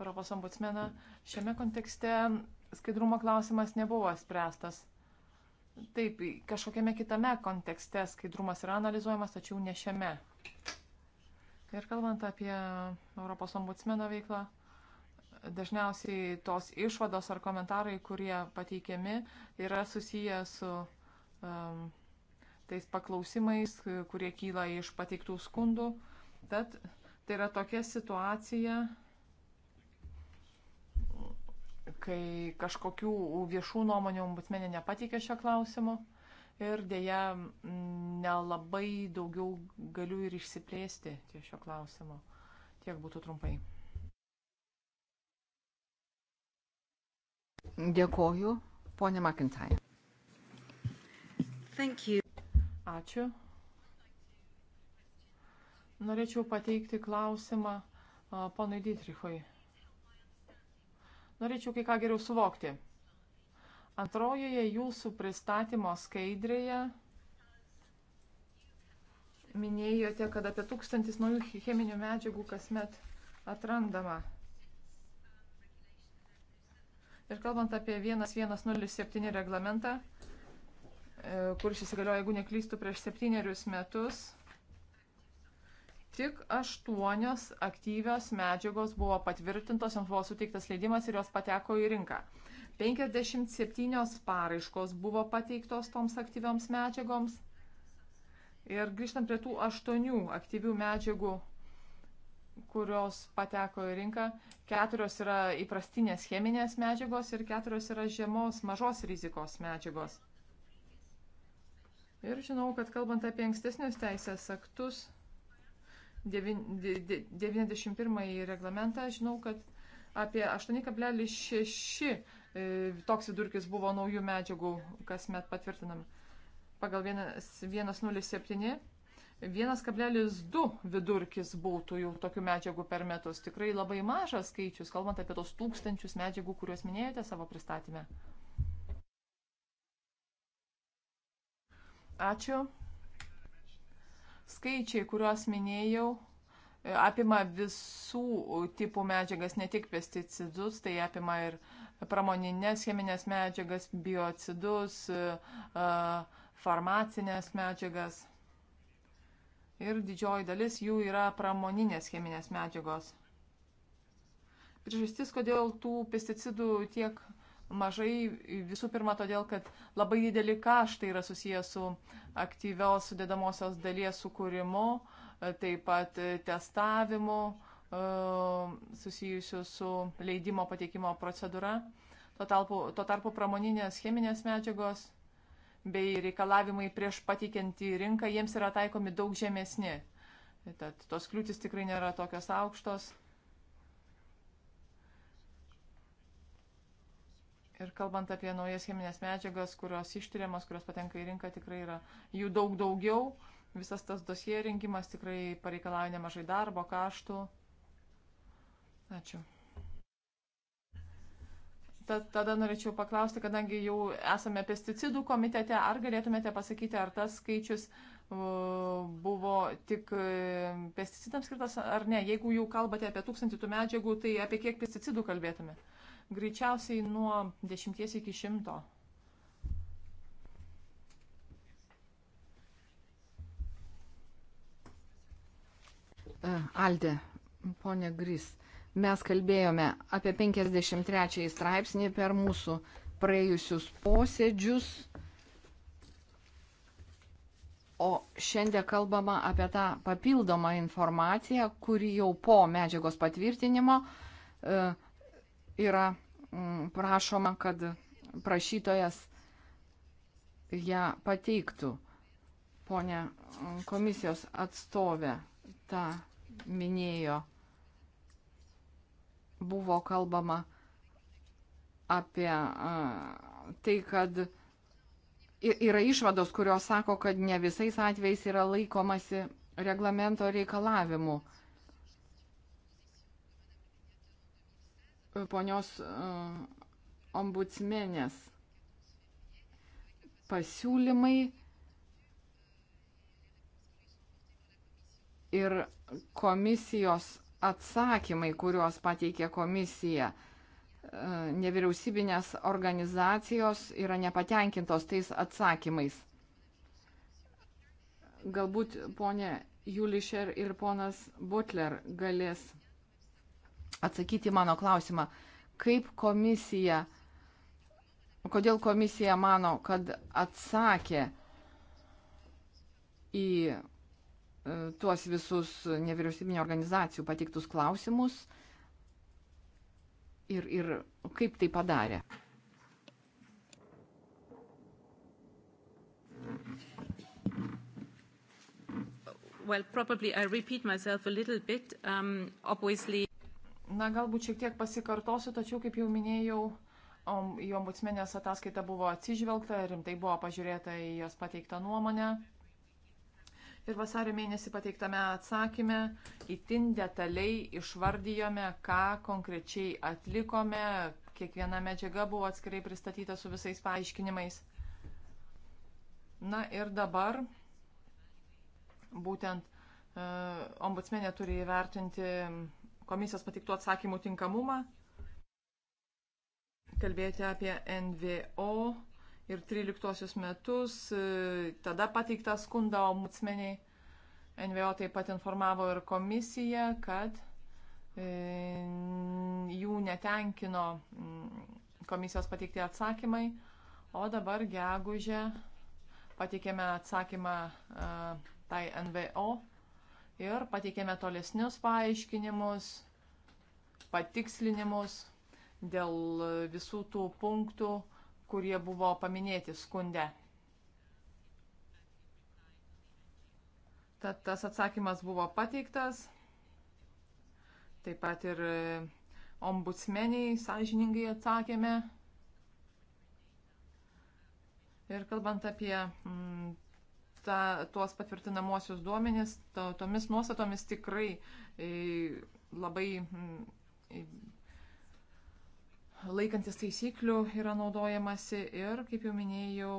Europos ombudsmeną, šiame kontekste skaidrumo klausimas nebuvo spręstas. Taip, kažkokiame kitame kontekste skaidrumas yra analizuojamas, tačiau ne šiame. Ir kalbant apie Europos ombudsmeno veiklą, dažniausiai tos išvados ar komentarai, kurie pateikiami, yra susiję su um, tais paklausimais, kurie kyla iš pateiktų skundų. Tad tai yra tokia situacija, kai kažkokių viešų nuomonių ombudsmenė nepateikė šio klausimu. Ir dėja, nelabai daugiau galiu ir išsiplėsti ties šio klausimo. Tiek būtų trumpai. Dėkoju, ponė McIntyre. Ačiū. Norėčiau pateikti klausimą ponui Dietrichui. Norėčiau kai ką geriau suvokti. Antrojoje jūsų pristatymo skaidrėje minėjote, kad apie tūkstantis naujų cheminių medžiagų kasmet atrandama. Ir kalbant apie 1107 reglamentą, e, kuris įsigaliojo, jeigu neklystų, prieš septynerius metus, tik aštuonios aktyvios medžiagos buvo patvirtintos, joms buvo suteiktas leidimas ir jos pateko į rinką. 57 paraiškos buvo pateiktos toms aktyvioms medžiagoms. Ir grįžtant prie tų aštuonių aktyvių medžiagų, kurios pateko į rinką, keturios yra įprastinės cheminės medžiagos ir keturios yra žemos mažos rizikos medžiagos. Ir žinau, kad kalbant apie ankstesnius teisės aktus, 91 reglamentą, žinau, kad apie 8,6 e, toks vidurkis buvo naujų medžiagų kasmet patvirtinam. Pagal 107, 1,2 vidurkis būtų jau tokių medžiagų per metus. Tikrai labai mažas skaičius, kalbant apie tos tūkstančius medžiagų, kuriuos minėjote savo pristatymę. Ačiū. Skaičiai, kuriuos minėjau, e, apima visų tipų medžiagas, ne tik pesticidus, tai apima ir pramoninės cheminės medžiagas, biocidus, e, e, farmacinės medžiagas. Ir didžioji dalis jų yra pramoninės cheminės medžiagos. Priežastis, kodėl tų pesticidų tiek mažai visų pirma todėl, kad labai dideli kaštai yra susijęs su aktyvios sudėdamosios dalies sukūrimu, e, taip pat e, testavimu e, susijusiu su leidimo pateikimo procedūra. Tuo tarpu, tuo tarpu pramoninės cheminės medžiagos bei reikalavimai prieš pateikiant į rinką jiems yra taikomi daug žemesni. Tad tos kliūtis tikrai nėra tokios aukštos. Ir kalbant apie naujas cheminės medžiagas, kurios ištiriamos, kurios patenka į rinką, tikrai yra jų daug daugiau. Visas tas dosie rinkimas tikrai pareikalauja nemažai darbo, kaštų. Ačiū. Tad tada norėčiau paklausti, kadangi jau esame pesticidų komitete, ar galėtumėte pasakyti, ar tas skaičius buvo tik e, pesticidams skirtas ar ne? Jeigu jau kalbate apie tūkstantį tų medžiagų, tai apie kiek pesticidų kalbėtumėte? greičiausiai nuo 10 iki 100. E, Alde, ponė Gris, mes kalbėjome apie 53 straipsnį per mūsų praėjusius posėdžius, o šiandien kalbama apie tą papildomą informaciją, kuri jau po medžiagos patvirtinimo uh, yra mm, prašoma, kad prašytojas ją pateiktų. Pone mm, komisijos atstovė tą minėjo. Buvo kalbama apie tai, kad yra išvados, kurios sako, kad ne visais atvejais yra laikomasi reglamento reikalavimų. ponios e, ombudsmenės pasiūlymai ir komisijos atsakymai, kuriuos pateikė komisija. E, nevyriausybinės organizacijos yra nepatenkintos tais atsakymais. Galbūt ponė Julišer ir ponas Butler galės atsakyti mano klausimą, kaip komisija, kodėl komisija mano, kad atsakė į e, tuos visus nevyriausybinio organizacijų patiktus klausimus ir, ir kaip tai padarė. Well, probably I repeat myself a little bit. Um, obviously. Na, galbūt šiek tiek pasikartosiu, tačiau, kaip jau minėjau, į ombudsmenės ataskaitą buvo atsižvelgta, rimtai buvo pažiūrėta į jos pateiktą nuomonę. Ir vasario mėnesį pateiktame atsakymė įtin detaliai išvardyjome, ką konkrečiai atlikome, kiekviena medžiaga buvo atskirai pristatyta su visais paaiškinimais. Na ir dabar būtent e, ombudsmenė turi įvertinti komisijos patiktų atsakymų tinkamumą. Kalbėjote apie NVO ir 13 metus, e, tada pateiktą skundą ombudsmeniai. NVO taip pat informavo ir komisiją, kad e, jų netenkino mm, komisijos pateikti atsakymai, o dabar gegužę pateikėme atsakymą e, tai NVO ir pateikėme tolesnius paaiškinimus, patikslinimus dėl visų tų punktų, kurie buvo paminėti skunde. Tad tas atsakymas buvo pateiktas. Taip pat ir e, ombudsmeniai sąžiningai atsakėme. Ir kalbant apie mm, ta, tuos patvirtinamuosius duomenis, to, tomis nuostatomis tikrai e, labai mm, e, laikantis taisyklių yra naudojamasi ir, kaip jau minėjau,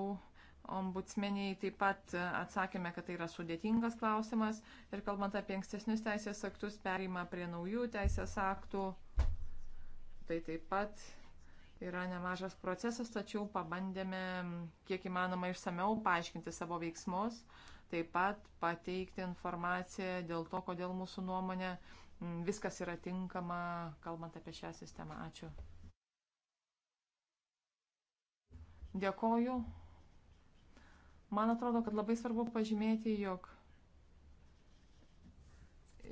ombudsmeniai taip pat atsakėme, kad tai yra sudėtingas klausimas ir kalbant apie ankstesnius teisės aktus, perima prie naujų teisės aktų. Tai taip pat yra nemažas procesas, tačiau pabandėme kiek įmanoma išsameu paaiškinti savo veiksmus, taip pat pateikti informaciją dėl to, kodėl mūsų nuomonė viskas yra tinkama, kalbant apie šią sistemą. Ačiū. Dėkoju. Man atrodo, kad labai svarbu pažymėti, jog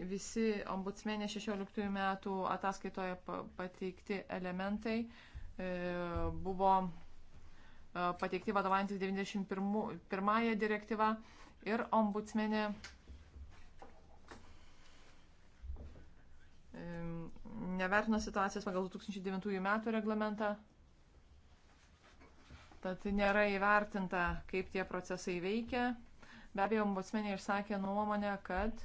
visi ombudsmenė 16 metų ataskaitoje pateikti elementai E, buvo e, pateikti vadovantis 91 direktyva ir ombudsmenė e, nevertino situacijos pagal 2009 metų reglamentą. Tad nėra įvertinta, kaip tie procesai veikia. Be abejo, ombudsmenė išsakė nuomonę, kad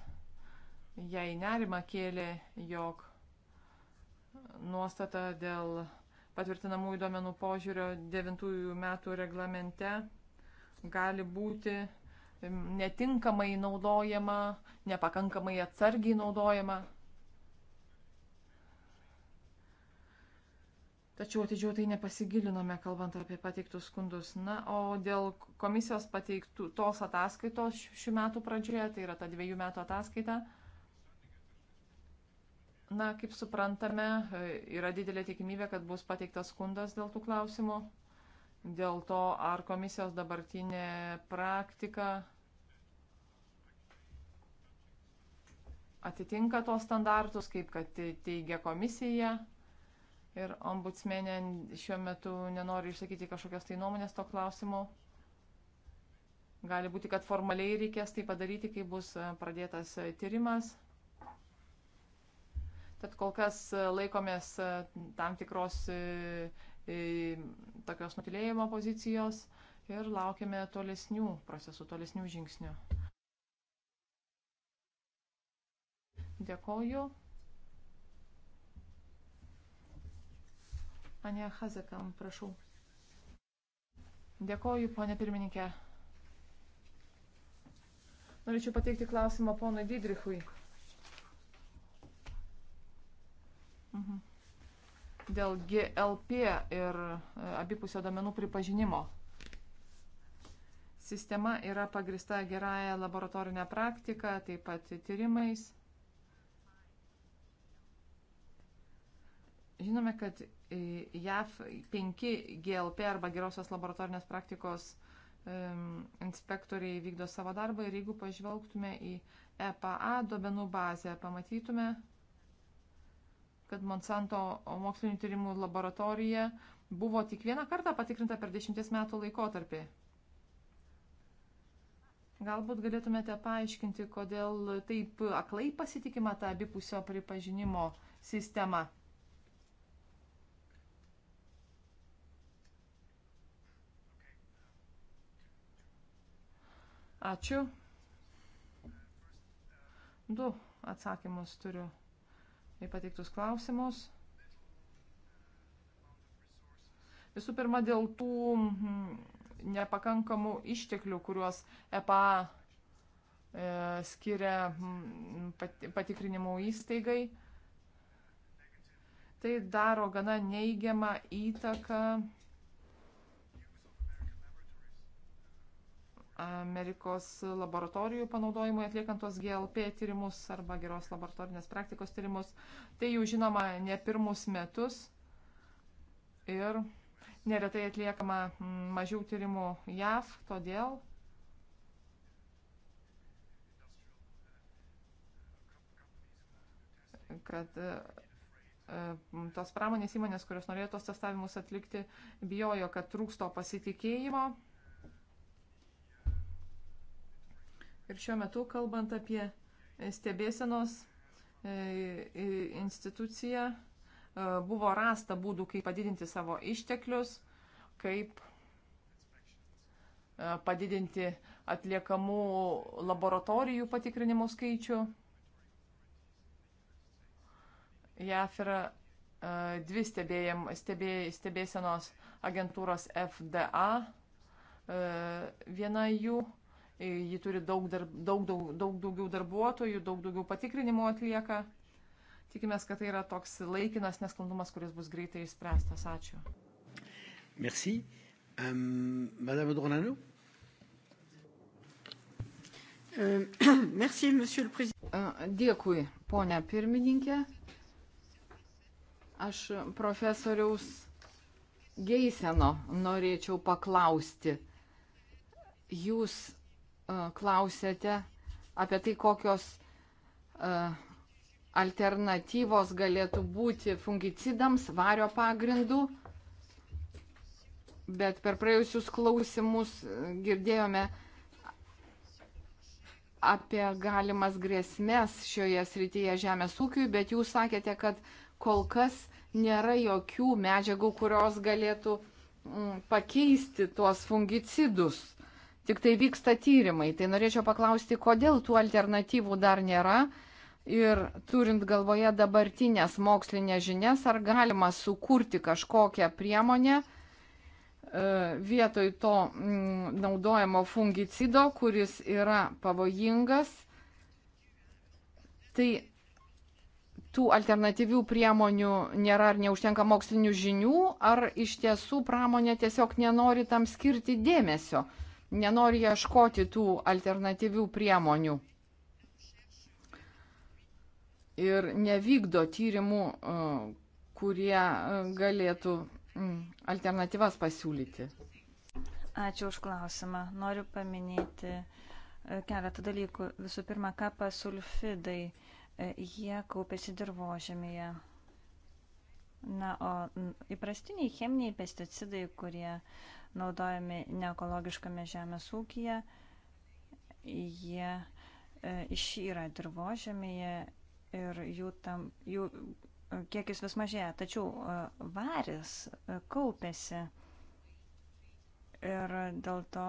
jai nerima kėlė, jog nuostata dėl patvirtinamųjų duomenų požiūrio 9 metų reglamente gali būti netinkamai naudojama, nepakankamai atsargiai naudojama. Tačiau atidžiau tai nepasigilinome, kalbant apie pateiktus skundus. Na, o dėl komisijos pateiktų tos ataskaitos šių metų pradžioje, tai yra ta dviejų metų ataskaita, uh, Na, kaip suprantame, yra didelė tikimybė, kad bus pateiktas skundas dėl tų klausimų, dėl to, ar komisijos dabartinė praktika atitinka tos standartus, kaip kad teigia komisija. Ir ombudsmenė šiuo metu nenori išsakyti kažkokios tai nuomonės to klausimu. Gali būti, kad formaliai reikės tai padaryti, kai bus pradėtas tyrimas. Tad kol kas e, laikomės e, tam tikros e, tokios nutilėjimo pozicijos ir laukiame tolesnių procesų, tolesnių žingsnių. Dėkoju. Ane Hazekam, prašau. Dėkoju, ponė pirmininkė. Norėčiau pateikti klausimą ponui Didrichui. Mhm. Dėl GLP ir e, abipusio domenų pripažinimo. Sistema yra pagrista gerąją laboratorinę praktiką, taip pat tyrimais. Žinome, kad e, JAF 5 GLP arba gerosios laboratorinės praktikos inspektoriai vykdo savo darbą ir jeigu pažvelgtume į EPA duomenų bazę, pamatytume, kad Monsanto mokslinių tyrimų laboratorija buvo tik vieną kartą patikrinta per dešimties metų laikotarpį. Galbūt galėtumėte paaiškinti, kodėl taip aklai pasitikima tą abipusio pripažinimo sistemą. Ačiū. Du atsakymus turiu į pateiktus klausimus. Visų pirma, dėl tų mm, nepakankamų išteklių, kuriuos EPA e, skiria mm, patikrinimų įstaigai. Tai daro gana neigiamą įtaką Amerikos laboratorijų panaudojimui atliekant tos GLP tyrimus arba geros laboratorinės praktikos tyrimus. Tai jau žinoma ne pirmus metus ir neretai atliekama mažiau tyrimų JAV, todėl kad e, tos pramonės įmonės, kurios norėjo tos testavimus atlikti, bijojo, kad trūksto pasitikėjimo Ir šiuo metu, kalbant apie e, stebėsenos e, instituciją, e, buvo rasta būdų, kaip padidinti savo išteklius, kaip padidinti atliekamų laboratorijų patikrinimų skaičių. JAF yra dvi stebėjim, stebė, stebėsenos agentūros FDA. Viena jų E, ji turi daug, darb, daug, daug, daug daugiau darbuotojų, daug daugiau patikrinimų atlieka. Tikimės, kad tai yra toks laikinas nesklandumas, kuris bus greitai išspręstas. Ačiū. Merci. Um, Madame Dornano. Uh, merci, Monsieur le Président. Uh, dėkui, ponia pirmininkė. Aš profesoriaus Geiseno norėčiau paklausti. Jūs klausėte apie tai, kokios alternatyvos galėtų būti fungicidams vario pagrindų. Bet per praėjusius klausimus girdėjome apie galimas grėsmės šioje srityje žemės ūkiui, bet jūs sakėte, kad kol kas nėra jokių medžiagų, kurios galėtų mm, pakeisti tuos fungicidus tik tai vyksta tyrimai. Tai norėčiau paklausti, kodėl tų alternatyvų dar nėra ir turint galvoje dabartinės mokslinės žinias, ar galima sukurti kažkokią priemonę e, vietoj to mm, naudojamo fungicido, kuris yra pavojingas. Tai tų alternatyvių priemonių nėra ar neužtenka mokslinių žinių, ar iš tiesų pramonė tiesiog nenori tam skirti dėmesio nenori ieškoti tų alternatyvių priemonių ir nevykdo tyrimų, e, kurie e, galėtų alternatyvas pasiūlyti. Ačiū už klausimą. Noriu paminėti e, keletą dalykų. Visų pirma, kapasulfidai. Jie kaupėsi dirbožėmėje. Na, o įprastiniai cheminiai pesticidai, kurie naudojami neekologiškame žemės ūkija. Jie e, išyra dirbožėmėje ir jų, tam, jų e, kiekis vis mažėja. Tačiau e, varis kaupėsi ir dėl to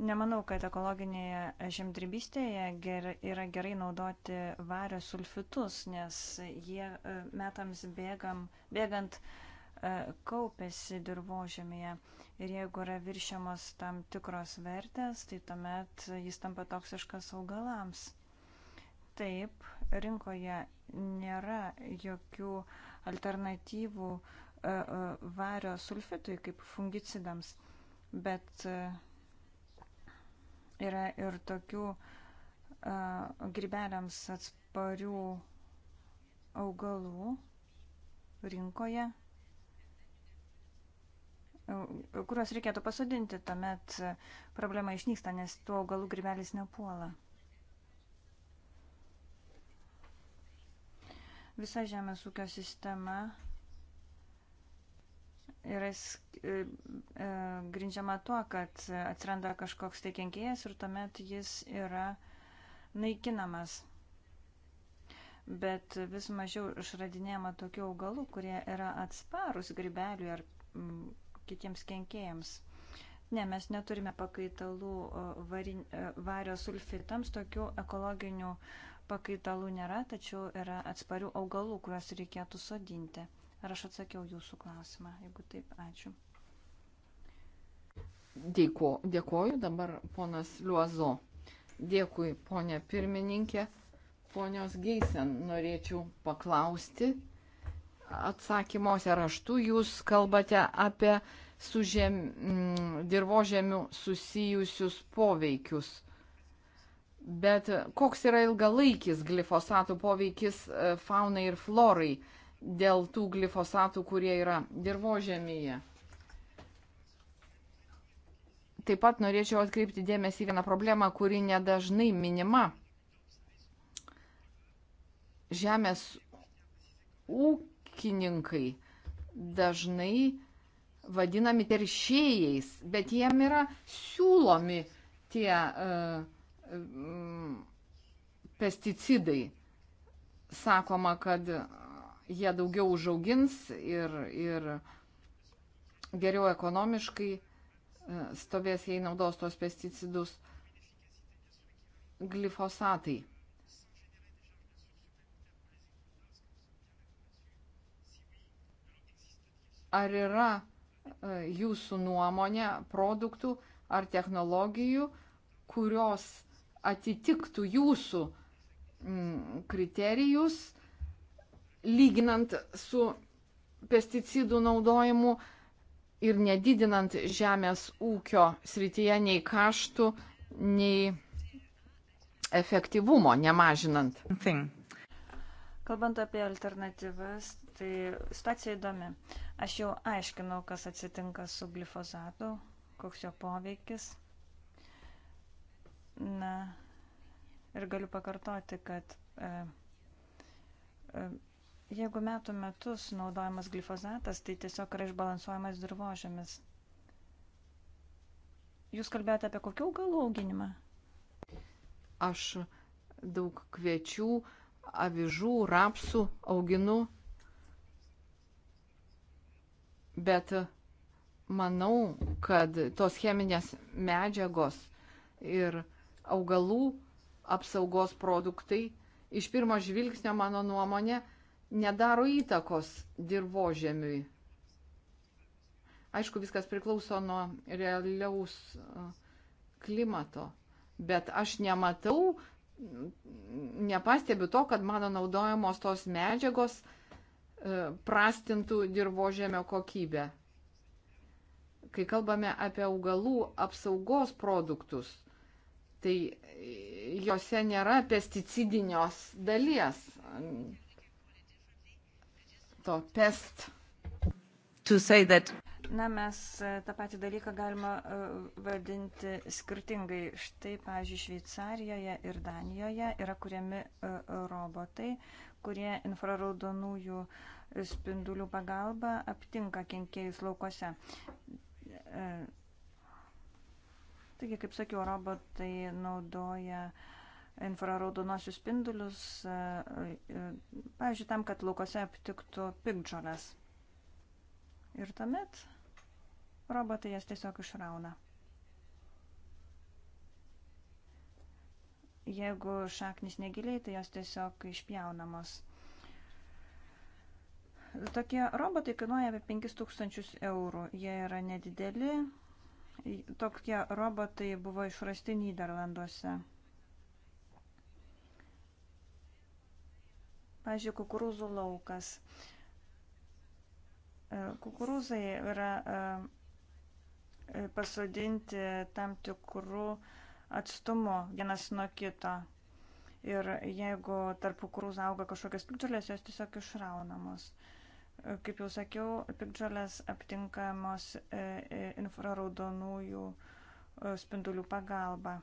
nemanau, kad ekologinėje žemdirbystėje ger, yra gerai naudoti vario sulfitus, nes jie metams bėgam, bėgant uh, E, kaupėsi dirbožėmėje. Ir jeigu yra viršiamos tam tikros vertės, tai tuomet jis tampa toksiškas augalams. Taip, rinkoje nėra jokių alternatyvų e, e, vario sulfitui kaip fungicidams, bet yra ir tokių grybeliams atsparių augalų rinkoje kuriuos reikėtų pasodinti, tuomet problema išnyksta, nes tuo augalų grybelis nepuola. Visa žemės ūkio sistema yra e, e, grindžiama tuo, kad atsiranda kažkoks tai kenkėjas ir tuomet jis yra naikinamas. Bet vis mažiau išradinėjama tokių augalų, kurie yra atsparus grybeliui ar kitiems kenkėjams. Ne, mes neturime pakaitalų varin, e, vario sulfitams, tokių ekologinių pakaitalų nėra, tačiau yra atsparių augalų, kuriuos reikėtų sodinti. Ar aš atsakiau jūsų klausimą? Jeigu taip, ačiū. Dėku, dėkuoju dabar ponas Liuozo. Dėkui, ponė pirmininkė. Ponios Geisen norėčiau paklausti atsakymuose raštu jūs kalbate apie su žem, mm, dirbožėmiu susijusius poveikius. Bet koks yra ilgalaikis glifosatų poveikis e, faunai ir florai dėl tų glifosatų, kurie yra dirbožėmyje? Taip pat norėčiau atkreipti dėmesį vieną problemą, kuri nedažnai minima. Žemės ūkio ūkininkai dažnai vadinami teršėjais, bet jiem yra siūlomi tie uh, pesticidai. Sakoma, kad jie daugiau užaugins ir, ir geriau ekonomiškai e, stovės, jei naudos tos pesticidus glifosatai. ar yra e, jūsų nuomonė produktų ar technologijų, kurios atitiktų jūsų mm, kriterijus, lyginant su pesticidų naudojimu ir nedidinant žemės ūkio srityje nei kaštų, nei efektyvumo, nemažinant. Thing. Kalbant apie alternatyvas, tai situacija įdomi. Aš jau aiškinau, kas atsitinka su glifozatu, koks jo poveikis. Na, ir galiu pakartoti, kad e, e, jeigu metų metus naudojamas glifozatas, tai tiesiog yra išbalansuojamas dirbožėmis. Jūs kalbėjote apie kokių augalų auginimą? Aš daug kviečių, avižų, rapsų auginu bet manau, kad tos cheminės medžiagos ir augalų apsaugos produktai iš pirmo žvilgsnio, mano nuomonė, nedaro įtakos dirbožėmiui. Aišku, viskas priklauso nuo realiaus e, klimato, bet aš nematau, nepastebiu to, kad mano naudojamos tos medžiagos uh, E, prastintų dirbožėmio kokybę. Kai kalbame apie augalų apsaugos produktus, tai juose nėra pesticidinios dalies. To pest. Na, mes e, tą patį dalyką galima e, vadinti skirtingai. Štai, pavyzdžiui, Šveicarijoje ir Danijoje yra kuriami robotai, kurie infraraudonųjų spindulių pagalba aptinka kenkėjus laukose. E, taigi, kaip sakiau, robotai naudoja infraraudonosius spindulius, e, e, pavyzdžiui, tam, kad laukose aptiktų pikdžolės. Ir tuomet robotai jas tiesiog išrauna. Jeigu šaknis negiliai, tai jos tiesiog išpjaunamos. Tokie robotai kainuoja apie 5000 eurų. Jie yra nedideli. Tokie robotai buvo išrasti Niderlanduose. Pavyzdžiui, kukurūzų laukas. E, kukurūzai yra e, pasodinti tam tikrų uh, atstumu vienas nuo kito. Ir jeigu tarp kukurūzų auga kažkokios pikdžiulės, jos tiesiog išraunamos. Kaip jau sakiau, pikdžiulės aptinkamos e, e, infraraudonųjų e, spindulių pagalba.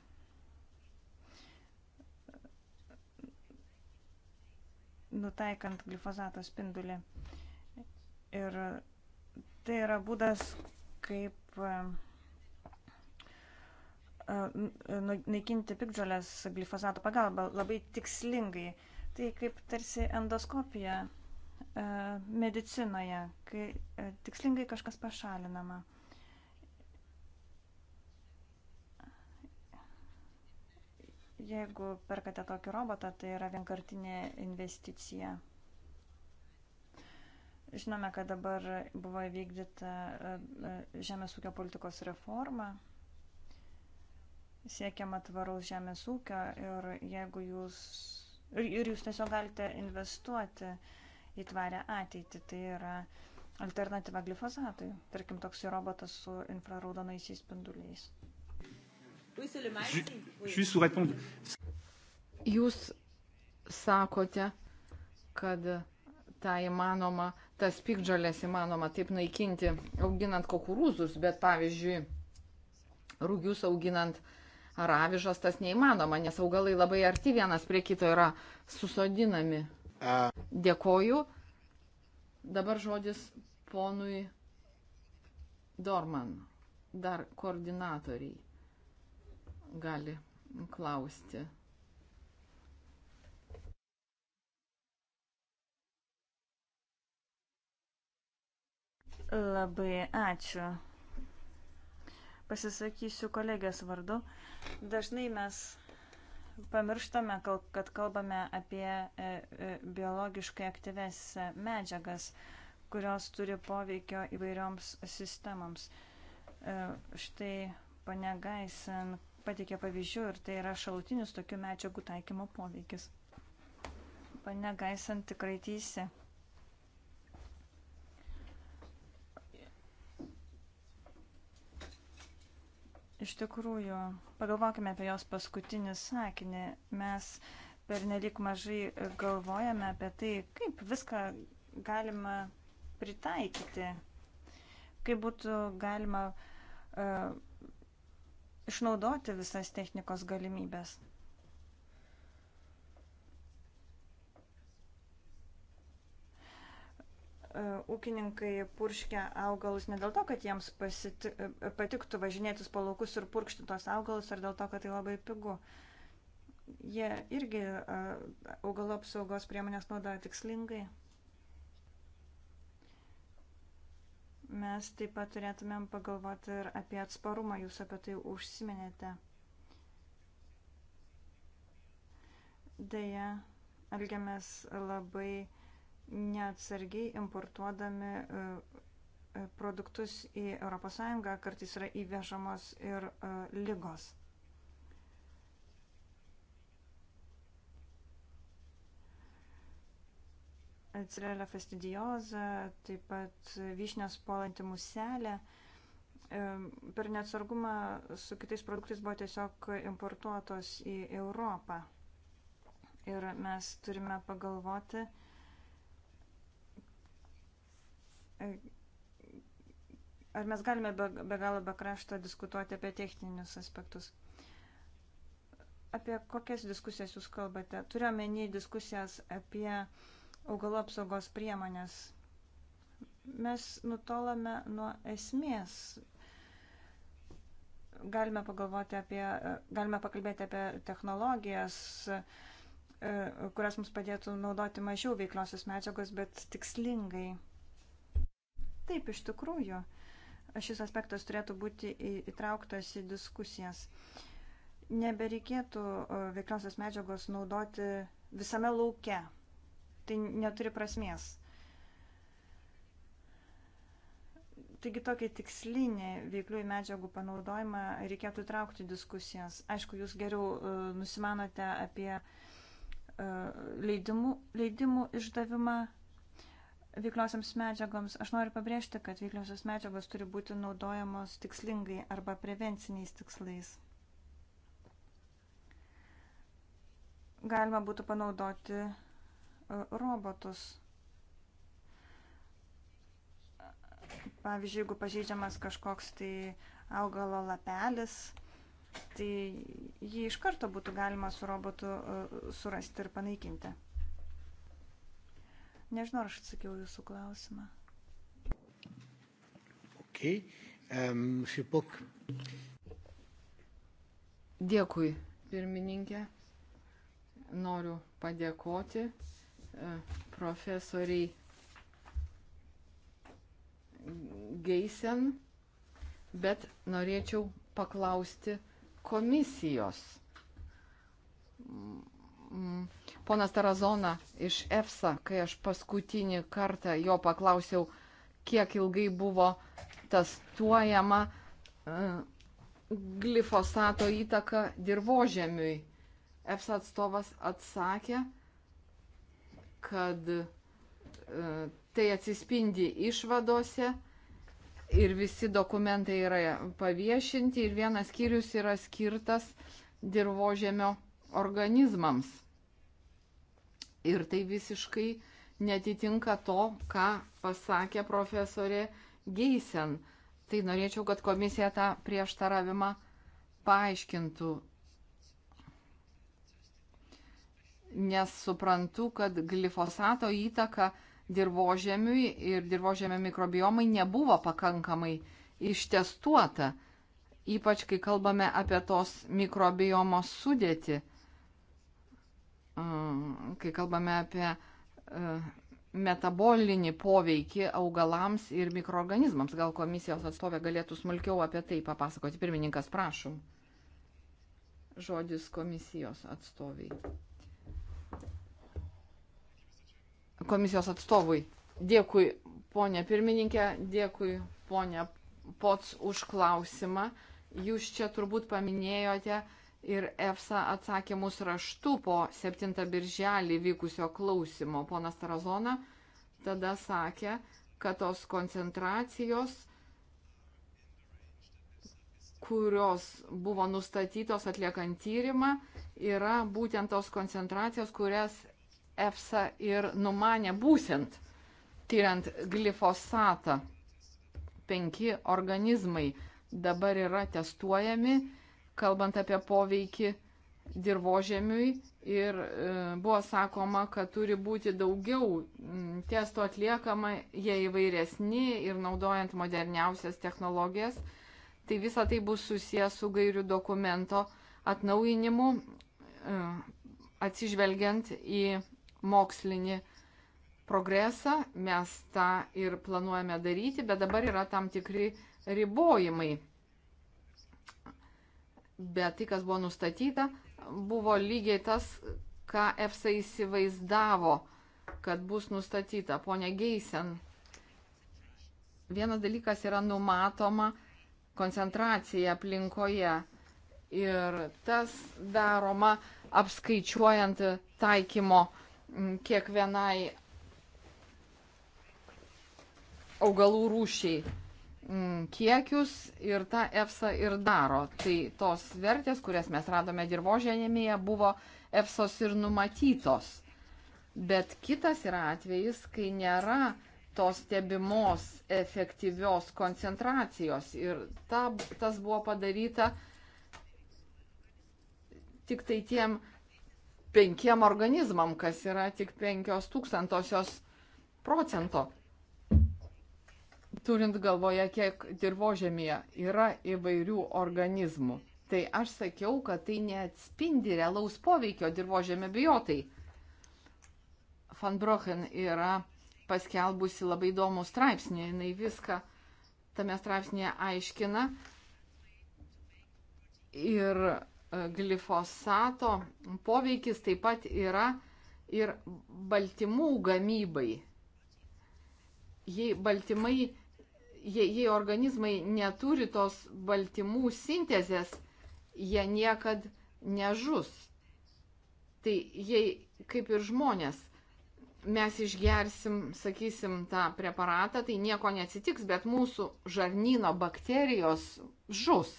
Nutaikant glifozato spindulį. Ir tai yra būdas, kaip Nu, naikinti pikdžiolės glifosato pagalba labai tikslingai. Tai kaip tarsi endoskopija medicinoje, kai tikslingai kažkas pašalinama. Jeigu perkate tokį robotą, tai yra vienkartinė investicija. Žinome, kad dabar buvo įvykdyta žemės ūkio politikos reforma, siekiama tvaraus žemės ūkio ir jeigu jūs, ir, ir jūs tiesiog galite investuoti į tvarę ateitį, tai yra alternatyva glifosatui, tarkim toks robotas su infraraudonaisiais spinduliais. Jūs sakote, kad tą įmanoma, tas pikdžalės įmanoma taip naikinti auginant kukurūzus, bet pavyzdžiui, rūgius auginant uh, ar avižas, tas neįmanoma, nes augalai labai arti vienas prie kito yra susodinami. Dėkoju. Dabar žodis ponui Dorman. Dar koordinatoriai gali klausti. Labai ačiū pasisakysiu kolegės vardu. Dažnai mes pamirštame, kad kalbame apie e, e, biologiškai aktyves medžiagas, kurios turi poveikio įvairioms sistemams. E, štai pane Gaisen pateikė pavyzdžių ir tai yra šalutinis tokių medžiagų taikymo poveikis. Pane Gaisen tikrai teisė. Iš tikrųjų, pagalvokime apie jos paskutinį sakinį. Mes per nelik mažai galvojame apie tai, kaip viską galima pritaikyti, kaip būtų galima uh, išnaudoti visas technikos galimybės. E, ūkininkai purškia augalus ne dėl to, kad jiems pasiti, e, patiktų važinėtis po laukus ir purkšti tos augalus, ar dėl to, kad tai labai pigu. Jie irgi e, augalo apsaugos priemonės naudoja tikslingai. Mes taip pat turėtumėm pagalvoti ir apie atsparumą, jūs apie tai užsiminėte. Deja, elgiamės labai neatsargiai importuodami e, e, produktus į ES, kartais yra įvežamos ir e, lygos. Cirelė fastidioza, taip pat vyšnios puolanti muselė. Per neatsargumą su kitais produktais buvo tiesiog importuotos į Europą. Ir mes turime pagalvoti, kad ar mes galime be, be galo be krašto diskutuoti apie techninius aspektus? Apie kokias diskusijas jūs kalbate? Turiuomenį diskusijas apie augalų apsaugos priemonės. Mes nutolame nuo esmės galime pagalvoti apie, galime pakalbėti apie technologijas, kurias mums padėtų naudoti mažiau veikliosios medžiagos, bet tikslingai. Taip, iš tikrųjų, šis aspektas turėtų būti įtrauktas į diskusijas. Nebereikėtų veikliosios medžiagos naudoti visame lauke. Tai neturi prasmės. Taigi tokį tikslinį veikliųjų medžiagų panaudojimą reikėtų traukti diskusijas. Aišku, jūs geriau uh, nusimanote apie uh, leidimų, leidimų išdavimą, veikliosioms medžiagoms. Aš noriu pabrėžti, kad veikliosios medžiagos turi būti naudojamos tikslingai arba prevenciniais tikslais. Galima būtų panaudoti e, robotus. Pavyzdžiui, jeigu pažeidžiamas kažkoks tai augalo lapelis, tai jį iš karto būtų galima su robotu e, surasti ir panaikinti. Nežinau, ar aš atsakiau jūsų klausimą. Okay. Um, šipok. Dėkui, pirmininkė. Noriu padėkoti e, profesoriai Geisen, bet norėčiau paklausti komisijos ponas Tarazona iš EFSA, kai aš paskutinį kartą jo paklausiau, kiek ilgai buvo testuojama e, glifosato įtaka dirbožėmiui. EFSA atstovas atsakė, kad e, tai atsispindi išvadose ir visi dokumentai yra paviešinti ir vienas skyrius yra skirtas dirbožėmio organizmams. Ir tai visiškai netitinka to, ką pasakė profesorė Geisen. Tai norėčiau, kad komisija tą prieštaravimą paaiškintų. Nes suprantu, kad glifosato įtaka dirbožėmiui ir dirbožėmio mikrobiomai nebuvo pakankamai ištestuota, ypač kai kalbame apie tos mikrobiomos sudėtį. Mm, kai kalbame apie e, metabolinį poveikį augalams ir mikroorganizmams. Gal komisijos atstovė galėtų smulkiau apie tai papasakoti. Pirmininkas, prašom. Žodis komisijos atstoviai. Komisijos atstovui. Dėkui, ponė pirmininkė, dėkui, ponė Pots, už klausimą. Jūs čia turbūt paminėjote ir EFSA atsakymus raštu po 7 birželį vykusio klausimo. Ponas Tarazona tada sakė, kad tos koncentracijos, kurios buvo nustatytos atliekant tyrimą, yra būtent tos koncentracijos, kurias EFSA ir numanė būsint tyriant glifosatą. Penki organizmai dabar yra testuojami kalbant apie poveikį dirbožėmiui ir e, buvo sakoma, kad turi būti daugiau testų atliekama, jie įvairesni ir naudojant moderniausias technologijas. Tai visa tai bus susijęs su gairių dokumento atnaujinimu, e, atsižvelgiant į mokslinį progresą. Mes tą ir planuojame daryti, bet dabar yra tam tikri ribojimai bet tai, kas buvo nustatyta, buvo lygiai tas, ką EFSA įsivaizdavo, kad bus nustatyta. Pone Geisen, vienas dalykas yra numatoma koncentracija aplinkoje ir tas daroma apskaičiuojant taikymo kiekvienai augalų rūšiai Mm, kiekius ir tą EFSA ir daro. Tai tos vertės, kurias mes radome dirbožėmėje, buvo EFSOS ir numatytos. Bet kitas yra atvejis, kai nėra tos stebimos efektyvios koncentracijos. Ir ta, tas buvo padaryta tik tai tiem penkiem organizmam, kas yra tik penkios tūkstantosios procento turint galvoje, kiek dirbožėmėje yra įvairių organizmų. Tai aš sakiau, kad tai neatspindi realaus poveikio dirbožėmė biotai. Van Brochen yra paskelbusi labai įdomų straipsnį, jinai viską tame straipsnėje aiškina. Ir e, glifosato poveikis taip pat yra ir baltymų gamybai. Jei baltymai jei, jei organizmai neturi tos baltymų sintezės, jie niekad nežus. Tai jei, kaip ir žmonės, mes išgersim, sakysim, tą preparatą, tai nieko neatsitiks, bet mūsų žarnyno bakterijos žus.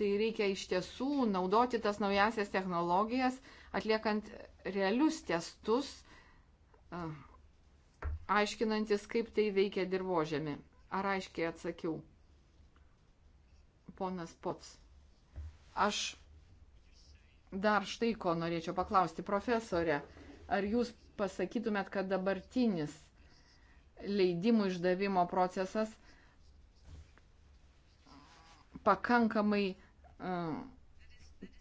Tai reikia iš tiesų naudoti tas naujasias technologijas, atliekant realius testus, uh, aiškinantis, kaip tai veikia dirbožėmi. Ar aiškiai atsakiau? Ponas Pots. Aš dar štai ko norėčiau paklausti, profesorė. Ar jūs pasakytumėt, kad dabartinis leidimų išdavimo procesas pakankamai uh,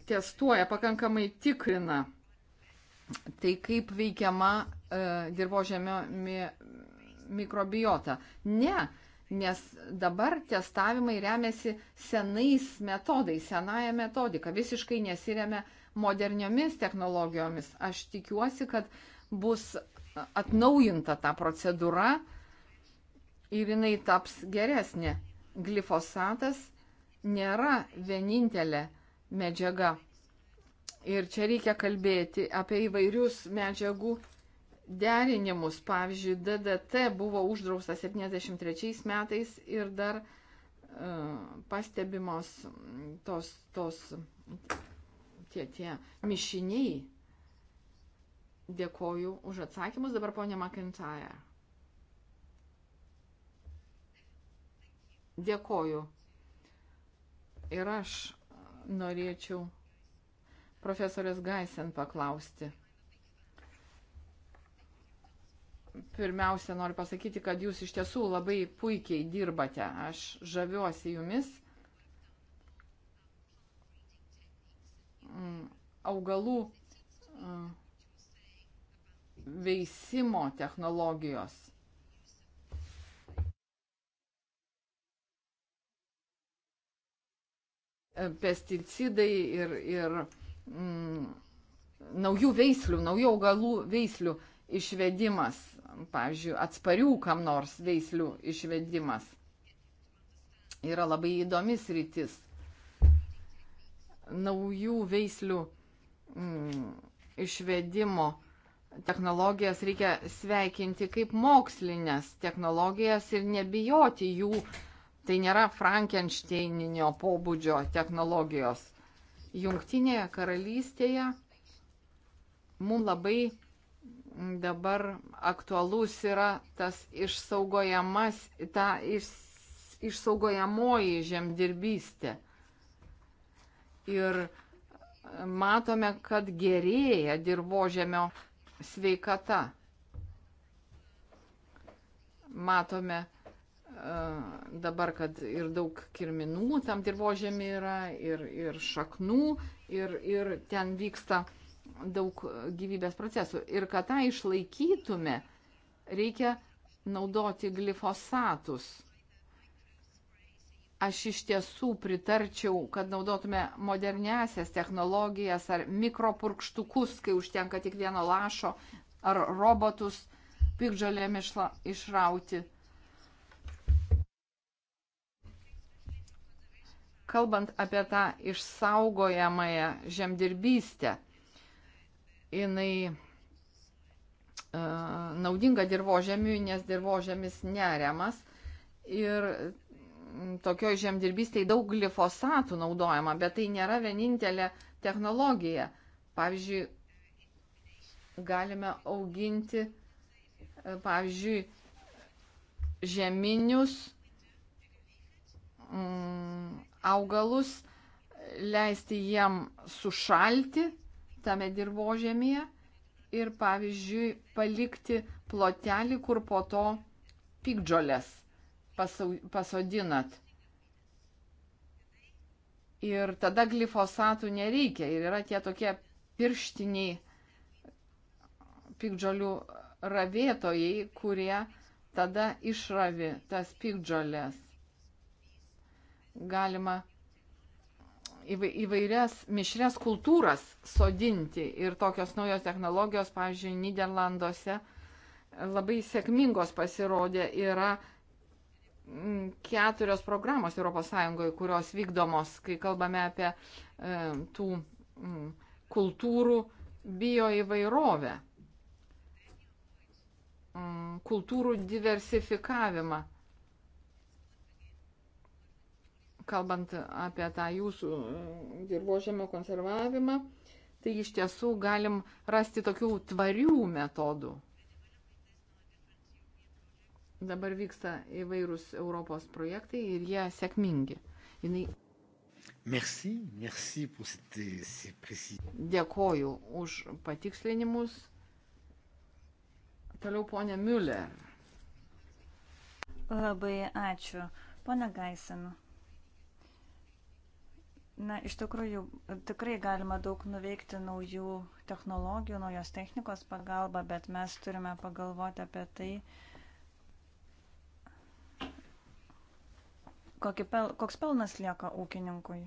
testuoja, pakankamai tikrina tai, kaip veikiama E, dirbožėmio mi, mikrobiotą. Ne, nes dabar testavimai remiasi senais metodais, senąją metodiką, visiškai nesiremia moderniomis technologijomis. Aš tikiuosi, kad bus atnaujinta ta procedūra ir jinai taps geresnė. Glifosatas nėra vienintelė medžiaga. Ir čia reikia kalbėti apie įvairius medžiagų derinimus. Pavyzdžiui, DDT buvo uždrausta 73 metais ir dar e, pastebimos tos, tos tie, tie mišiniai. Dėkoju už atsakymus. Dabar ponia McIntyre. Dėkoju. Ir aš norėčiau profesorės Gaisen paklausti. pirmiausia noriu pasakyti, kad jūs iš tiesų labai puikiai dirbate. Aš žaviuosi jumis. Mm, augalų mm, veisimo technologijos. Pesticidai ir, ir mm, naujų veislių, naujų augalų veislių išvedimas pavyzdžiui, atsparių kam nors veislių išvedimas yra labai įdomis rytis. Naujų veislių mm, išvedimo technologijas reikia sveikinti kaip mokslinės technologijas ir nebijoti jų. Tai nėra frankensteininio pobūdžio technologijos. Jungtinėje karalystėje mums labai dabar aktualus yra tas išsaugojamas, ta iš, išsaugojamoji žemdirbystė. Ir matome, kad gerėja dirbožėmio sveikata. Matome e, dabar, kad ir daug kirminų tam dirbožėmė yra, ir, ir šaknų, ir, ir ten vyksta uh, daug gyvybės procesų. Ir kad tą išlaikytume, reikia naudoti glifosatus. Aš iš tiesų pritarčiau, kad naudotume moderniasias technologijas ar mikropurkštukus, kai užtenka tik vieno lašo, ar robotus pikžalėm išla, išrauti. Kalbant apie tą išsaugojamąją žemdirbystę, jinai e, naudinga dirbožėmiui, nes dirbožėmis neriamas. Ir tokioje žemdirbystėje daug glifosatų naudojama, bet tai nėra vienintelė technologija. Pavyzdžiui, galime auginti, e, pavyzdžiui, žeminius augalus, leisti jiem sušalti tame dirbožėmėje ir, pavyzdžiui, palikti plotelį, kur po to pikdžolės pasodinat. Ir tada glifosatų nereikia. Ir yra tie tokie pirštiniai pikdžolių ravėtojai, kurie tada išravi tas pikdžolės. Galima įvairias mišrias kultūras sodinti ir tokios naujos technologijos, pavyzdžiui, Niderlanduose labai sėkmingos pasirodė yra mm, keturios programos ES, kurios vykdomos, kai kalbame apie e, tų m, mm, kultūrų bioįvairovę, mm, kultūrų diversifikavimą. kalbant apie tą jūsų mm, dirbožėmio konservavimą, tai iš tiesų galim rasti tokių tvarių metodų. Dabar vyksta įvairūs Europos projektai ir jie sėkmingi. Jinai... Merci, merci pour cette, ces précis... Dėkoju už patikslinimus. Toliau ponė Müller. Labai ačiū. Pone Gaisinu. Na, iš tikrųjų, tikrai galima daug nuveikti naujų technologijų, naujos technikos pagalba, bet mes turime pagalvoti apie tai, pel, koks pelnas lieka ūkininkui.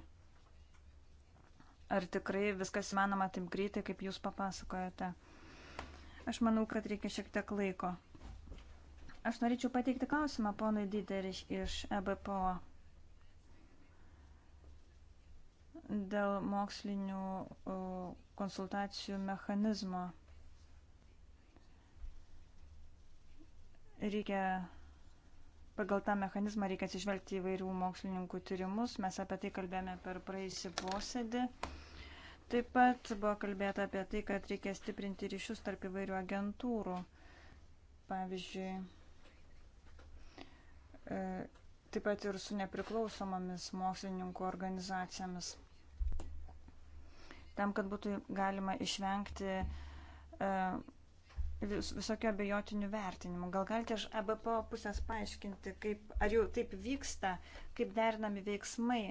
Ar tikrai viskas įmanoma taip greitai, kaip jūs papasakojate? Aš manau, kad reikia šiek tiek laiko. Aš norėčiau pateikti klausimą ponui Dideriš iš EBPO. dėl mokslinių konsultacijų mechanizmo. Reikia, pagal tą mechanizmą reikia atsižvelgti įvairių mokslininkų tyrimus. Mes apie tai kalbėjome per praeisį posėdį. Taip pat buvo kalbėta apie tai, kad reikia stiprinti ryšius tarp įvairių agentūrų. Pavyzdžiui, e, taip pat ir su nepriklausomomis mokslininkų organizacijomis tam, kad būtų galima išvengti e, vis, visokio abejotinių vertinimų. Gal galite iš ABPO pusės paaiškinti, kaip, ar jau taip vyksta, kaip derinami veiksmai,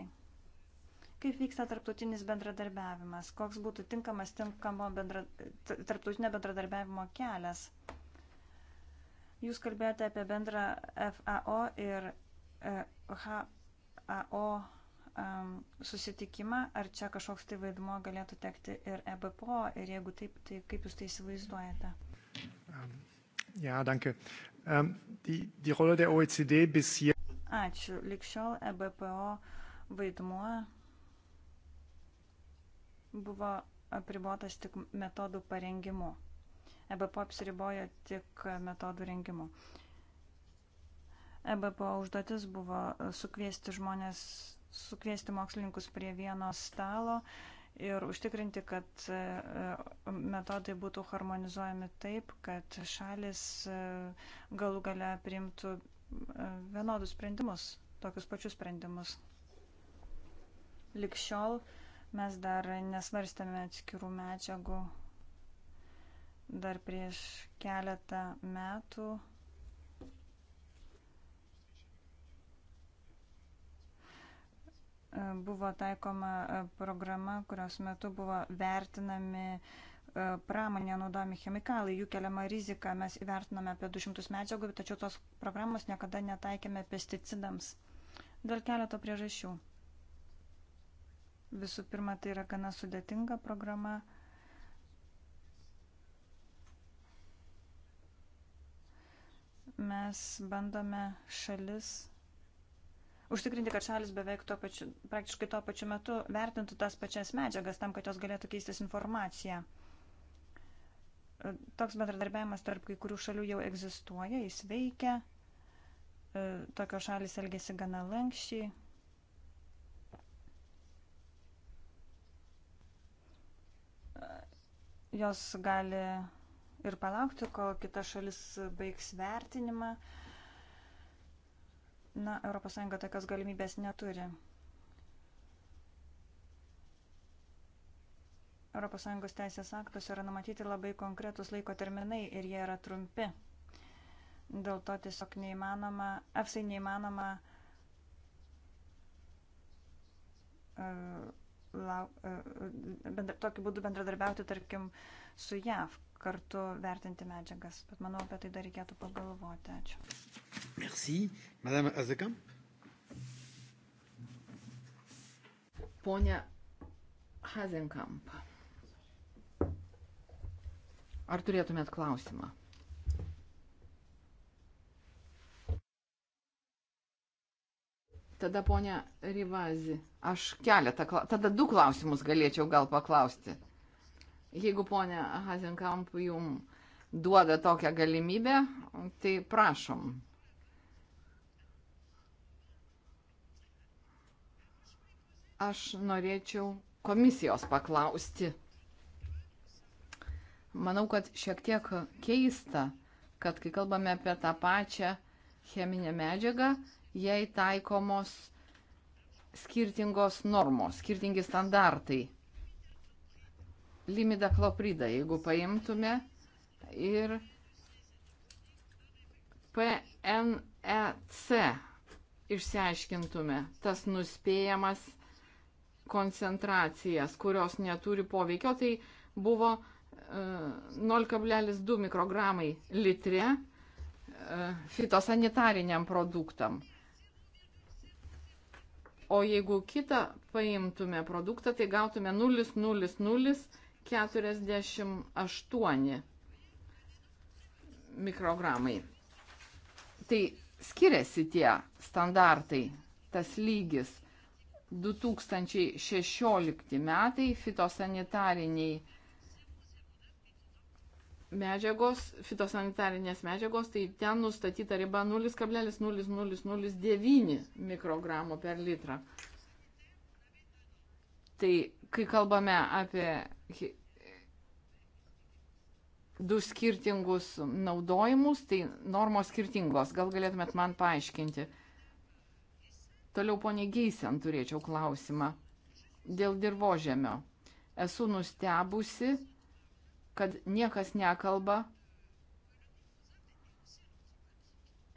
kaip vyksta tarptautinis bendradarbiavimas, koks būtų tinkamas tinkamo bendra, tarptautinio bendradarbiavimo kelias. Jūs kalbėjote apie bendrą FAO ir e, HAO um, susitikimą, ar čia kažkoks tai vaidmuo galėtų tekti ir EBPO, ir jeigu taip, tai kaip jūs tai įsivaizduojate? Um, ja, danke. Um, die, die Rolle der OECD bis hier. Ačiū. Likščiol EBPO vaidmuo buvo apribotas tik metodų parengimu. EBPO apsiribojo tik metodų rengimu. EBPO užduotis buvo sukviesti žmonės sukviesti mokslininkus prie vieno stalo ir užtikrinti, kad e, e, metodai būtų harmonizuojami taip, kad šalis e, galų gale priimtų vienodus sprendimus, tokius pačius sprendimus. Likščiol mes dar nesvarstėme atskirų medžiagų. Dar prieš keletą metų buvo taikoma e, programa, kurios metu buvo vertinami e, pramonė naudojami chemikalai, jų keliama rizika. Mes įvertiname apie 200 medžiagų, tačiau tos programos niekada netaikėme pesticidams. Dėl keleto priežasčių. Visų pirma, tai yra gana sudėtinga programa. Mes bandome šalis užtikrinti, kad šalis beveik tuo pačiu, praktiškai tuo pačiu metu vertintų tas pačias medžiagas tam, kad jos galėtų keistis informaciją. Toks bendradarbiavimas tarp kai kurių šalių jau egzistuoja, jis veikia, tokios šalis elgesi gana lankščiai. Jos gali ir palaukti, kol kita šalis baigs vertinimą. Uh, Na, ES tokios galimybės neturi. ES teisės aktus yra numatyti labai konkretus laiko terminai ir jie yra trumpi. Dėl to tiesiog neįmanoma, EFSA neįmanoma uh, lau, uh, bendra, tokiu būdu bendradarbiauti, tarkim, su JAV, kartu vertinti medžiagas, bet manau, apie tai dar reikėtų pagalvoti. Ačiū. Merci. Madame Azekam. Pone Hazenkamp, ar turėtumėt klausimą? Tada, ponia Rivazi, aš keletą, tada du klausimus galėčiau gal paklausti. Jeigu ponia Hazenkamp jum duoda tokią galimybę, tai prašom. Aš norėčiau komisijos paklausti. Manau, kad šiek tiek keista, kad kai kalbame apie tą pačią cheminę medžiagą, jai taikomos skirtingos normos, skirtingi standartai limidaklopridą, jeigu paimtume ir PNEC išsiaiškintume tas nuspėjamas koncentracijas, kurios neturi poveikio, tai buvo 0,2 e, mikrogramai litre e, fitosanitariniam produktam. O jeigu kitą paimtume produktą, tai gautume 0,00 48 mikrogramai. Tai skiriasi tie standartai, tas lygis. 2016 metai fitosanitariniai medžiagos, fitosanitarinės medžiagos, tai ten nustatyta riba 0,0009 mikrogramų per litrą. Tai kai kalbame apie du skirtingus naudojimus, tai normos skirtingos. Gal galėtumėt man paaiškinti? Toliau poniai Geisen turėčiau klausimą dėl dirbožėmio. Esu nustebusi, kad niekas nekalba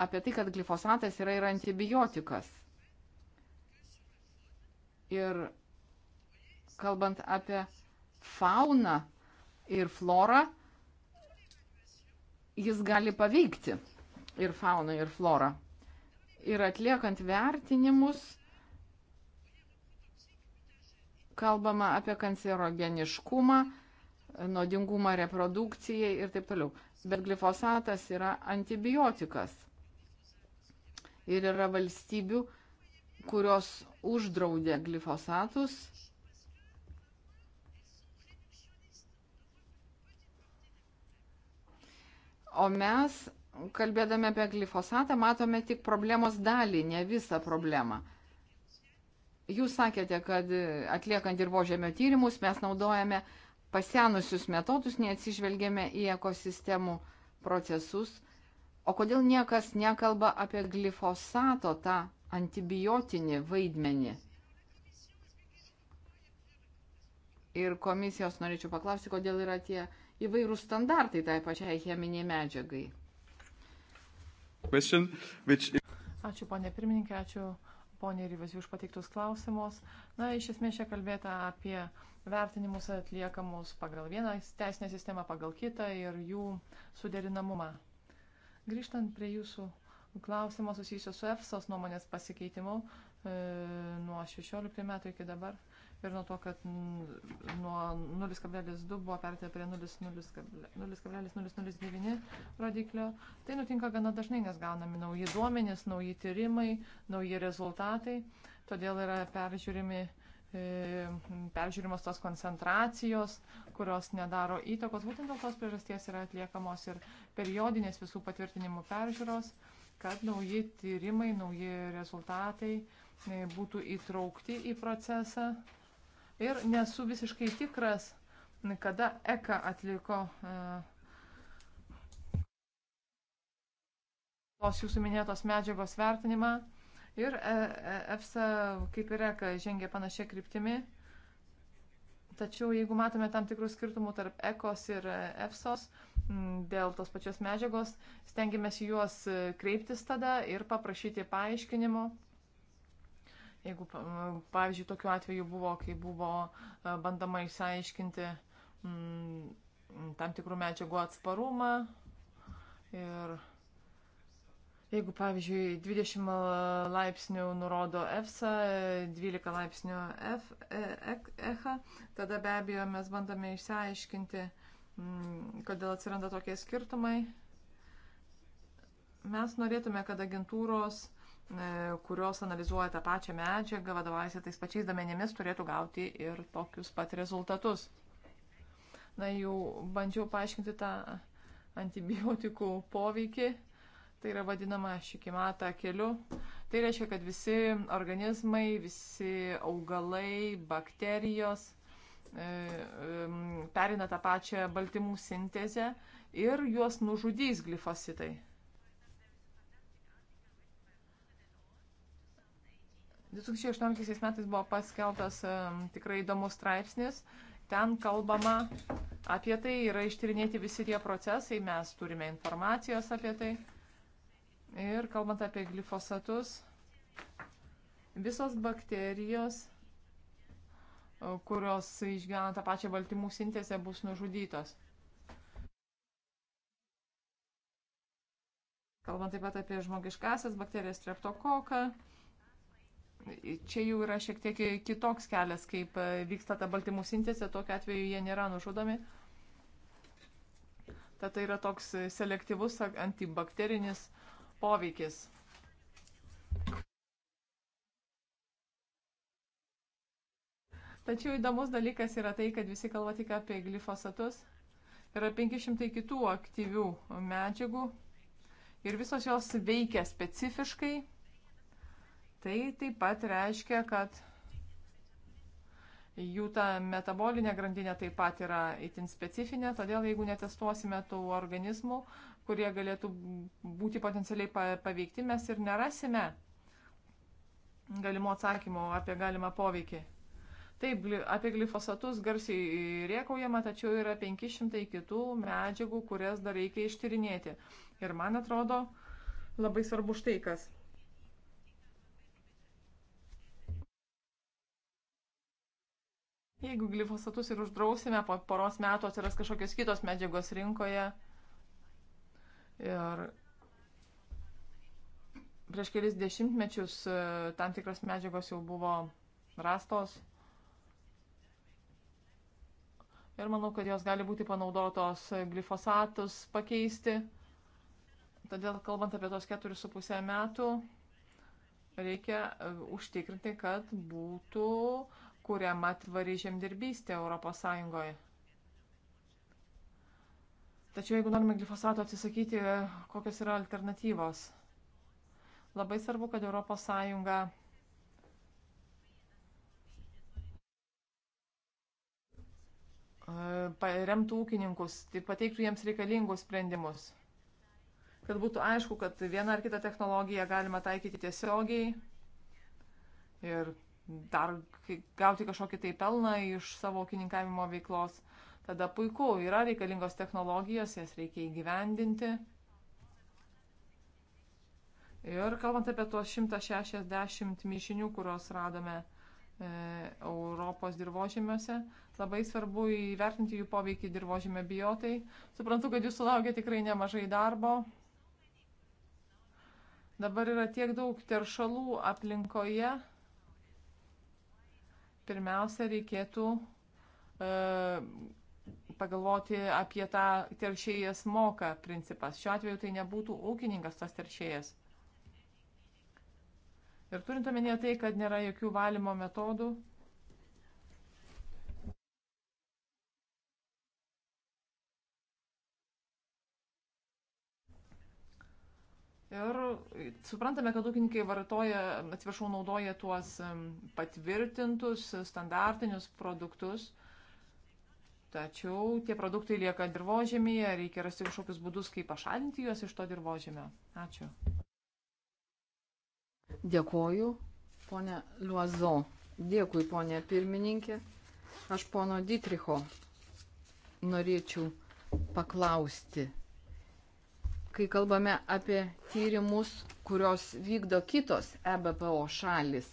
apie tai, kad glifosatas yra ir antibiotikas. Ir kalbant apie fauną ir florą, jis gali paveikti ir fauną, ir florą. Ir atliekant vertinimus, kalbama apie kancerogeniškumą, nuodingumą reprodukcijai ir taip toliau. Bet glifosatas yra antibiotikas. Ir yra valstybių, kurios uždraudė glifosatus O mes, kalbėdami apie glifosatą, matome tik problemos dalį, ne visą problemą. Jūs sakėte, kad atliekant dirbožėmio tyrimus mes naudojame pasenusius metodus, neatsižvelgėme į ekosistemų procesus. O kodėl niekas nekalba apie glifosato tą antibiotinį vaidmenį? Ir komisijos norėčiau paklausti, kodėl yra tie uh, įvairūs standartai tai pačiai cheminiai medžiagai. Question, which... Ačiū, ponė pirmininkė, ačiū, ponė Ryvasi, už pateiktus klausimus. Na, iš esmės čia kalbėta apie vertinimus atliekamus pagal vieną teisinę sistemą, pagal kitą ir jų suderinamumą. Grįžtant prie jūsų klausimo susijusio su EFSOS nuomonės pasikeitimu e, nuo 16 metų iki dabar. E, ir nuo to, kad nuo 0,2 buvo pertė prie 0,009 rodiklio. Tai nutinka gana dažnai, nes gaunami nauji duomenys, nauji tyrimai, nauji rezultatai. Todėl yra peržiūrimi e, peržiūrimos tos koncentracijos, kurios nedaro įtakos. Būtent dėl tos priežasties yra atliekamos ir periodinės visų patvirtinimų peržiūros, kad nauji tyrimai, nauji rezultatai e, būtų įtraukti į procesą ir nesu visiškai tikras, kada ECA atliko e, tos jūsų minėtos medžiagos vertinimą. Ir e, e, EFSA, kaip ir ECA, žengia panašia kryptimi. Tačiau jeigu matome tam tikrų skirtumų tarp ekos ir EFSOS dėl tos pačios medžiagos, stengiamės juos kreiptis tada ir paprašyti paaiškinimo. Jeigu, pavyzdžiui, tokiu atveju buvo, kai buvo e, bandama išsiaiškinti mm, tam tikrų medžiagų atsparumą ir Jeigu, pavyzdžiui, 20 laipsnių nurodo EFSA, 12 laipsnių F, e, e, EHA, tada be abejo mes bandome išsiaiškinti, mm, kodėl atsiranda tokie skirtumai. Mes norėtume, kad agentūros E, kurios analizuoja tą pačią medžiagą, vadovaujasi tais pačiais domenimis, turėtų gauti ir tokius pat rezultatus. Na, jau bandžiau paaiškinti tą antibiotikų poveikį, tai yra vadinama šikimata keliu. Tai reiškia, kad visi organizmai, visi augalai, bakterijos e, e, perina tą pačią baltymų sintezę ir juos nužudys glifositai. 2018 metais buvo paskeltas tikrai įdomus straipsnis. Ten kalbama apie tai, yra ištyrinėti visi tie procesai, mes turime informacijos apie tai. Ir kalbant apie glifosatus, visos bakterijos, e, kurios išgyvena tą pačią baltymų sintezę, bus nužudytos. Kalbant taip pat apie žmogiškasias bakterijas, streptokoką čia jau yra šiek tiek kitoks kelias, kaip e, vyksta ta baltymų sintezė, tokiu atveju jie nėra nužudomi. Tad tai yra toks selektyvus antibakterinis poveikis. Tačiau įdomus dalykas yra tai, kad visi kalba tik apie glifosatus. Yra 500 kitų aktyvių medžiagų ir visos jos veikia specifiškai Tai taip pat reiškia, kad jų ta metabolinė grandinė taip pat yra itin specifinė, todėl jeigu netestuosime tų organizmų, kurie galėtų būti potencialiai paveikti, mes ir nerasime galimo atsakymo apie galimą poveikį. Taip, apie glifosatus garsiai rėkaujama, tačiau yra 500 kitų medžiagų, kurias dar reikia ištyrinėti. Ir man atrodo labai svarbu štai kas. Jeigu glifosatus ir uždrausime, po poros metų atsiras kažkokios kitos medžiagos rinkoje. Ir prieš kelis dešimtmečius e, tam tikros medžiagos jau buvo rastos. Ir manau, kad jos gali būti panaudotos glifosatus pakeisti. Todėl, kalbant apie tos 4,5 metų, reikia e, užtikrinti, kad būtų uh, kuriama tvari žemdirbystė ES. Tačiau jeigu norime glifosato atsisakyti, kokios yra alternatyvos? Labai svarbu, kad ES paremtų ūkininkus, tai pateiktų jiems reikalingus sprendimus. Kad būtų aišku, kad vieną ar kitą technologiją galima taikyti tiesiogiai ir dar gauti kažkokį tai pelną iš savo ūkininkavimo veiklos, tada puiku, yra reikalingos technologijos, jas reikia įgyvendinti. Ir kalbant apie tuos 160 mišinių, kuriuos radome e, Europos dirbožėmiuose, labai svarbu įvertinti jų poveikį dirbožėmio biotai. Suprantu, kad jūs sulaukia tikrai nemažai darbo. Dabar yra tiek daug teršalų aplinkoje pirmiausia, reikėtų e, pagalvoti apie tą teršėjas moka principas. Šiuo atveju tai nebūtų ūkininkas tas teršėjas. Ir turint omenyje tai, kad nėra jokių valymo metodų, Ir suprantame, kad ūkininkai vartoja, atsiprašau, naudoja tuos patvirtintus standartinius produktus. Tačiau tie produktai lieka dirbožėmėje, reikia rasti kažkokius būdus, kaip pašalinti juos iš to dirbožėmio. Ačiū. Dėkoju, ponė Luazo. Dėkui, ponė pirmininkė. Aš pono Ditricho norėčiau paklausti kai kalbame apie tyrimus, kurios vykdo kitos EBPO šalis.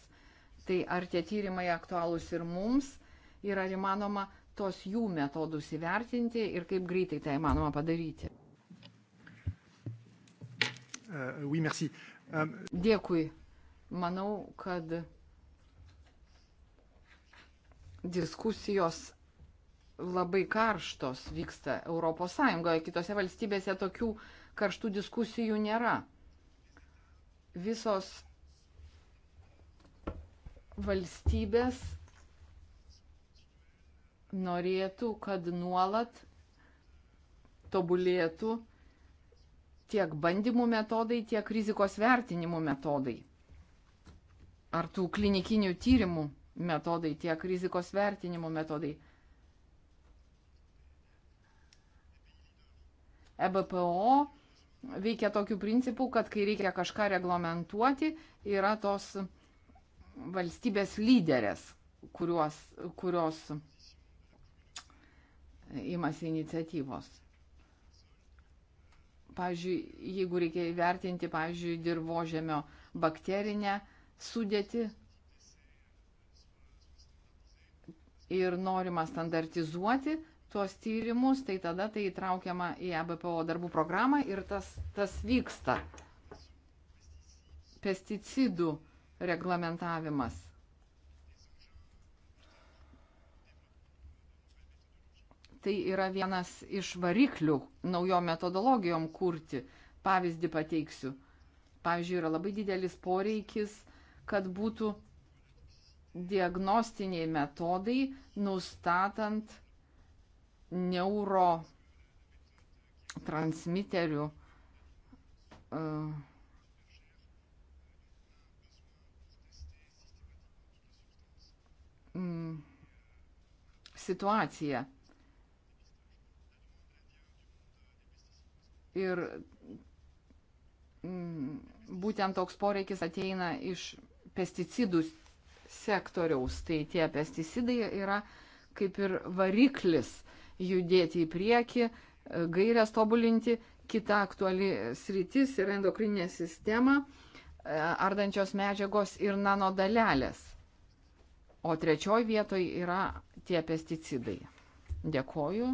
Tai ar tie tyrimai aktualūs ir mums, ir ar įmanoma tos jų metodus įvertinti ir kaip greitai tai įmanoma padaryti. Uh, oui, merci. Um... Dėkui. Manau, kad diskusijos labai karštos vyksta ES, kitose valstybėse tokių uh, karštų diskusijų nėra. Visos valstybės norėtų, kad nuolat tobulėtų tiek bandymų metodai, tiek rizikos vertinimų metodai. Ar tų klinikinių tyrimų metodai, tiek rizikos vertinimų metodai. EBPO veikia tokiu principu, kad kai reikia kažką reglamentuoti, yra tos valstybės lyderės, kurios, kurios imasi iniciatyvos. Pavyzdžiui, jeigu reikia įvertinti, pavyzdžiui, dirbožėmio bakterinę sudėti ir norima standartizuoti, tuos tyrimus, tai tada tai įtraukiama į ABPO e darbų programą ir tas, tas vyksta. Pesticidų reglamentavimas. Tai yra vienas iš variklių naujo metodologijom kurti. Pavyzdį pateiksiu. Pavyzdžiui, yra labai didelis poreikis, kad būtų diagnostiniai metodai nustatant neuro transmiterių e, mm, situacija. Ir mm, būtent toks poreikis ateina iš pesticidų sektoriaus. Tai tie pesticidai yra kaip ir variklis judėti į priekį, e, gairias tobulinti. Kita aktuali sritis yra endokrininė sistema, e, ardančios medžiagos ir nanodalelės. O trečioji vietoje yra tie pesticidai. Dėkoju.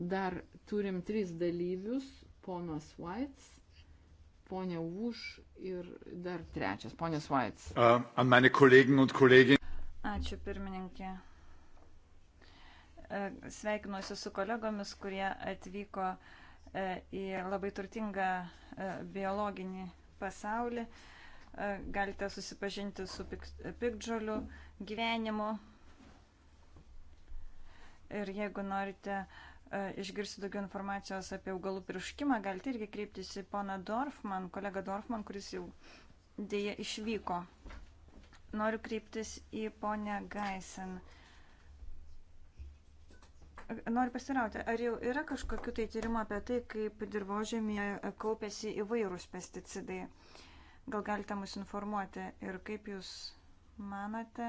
Dar turim tris dalyvius - ponas Vaits, ponė Už ir dar trečias - ponas Vaits. Uh, Ačiū pirmininkė. E, sveikinuosi su kolegomis, kurie atvyko e, į labai turtingą e, biologinį pasaulį. Galite susipažinti su pikdžolių gyvenimu. Ir jeigu norite išgirsti daugiau informacijos apie augalų pirškimą, galite irgi kreiptis į poną Dorfman, kolegą Dorfman, kuris jau dėja išvyko. Noriu kreiptis į ponę Gaisen. Noriu pasirauti, ar jau yra kažkokiu tai tyrimo apie tai, kaip dirbožėmėje kaupėsi įvairūs pesticidai? Gal galite mus informuoti ir kaip jūs manote,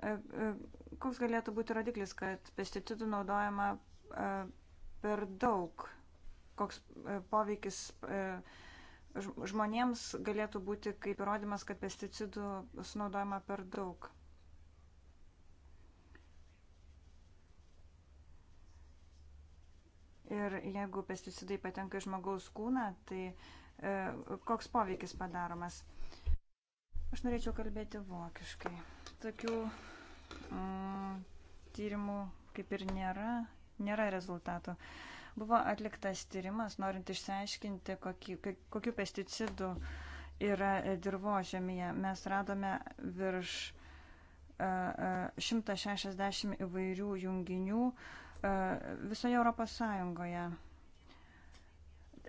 e, e, koks galėtų būti rodiklis, kad pesticidų naudojama e, per daug, koks poveikis žmonėms galėtų būti kaip įrodymas, kad pesticidų sunaudojama per daug. Ir jeigu pesticidai patenka žmogaus kūną, tai e, koks poveikis padaromas? Aš norėčiau kalbėti vokiškai. Tokių mm, tyrimų kaip ir nėra, nėra rezultatų. E, Buvo atliktas tyrimas, norint išsiaiškinti, kokiu pesticidų yra e, dirbožėmėje. Mes radome virš 160 e, e, įvairių junginių visoje Europos Sąjungoje.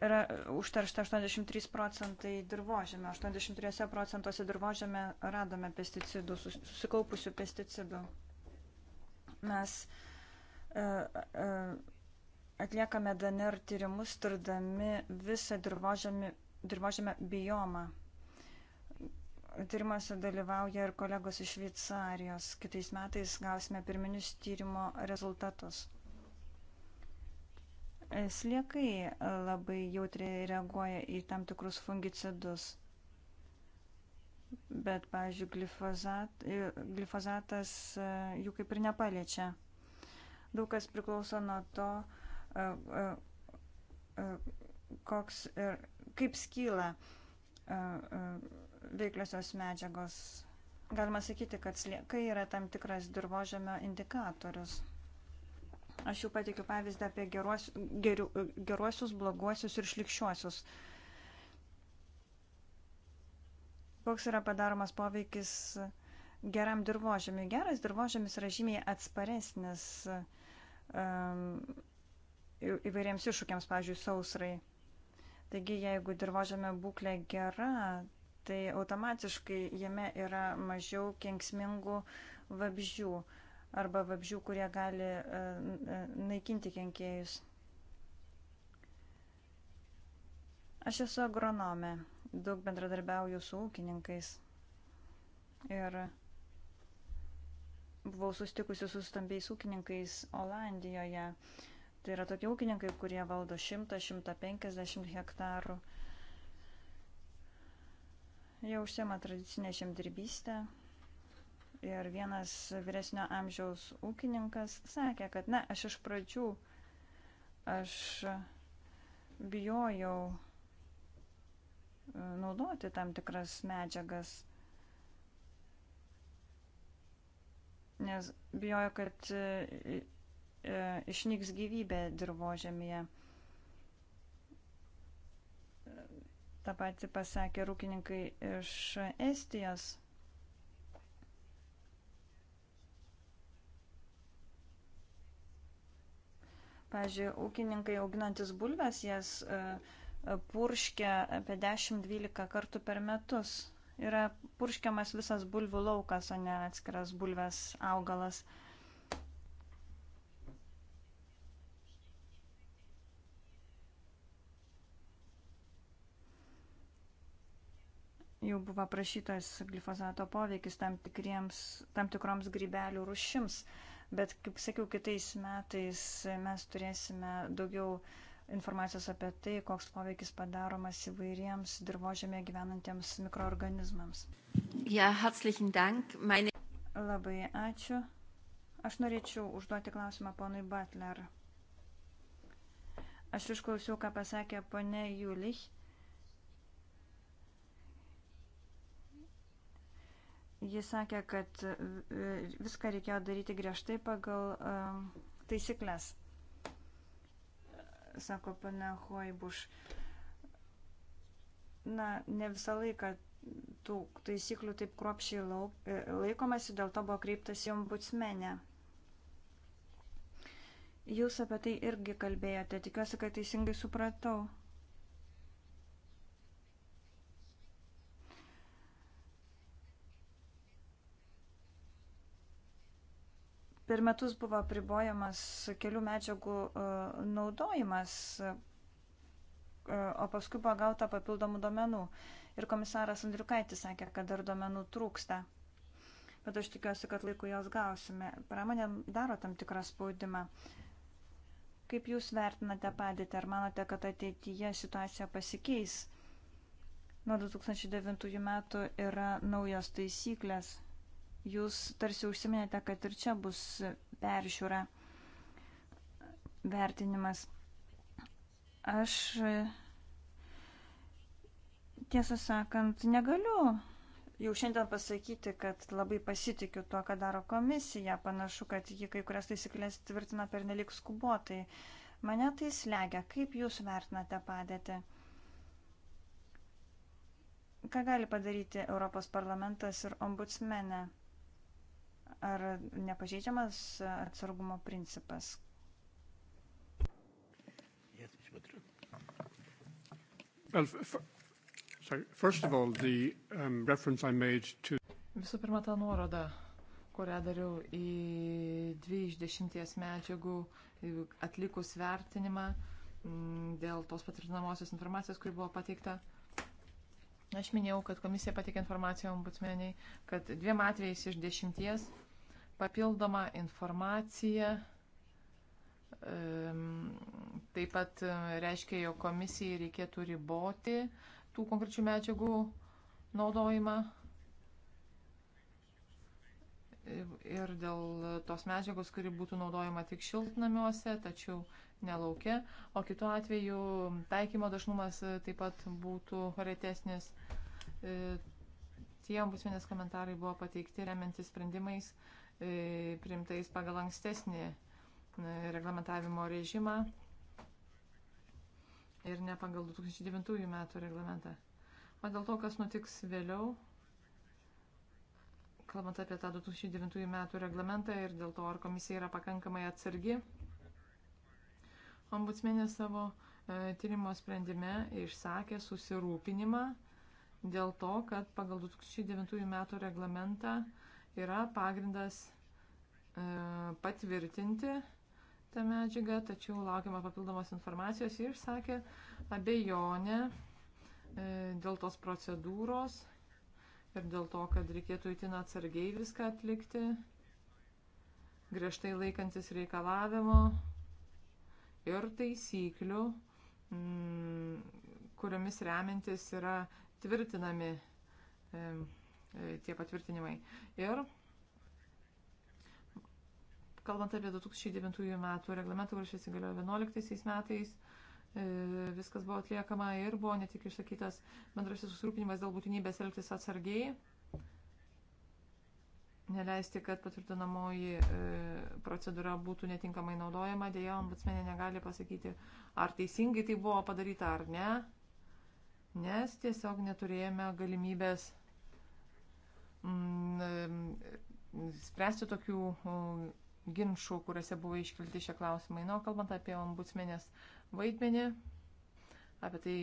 Yra užteršta 83 procentai dirbožėmio, 83 procentuose dirbožėmė radome pesticidų, susikaupusių pesticidų. Mes uh, uh, atliekame DNR tyrimus, tirdami visą dirbožėmį, dirbožėmę biomą. Tyrimuose dalyvauja ir kolegos iš Šveicarijos. Kitais metais gausime pirminius tyrimo rezultatus. Sliekai labai jautriai reaguoja į tam tikrus fungicidus. Bet, pavyzdžiui, glifozat, e, glifozatas e, jų kaip ir nepaliečia. Daug kas priklauso nuo to, koks ir kaip skyla veikliosios medžiagos. Galima sakyti, kad sliekai yra tam tikras dirbožėmio indikatorius. Aš jau pateikiu pavyzdį apie geruos, geriu, geruosius, bloguosius ir šlikščiuosius. Koks yra padaromas poveikis geram dirbožėmiui? Geras dirbožėmis yra žymiai atsparesnis um, įvairiems iššūkiams, pavyzdžiui, sausrai. Taigi, jeigu dirbožėme būklė gera, tai automatiškai jame yra mažiau kenksmingų vabžių arba vabžių, kurie gali e, e, naikinti kenkėjus. Aš esu agronome, daug bendradarbiauju su ūkininkais ir buvau sustikusi su stambiais ūkininkais Olandijoje. Tai yra tokie ūkininkai, kurie valdo 100-150 hektarų. Jie užsiema tradicinę žemdirbystę. Ir vienas vyresnio amžiaus ūkininkas sakė, kad, na, aš iš pradžių, aš bijojau e, naudoti tam tikras medžiagas, nes bijojo, kad e, E, išnyks gyvybė dirbožėmėje. Ta pati pasakė rūkininkai iš Estijos. Pavyzdžiui, ūkininkai auginantis bulves, jas e, purškia apie 10-12 kartų per metus. Yra purškiamas visas bulvių laukas, o ne atskiras bulves augalas. Jau buvo prašytas glifosato poveikis tam, tikriems, tam tikroms grybelių rušims, bet, kaip sakiau, kitais metais mes turėsime daugiau informacijos apie tai, koks poveikis padaromas įvairiems dirbožėmė gyvenantiems mikroorganizmams. Ja, herzlichen Dank. Meine... Labai ačiū. Aš norėčiau užduoti klausimą ponui Butler. Aš išklausiau, ką pasakė ponė Julich Jis sakė, kad e, viską reikėjo daryti griežtai pagal e, taisyklės, sako pane Hoibuš. Na, ne visą laiką tų taisyklių taip kruopšiai e, laikomasi, dėl to buvo kreiptas į ombudsmenę. Jūs apie tai irgi kalbėjote, tikiuosi, kad teisingai supratau. Per metus buvo pribojamas kelių medžiagų e, naudojimas, e, o paskui buvo gauta papildomų domenų. Ir komisaras Andriukaitis sakė, kad dar domenų trūksta. Bet aš tikiuosi, kad laiku jos gausime. Pramonė daro tam tikrą spaudimą. Kaip Jūs vertinate padėtį? Ar manote, kad ateityje situacija pasikeis? Nuo 2009 metų yra naujos taisyklės. Jūs tarsi užsiminėte, kad ir čia bus peržiūra vertinimas. Aš tiesą sakant negaliu jau šiandien pasakyti, kad labai pasitikiu tuo, ką daro komisija. Panašu, kad ji kai kurias taisyklės tvirtina per nelik skubotai. Mane tai slegia. Kaip jūs vertinate padėtį? Ką gali padaryti Europos parlamentas ir ombudsmenė? Ar nepažeidžiamas atsargumo principas? Well, sorry, first of all, the um, reference I made to... Visų pirma, ta nuoroda, kurią dariau į dvi iš dešimties medžiagų atlikus vertinimą mm, dėl tos patvirtinamosios informacijos, kuri buvo pateikta. Aš minėjau, kad komisija pateikė informaciją ombudsmeniai, kad dviem atvejais iš dešimties papildomą informaciją. Taip pat e, reiškia, jo komisijai reikėtų riboti tų konkrečių medžiagų naudojimą. Ir dėl tos medžiagos, kuri būtų naudojama tik šiltnamiuose, tačiau nelaukia. O kitu atveju taikymo dažnumas e, taip pat būtų retesnis. E, Tie ombudsmenės komentarai buvo pateikti remiantis sprendimais, E, primtais pagal ankstesnį e, reglamentavimo režimą ir ne pagal 2009 metų reglamentą. O dėl to, kas nutiks vėliau, kalbant apie tą 2009 metų reglamentą ir dėl to, ar komisija yra pakankamai atsargi, ombudsmenė savo e, tyrimo sprendime išsakė susirūpinimą dėl to, kad pagal 2009 metų reglamentą yra pagrindas e, patvirtinti tą medžiagą, tačiau laukiama papildomos informacijos ir išsakė abejonę e, dėl tos procedūros ir dėl to, kad reikėtų įtin atsargiai viską atlikti, griežtai laikantis reikalavimo ir taisyklių, m, mm, kuriomis remintis yra tvirtinami e, E, tie patvirtinimai. Ir kalbant apie 2009 metų reglamentą, kuris įsigaliojo 11 metais, e, viskas buvo atliekama ir buvo ne tik išsakytas bendrasis susirūpinimas dėl būtinybės elgtis atsargiai, neleisti, kad patvirtinamoji e, procedūra būtų netinkamai naudojama, dėja, ombudsmenė negali pasakyti, ar teisingai tai buvo padaryta ar ne, nes tiesiog neturėjome galimybės Mm, e, spręsti tokių ginčių, kuriuose buvo iškelti šie klausimai. Na, kalbant apie ombudsmenės vaidmenį, apie tai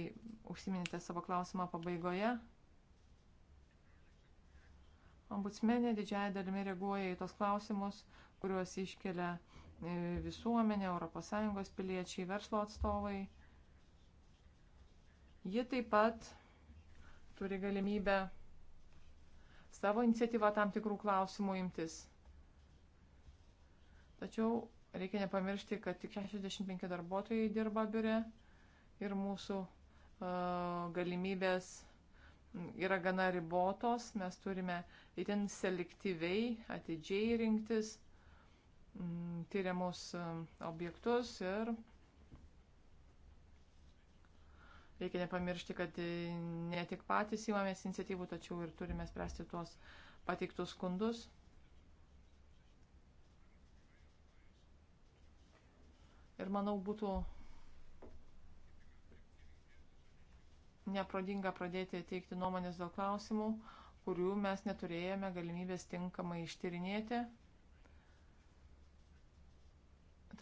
užsiminėte savo klausimą pabaigoje. Ombudsmenė didžiai dalimi reaguoja į tos klausimus, kuriuos iškelia e, visuomenė, ES piliečiai, verslo atstovai. Ji taip pat turi galimybę savo iniciatyvą tam tikrų klausimų imtis. Tačiau reikia nepamiršti, kad tik 65 darbuotojai dirba biure ir mūsų uh, galimybės yra gana ribotos, mes turime itin selektyviai, atidžiai rinktis tyriamus objektus ir Reikia nepamiršti, kad e, ne tik patys įmamės iniciatyvų, tačiau ir turime spręsti tuos pateiktus skundus. Ir manau būtų nepradinga pradėti teikti nuomonės dėl klausimų, kurių mes neturėjome galimybės tinkamai ištyrinėti.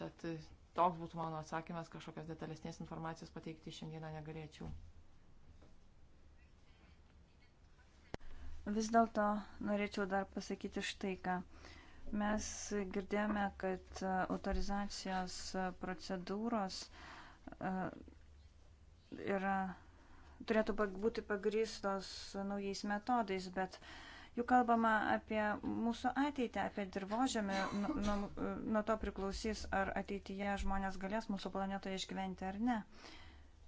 Tad Toks būtų mano atsakymas, kažkokios detalesnės informacijos pateikti šiandieną negalėčiau. Vis dėlto norėčiau dar pasakyti štai ką. Mes girdėjome, kad e, autorizacijos procedūros e, yra, turėtų būti pagrįstos naujais metodais, bet uh, Juk kalbama apie mūsų ateitį, apie dirbožėmį, nuo, nuo, nuo to priklausys, ar ateityje žmonės galės mūsų planetoje išgyventi ar ne.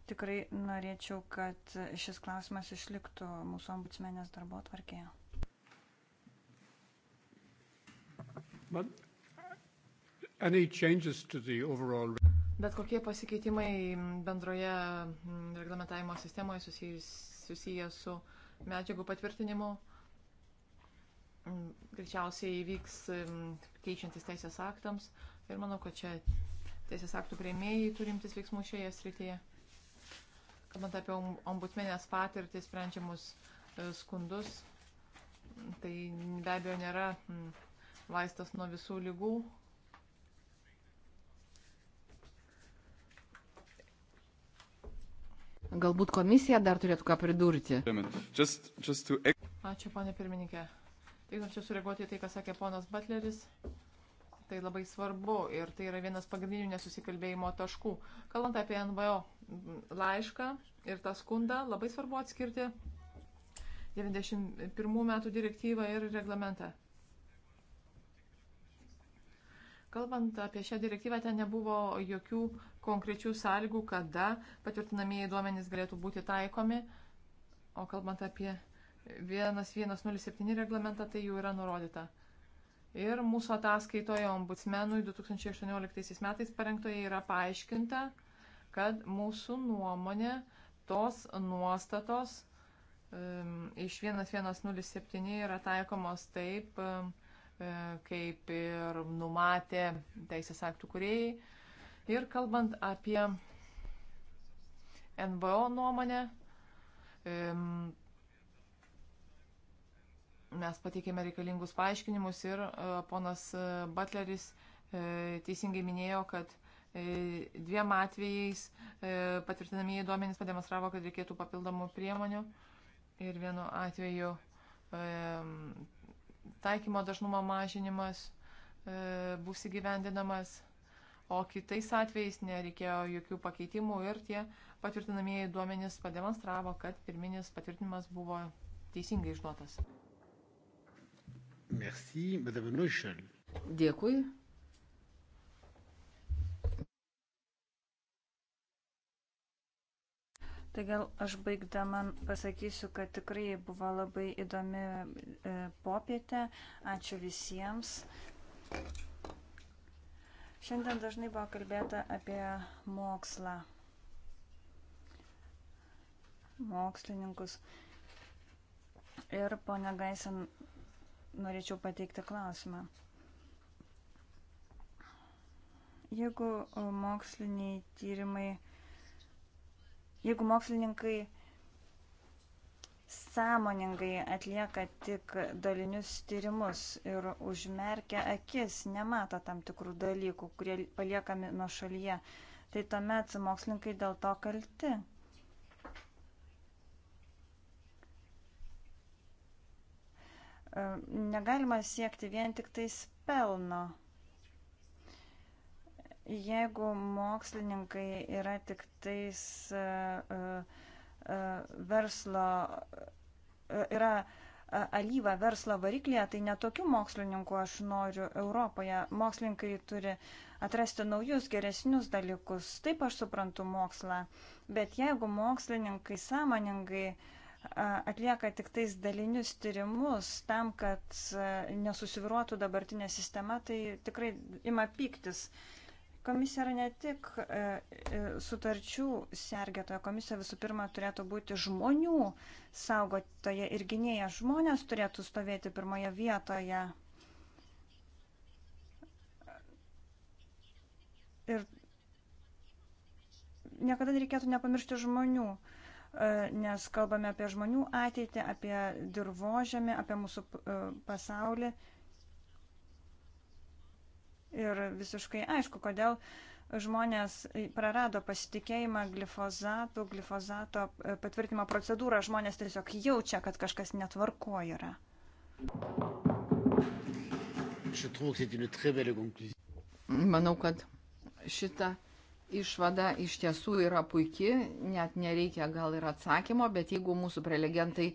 Tikrai norėčiau, kad šis klausimas išliktų mūsų ombudsmenės darbo tvarkėje. Overall... Bet kokie pasikeitimai bendroje reglamentavimo sistemoje susiję su medžiagų patvirtinimu greičiausiai įvyks keičiantis teisės aktams ir manau, kad čia teisės aktų prieimėjai turimtis veiksmų šioje srityje. Kalbant apie ombudsmenės patirtį sprendžiamus e, skundus, tai be abejo nėra vaistas nuo visų lygų. Galbūt komisija dar turėtų ką pridurti. Just, just to... Ačiū, ponė pirmininkė. Tai norėčiau sureaguoti į tai, ką sakė ponas Butleris. Tai labai svarbu ir tai yra vienas pagrindinių nesusikalbėjimo taškų. Kalbant apie NVO laišką ir tą skundą, labai svarbu atskirti 91 metų direktyvą ir reglamentą. Kalbant apie šią direktyvą, ten nebuvo jokių konkrečių sąlygų, kada patvirtinamieji duomenys galėtų būti taikomi. O kalbant apie 1107 reglamentą tai jau yra nurodyta. Ir mūsų ataskaitoje ombudsmenui 2018 metais parengtoje yra paaiškinta, kad mūsų nuomonė tos nuostatos um, iš 1107 yra taikomos taip, um, kaip ir numatė teisės aktų kuriejai. Ir kalbant apie NVO nuomonę, um, Mes pateikėme reikalingus paaiškinimus ir e, ponas e, Butleris e, teisingai minėjo, kad dviem atvejais patvirtinamieji duomenys pademonstravo, kad reikėtų papildomų priemonių ir vienu atveju taikymo dažnumo mažinimas bus įgyvendinamas, o kitais atvejais nereikėjo jokių pakeitimų ir tie patvirtinamieji duomenys pademonstravo, kad pirminis patvirtinimas buvo teisingai išduotas. Merci, madame Nušel. Dėkui. Tai gal aš baigdama pasakysiu, kad tikrai buvo labai įdomi e, popietė. Ačiū visiems. Šiandien dažnai buvo kalbėta apie mokslą. Mokslininkus. Ir ponia Gaisen norėčiau pateikti klausimą. Jeigu e, moksliniai tyrimai, jeigu mokslininkai sąmoningai atlieka tik dalinius tyrimus ir užmerkia akis, nemato tam tikrų dalykų, kurie paliekami nuo šalyje, tai tuomet mokslininkai dėl to kalti. Negalima siekti vien tik tais pelno. Jeigu mokslininkai yra tik tais e, e, e, verslo, yra alyva verslo variklyje, tai netokių mokslininkų aš noriu Europoje. Mokslininkai turi atrasti naujus, geresnius dalykus. Taip aš suprantu mokslą. Bet jeigu mokslininkai sąmoningai uh, atlieka tik tais dalinius tyrimus tam, kad nesusiviruotų dabartinė sistema, tai tikrai ima piktis. Komisija yra ne tik e, sutarčių sergėtoja, komisija visų pirma turėtų būti žmonių saugotoje ir gynėja. Žmonės turėtų stovėti pirmoje vietoje. Ir niekada nereikėtų nepamiršti žmonių. E, nes kalbame apie žmonių ateitį, apie dirbožėmį, apie mūsų e, pasaulį. Ir visiškai aišku, kodėl žmonės prarado pasitikėjimą glifozatų, glifozato e, patvirtimo procedūrą. Žmonės tiesiog jaučia, kad kažkas netvarko yra. Manau, kad šitą išvada iš tiesų yra puikia, net nereikia gal ir atsakymo, bet jeigu mūsų prelegentai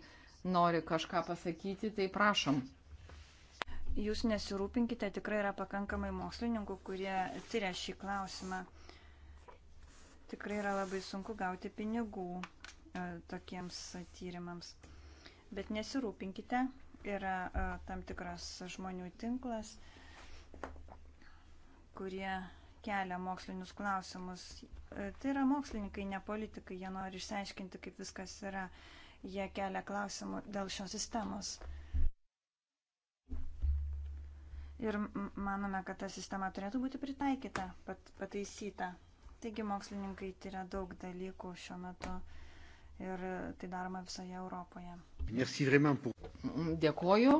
nori kažką pasakyti, tai prašom. Jūs nesirūpinkite, tikrai yra pakankamai mokslininkų, kurie tyria šį klausimą. Tikrai yra labai sunku gauti pinigų e, tokiems tyrimams. Bet nesirūpinkite, yra e, tam tikras žmonių tinklas, kurie kelia mokslinius klausimus. E, tai yra mokslininkai, ne politikai, jie nori išsiaiškinti, kaip viskas yra, jie kelia klausimų dėl šios sistemos. Ir manome, kad ta sistema turėtų būti pritaikyta, pat, pataisyta. Taigi mokslininkai tyria daug dalykų šiuo metu ir tai daroma visoje Europoje. Dėkoju.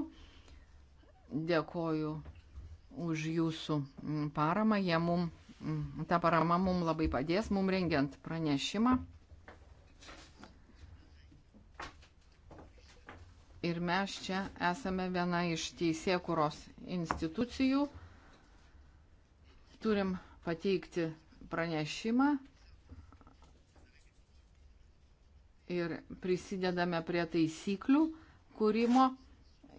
Dėkoju už jūsų mm, paramą. Jie mum, mm, ta parama mum labai padės, mum rengiant pranešimą. Ir mes čia esame viena iš teisėkuros institucijų. Turim pateikti pranešimą ir prisidedame prie taisyklių kūrimo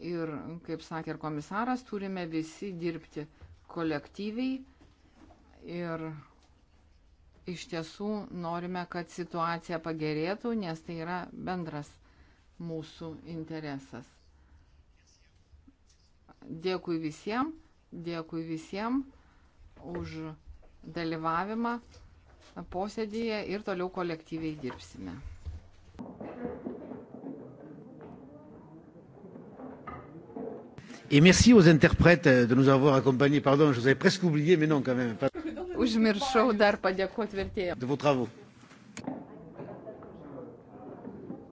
ir, kaip sakė ir komisaras, turime visi dirbti kolektyviai ir iš tiesų norime, kad situacija pagerėtų, nes tai yra bendras mūsų interesas. Dėkui visiems, dėkui visiems už dalyvavimą posėdėje ir toliau kolektyviai dirbsime. Et merci aux interprètes euh, de nous avoir accompagnés. Pardon, je vous avais presque oublié, mais non, quand même. Pas... Užmiršau dar padėkoti vertėjams. De vos travaux.